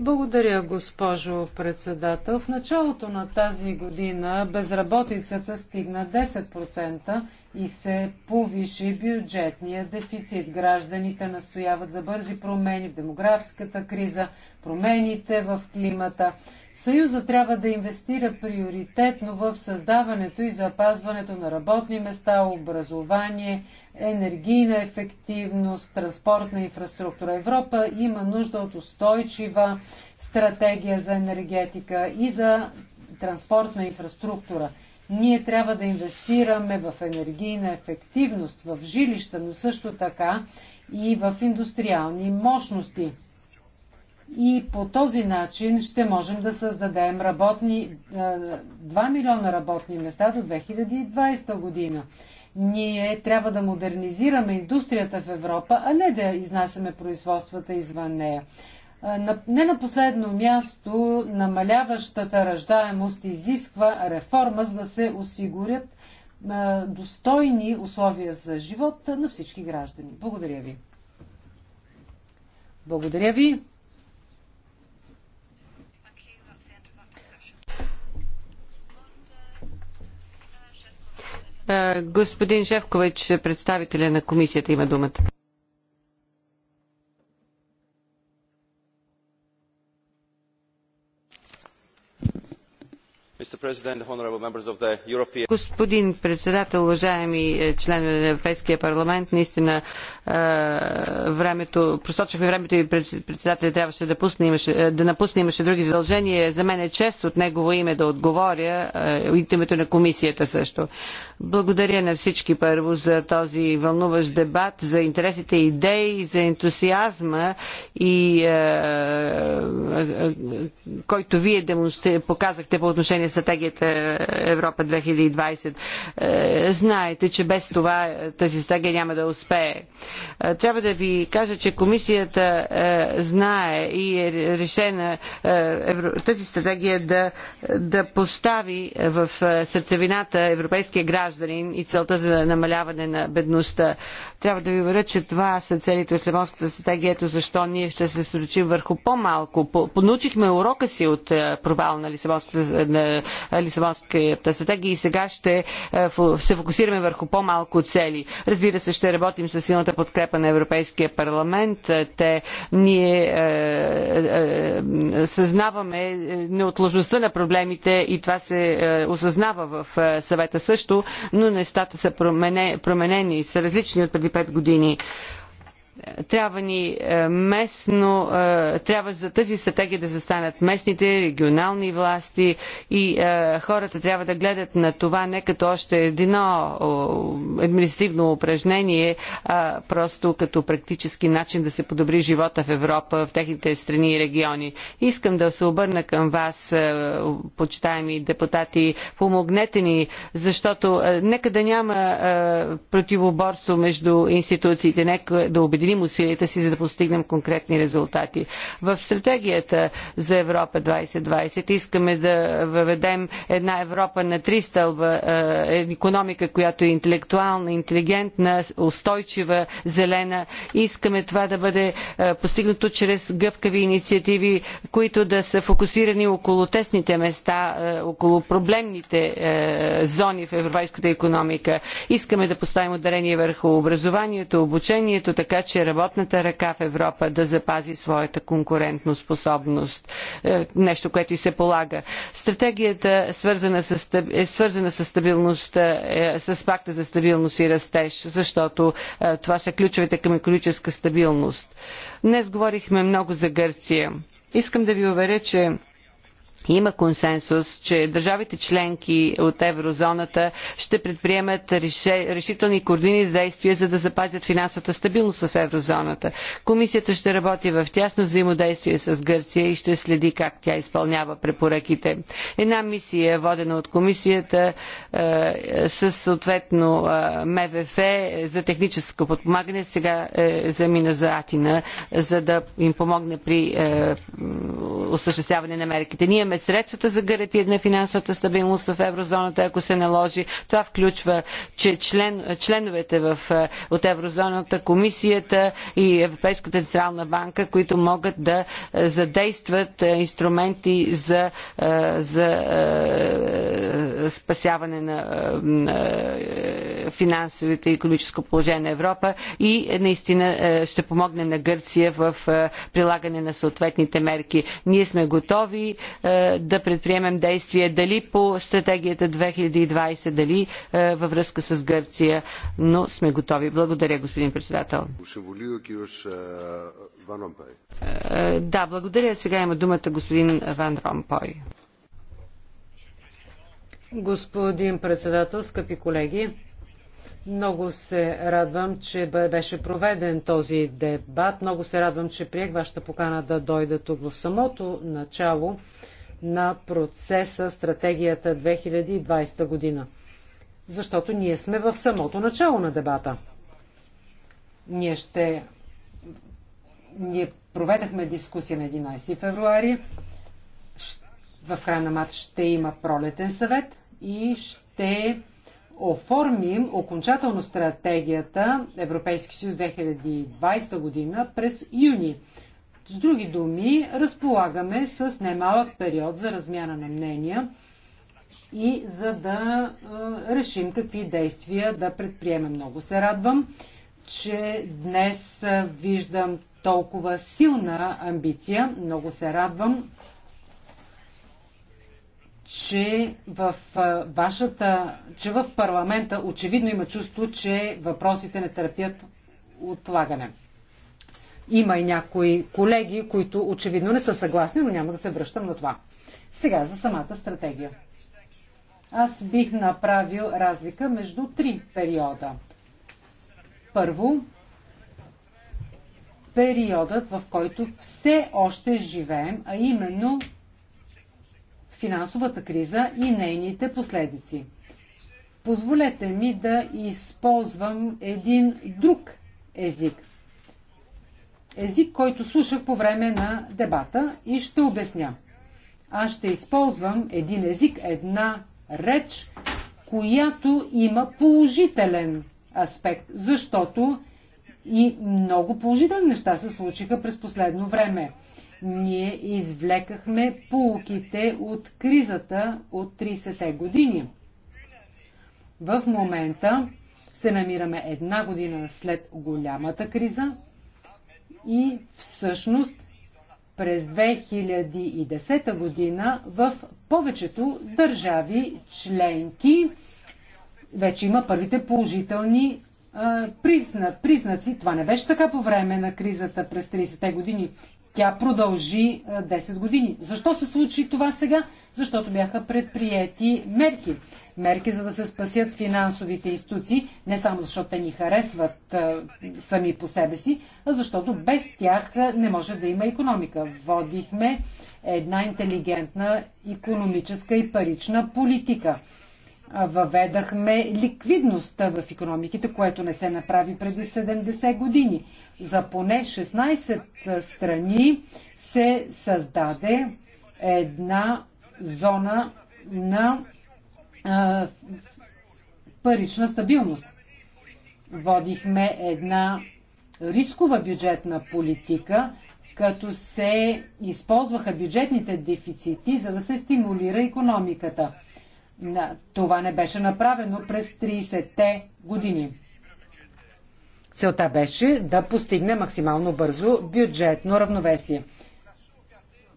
Благодаря, госпожо председател. В началото на тази година безработицата стигна 10%, и се повиши бюджетния дефицит. Гражданите настояват за бързи промени в демографската криза, промените в климата. Съюза трябва да инвестира приоритетно в създаването и запазването на работни места, образование, енергийна ефективност, транспортна инфраструктура. Европа има нужда от устойчива стратегия за енергетика и за транспортна инфраструктура. Ние трябва да инвестираме в енергийна ефективност, в жилища, но също така и в индустриални мощности. И по този начин ще можем да създадем работни, 2 е, милиона работни места до 2020 година. Ние трябва да модернизираме индустрията в Европа, а не да изнасяме производствата извън нея. Не на последно място, намаляващата ръждаемост изисква реформа, за да се осигурят достойни условия за живот на всички граждани. Благодаря ви. Благодаря ви. Господин Шефкович, представителя на комисията има думата. Господин председател, уважаеми е, членове на Европейския парламент, наистина е, времето, просочихме времето и председателя трябваше да, пусне, имаше, е, да напусне, имаше други задължения. За мен е чест от негово име да отговоря, от името на комисията също. Благодаря на всички първо за този вълнуващ дебат, за интересите идеи, за ентусиазма и който вие демонстри... показахте по отношение на стратегията Европа 2020. Е, знаете, че без това е, тази стратегия няма да успее. Е, трябва да ви кажа, че комисията знае и е решена тази стратегия да, да постави в сърцевината европейския гражданин и целта за намаляване на бедността. Трябва да ви уверя, че това са целите от Лемонската стратегия, ето защо ние ще се случим върху по-малко. Понучихме урока си от провал на Лисабонската е, Лисабонската стратегия и сега ще е, се фокусираме върху по-малко цели. Разбира се, ще работим с силната подкрепа на Европейския парламент. Е, те ние съзнаваме неотложността на проблемите и това се осъзнава в съвета също, но нещата са променени, са различни от преди 5 години трябва ни е, местно, е, трябва за тази стратегия да застанат местните, регионални власти и е, хората трябва да гледат на това не като още едно административно упражнение, а просто като практически начин да се подобри живота в Европа, в техните страни и региони. Искам да се обърна към вас, почитаеми депутати, помогнете ни, защото нека да няма противоборство между институциите, нека да обединим обединим усилията си, за да постигнем конкретни резултати. В стратегията за Европа 2020 искаме да въведем една Европа на три стълба, е, е, економика, която е интелектуална, интелигентна, устойчива, зелена. Искаме това да бъде е, постигнато чрез гъвкави инициативи, които да са фокусирани около тесните места, около проблемните зони в европейската економика. Искаме да поставим ударение върху образованието, обучението, така че че работната ръка в Европа да запази своята конкурентно способност. Е, нещо, което и се полага. Стратегията свързана с, е свързана с стабилността, е, с пакта за стабилност и растеж, защото е, това са ключовете към економическа стабилност. Днес говорихме много за Гърция. Искам да ви уверя, че има консенсус, че държавите членки от еврозоната ще предприемат решителни координи действия, за да запазят финансовата стабилност в еврозоната. Комисията ще работи в тясно взаимодействие с Гърция и ще следи как тя изпълнява препоръките. Една мисия, водена от комисията е, с съответно е, МВФ за техническо подпомагане, сега е, замина за Атина, за да им помогне при е, осъществяване на мерките. Ние имаме средствата за гарантиране на финансовата стабилност в еврозоната, ако се наложи. Това включва, че член, членовете в, е, от еврозоната, комисията и Европейската централна банка, които могат да е, задействат е, инструменти за, за спасяване на финансовите и економическо положение на Европа и наистина ще помогнем на Гърция в прилагане на съответните мерки. Ние сме готови да предприемем действия дали по стратегията 2020, дали е, във връзка с Гърция, но сме готови. Благодаря, господин председател. Е, да, благодаря. Сега има думата господин Ван Ромпой. Господин председател, скъпи колеги, много се радвам, че беше проведен този дебат. Много се радвам, че приех вашата покана да дойда тук в самото начало на процеса Стратегията 2020 година. Защото ние сме в самото начало на дебата. Ние ще... Ние проведахме дискусия на 11 февруари. В края на март ще има пролетен съвет и ще оформим окончателно стратегията Европейски съюз 2020 година през юни. С други думи, разполагаме с немалък период за размяна на мнения и за да решим какви действия да предприемем. Много се радвам, че днес виждам толкова силна амбиция. Много се радвам, че в вашата, че в парламента очевидно има чувство, че въпросите не търпят отлагане. Има и някои колеги, които очевидно не са съгласни, но няма да се връщам на това. Сега за самата стратегия. Аз бих направил разлика между три периода. Първо, периодът, в който все още живеем, а именно финансовата криза и нейните последици. Позволете ми да използвам един друг език език, който слушах по време на дебата и ще обясня. Аз ще използвам един език, една реч, която има положителен аспект, защото и много положителни неща се случиха през последно време. Ние извлекахме полуките от кризата от 30-те години. В момента се намираме една година след голямата криза и всъщност през 2010 година в повечето държави членки вече има първите положителни а, призна, признаци. Това не беше така по време на кризата през 30-те години. Тя продължи 10 е, години. Защо се случи това сега? Защото бяха предприяти мерки. Мерки, за да се спасят финансовите институции, не само защото те ни харесват е, сами по себе си, а защото без тях е, не може да има економика. Водихме една интелигентна економическа и парична политика въведахме ликвидност в економиките, което не се направи преди 70 години за поне 16 страни се създаде една зона на а, парична стабилност. Водихме една рискова бюджетна политика, като се използваха бюджетните дефицити, за да се стимулира економиката. Това не беше направено през 30-те години. Целта беше да постигне максимално бързо бюджетно равновесие.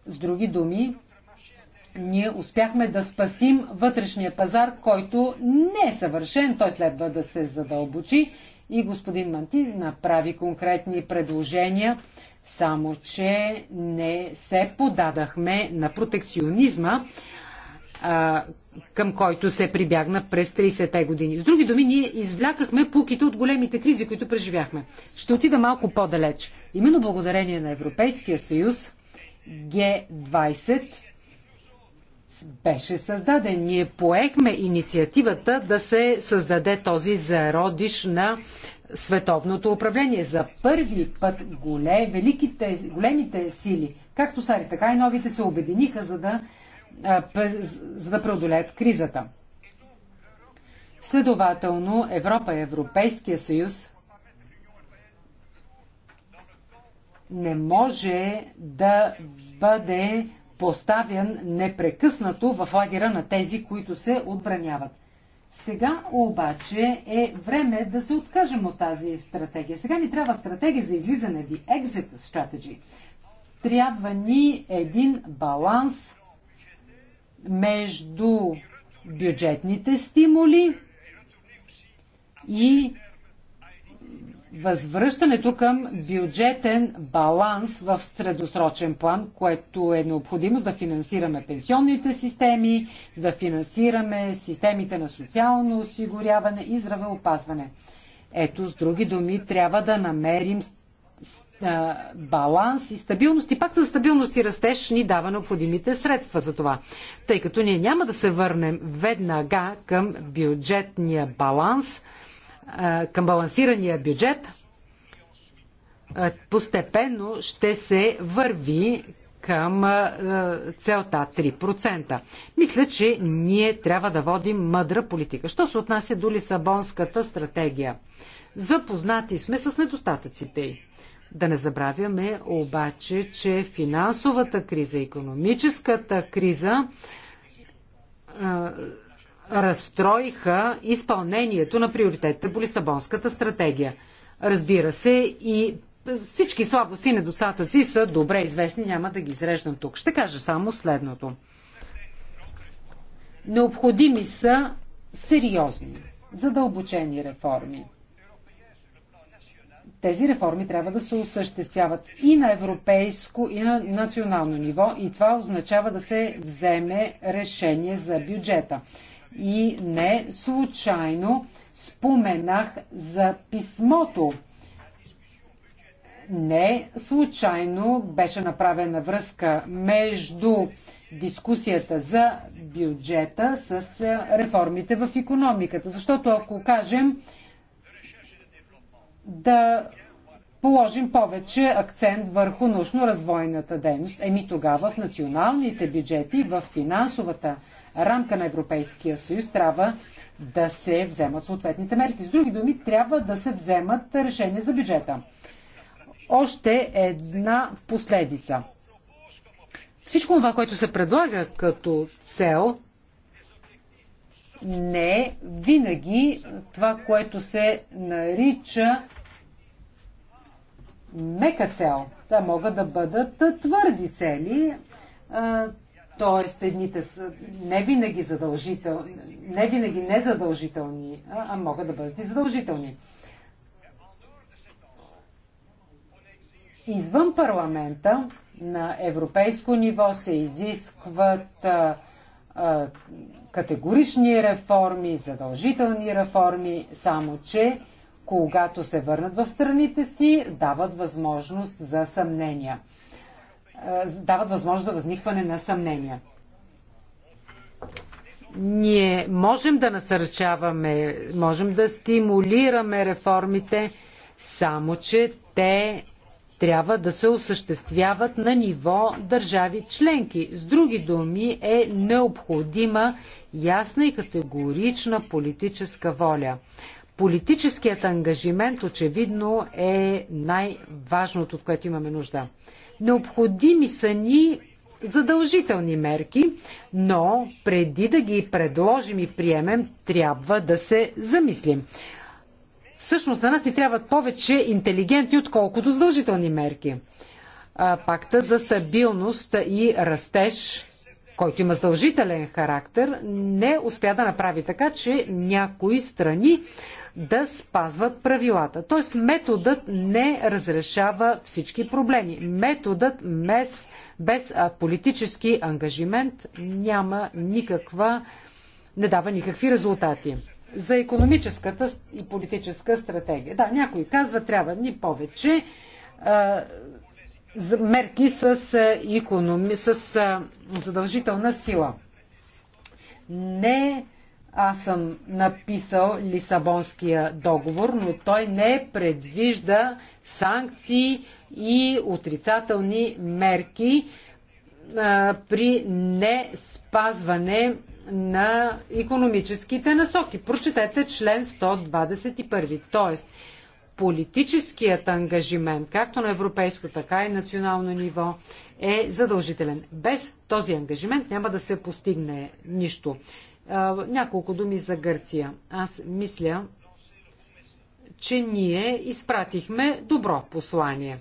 С други думи, ние успяхме да спасим вътрешния пазар, който не е съвършен, той следва да се задълбочи и господин Манти направи конкретни предложения, само че не се подадахме на протекционизма, към който се прибягна през 30-те години. С други думи, ние извлякахме пуките от големите кризи, които преживяхме. Ще отида малко по-далеч. Именно благодарение на Европейския съюз, Г20 беше създаден. Ние поехме инициативата да се създаде този зародиш на световното управление. За първи път великите, големите сили, както стари, така и новите, се обединиха, за да за да преодолеят кризата. Следователно, Европа и Европейския съюз не може да бъде поставен непрекъснато в лагера на тези, които се отбраняват. Сега обаче е време да се откажем от тази стратегия. Сега ни трябва стратегия за излизане, the exit strategy. Трябва ни един баланс между бюджетните стимули и възвръщането към бюджетен баланс в средосрочен план, което е необходимо за да финансираме пенсионните системи, за да финансираме системите на социално осигуряване и здравеопазване. Ето, с други думи, трябва да намерим баланс и стабилност и пак за стабилност и растеж ни дава необходимите средства за това. Тъй като ние няма да се върнем веднага към бюджетния баланс, към балансирания бюджет, постепенно ще се върви към целта 3%. Мисля, че ние трябва да водим мъдра политика. Що се отнася до Лисабонската стратегия? Запознати сме с недостатъците й. Да не забравяме обаче, че финансовата криза, економическата криза а, разстроиха изпълнението на приоритетите по Лисабонската стратегия. Разбира се, и всички слабости и недостатъци са добре известни, няма да ги изреждам тук. Ще кажа само следното. Необходими са сериозни, задълбочени реформи. Тези реформи трябва да се осъществяват и на европейско, и на национално ниво и това означава да се вземе решение за бюджета. И не случайно споменах за писмото. Не случайно беше направена връзка между дискусията за бюджета с реформите в економиката. Защото ако кажем, да положим повече акцент върху научно-развойната дейност. Еми тогава в националните бюджети, в финансовата рамка на Европейския съюз трябва да се вземат съответните мерки. С други думи, трябва да се вземат решения за бюджета. Още една последица. Всичко това, което се предлага като цел, не е винаги това, което се нарича мека цел. Та да могат да бъдат твърди цели, т.е. едните са не винаги задължителни, не винаги незадължителни, а могат да бъдат и задължителни. Извън парламента на европейско ниво се изискват а, а, категорични реформи, задължителни реформи, само че когато се върнат в страните си, дават възможност за съмнения. Дават възможност за възникване на съмнения. Ние можем да насърчаваме, можем да стимулираме реформите, само че те трябва да се осъществяват на ниво държави членки. С други думи е необходима ясна и категорична политическа воля политическият ангажимент очевидно е най-важното, от което имаме нужда. Необходими са ни задължителни мерки, но преди да ги предложим и приемем, трябва да се замислим. Всъщност на нас ни трябват повече интелигентни, отколкото задължителни мерки. Пакта за стабилност и растеж, който има задължителен характер, не успя да направи така, че някои страни да спазват правилата. Тоест методът не разрешава всички проблеми. Методът без, без политически ангажимент няма никаква, не дава никакви резултати. За економическата и политическа стратегия. Да, някои казва, трябва ни повече а, мерки с, економи, с а, задължителна сила. Не аз съм написал Лисабонския договор, но той не предвижда санкции и отрицателни мерки а, при не спазване на економическите насоки. Прочетете член 121. Тоест, политическият ангажимент, както на европейско, така и национално ниво, е задължителен. Без този ангажимент няма да се постигне нищо. Няколко думи за Гърция. Аз мисля, че ние изпратихме добро послание.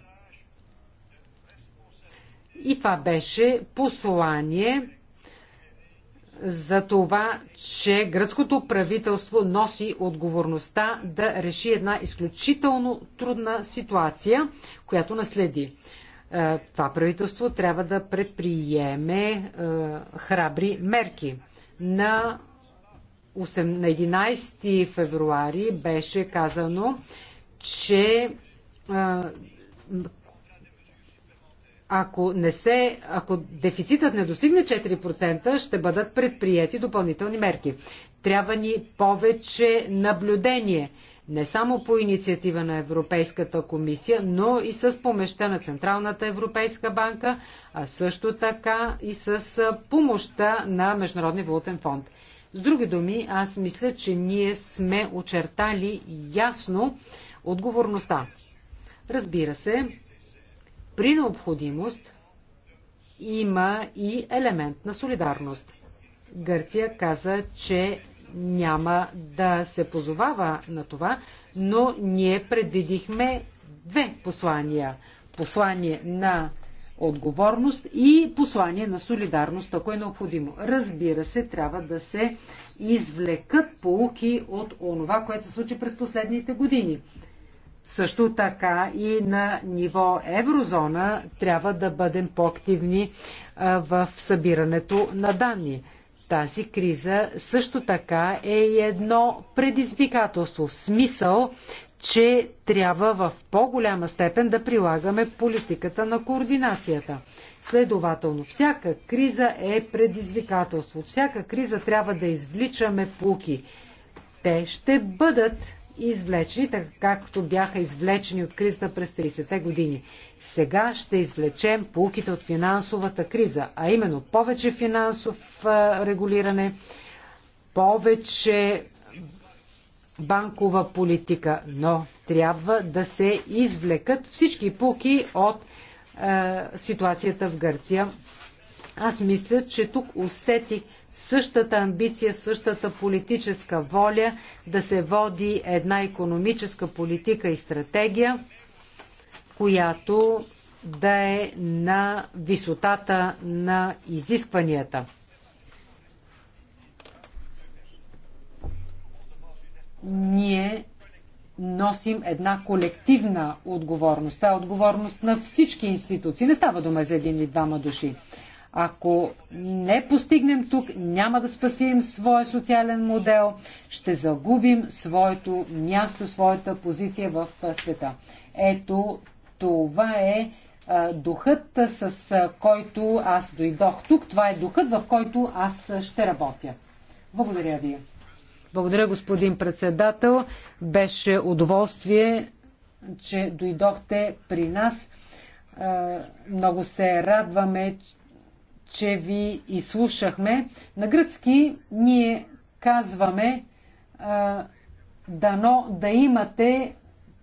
И това беше послание за това, че гръцкото правителство носи отговорността да реши една изключително трудна ситуация, която наследи. Това правителство трябва да предприеме храбри мерки. На 11 февруари беше казано, че ако, не се, ако дефицитът не достигне 4%, ще бъдат предприяти допълнителни мерки. Трябва ни повече наблюдение не само по инициатива на Европейската комисия, но и с помощта на Централната Европейска банка, а също така и с помощта на Международния валутен фонд. С други думи, аз мисля, че ние сме очертали ясно отговорността. Разбира се, при необходимост има и елемент на солидарност. Гърция каза, че няма да се позовава на това, но ние предвидихме две послания. Послание на отговорност и послание на солидарност, ако е необходимо. Разбира се, трябва да се извлекат полуки от онова, което се случи през последните години. Също така и на ниво еврозона трябва да бъдем по-активни в събирането на данни. Тази криза също така е и едно предизвикателство в смисъл, че трябва в по-голяма степен да прилагаме политиката на координацията. Следователно, всяка криза е предизвикателство. Всяка криза трябва да извличаме пуки. Те ще бъдат извлечени, така както бяха извлечени от кризата през 30-те години. Сега ще извлечем полуките от финансовата криза, а именно повече финансов регулиране, повече банкова политика, но трябва да се извлекат всички пуки от е, ситуацията в Гърция. Аз мисля, че тук усетих същата амбиция, същата политическа воля да се води една економическа политика и стратегия, която да е на висотата на изискванията. Ние носим една колективна отговорност. Това е отговорност на всички институции. Не става дума за един или двама души. Ако не постигнем тук, няма да спасим своя социален модел, ще загубим своето място, своята позиция в света. Ето, това е духът, с който аз дойдох тук. Това е духът, в който аз ще работя. Благодаря ви. Благодаря, господин председател. Беше удоволствие, че дойдохте при нас. Много се радваме, че ви изслушахме. На гръцки ние казваме дано да имате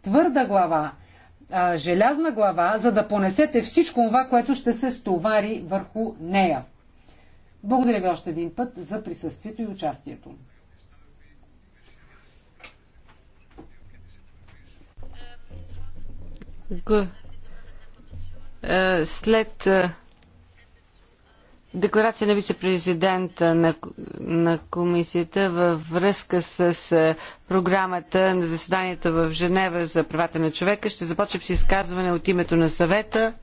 твърда глава, а, желязна глава, за да понесете всичко това, което ще се стовари върху нея. Благодаря ви още един път за присъствието и участието. Е, след е, декларация на вице-президента на, на комисията във връзка с програмата на заседанието в Женева за правата на човека. Ще започнем с изказване от името на съвета.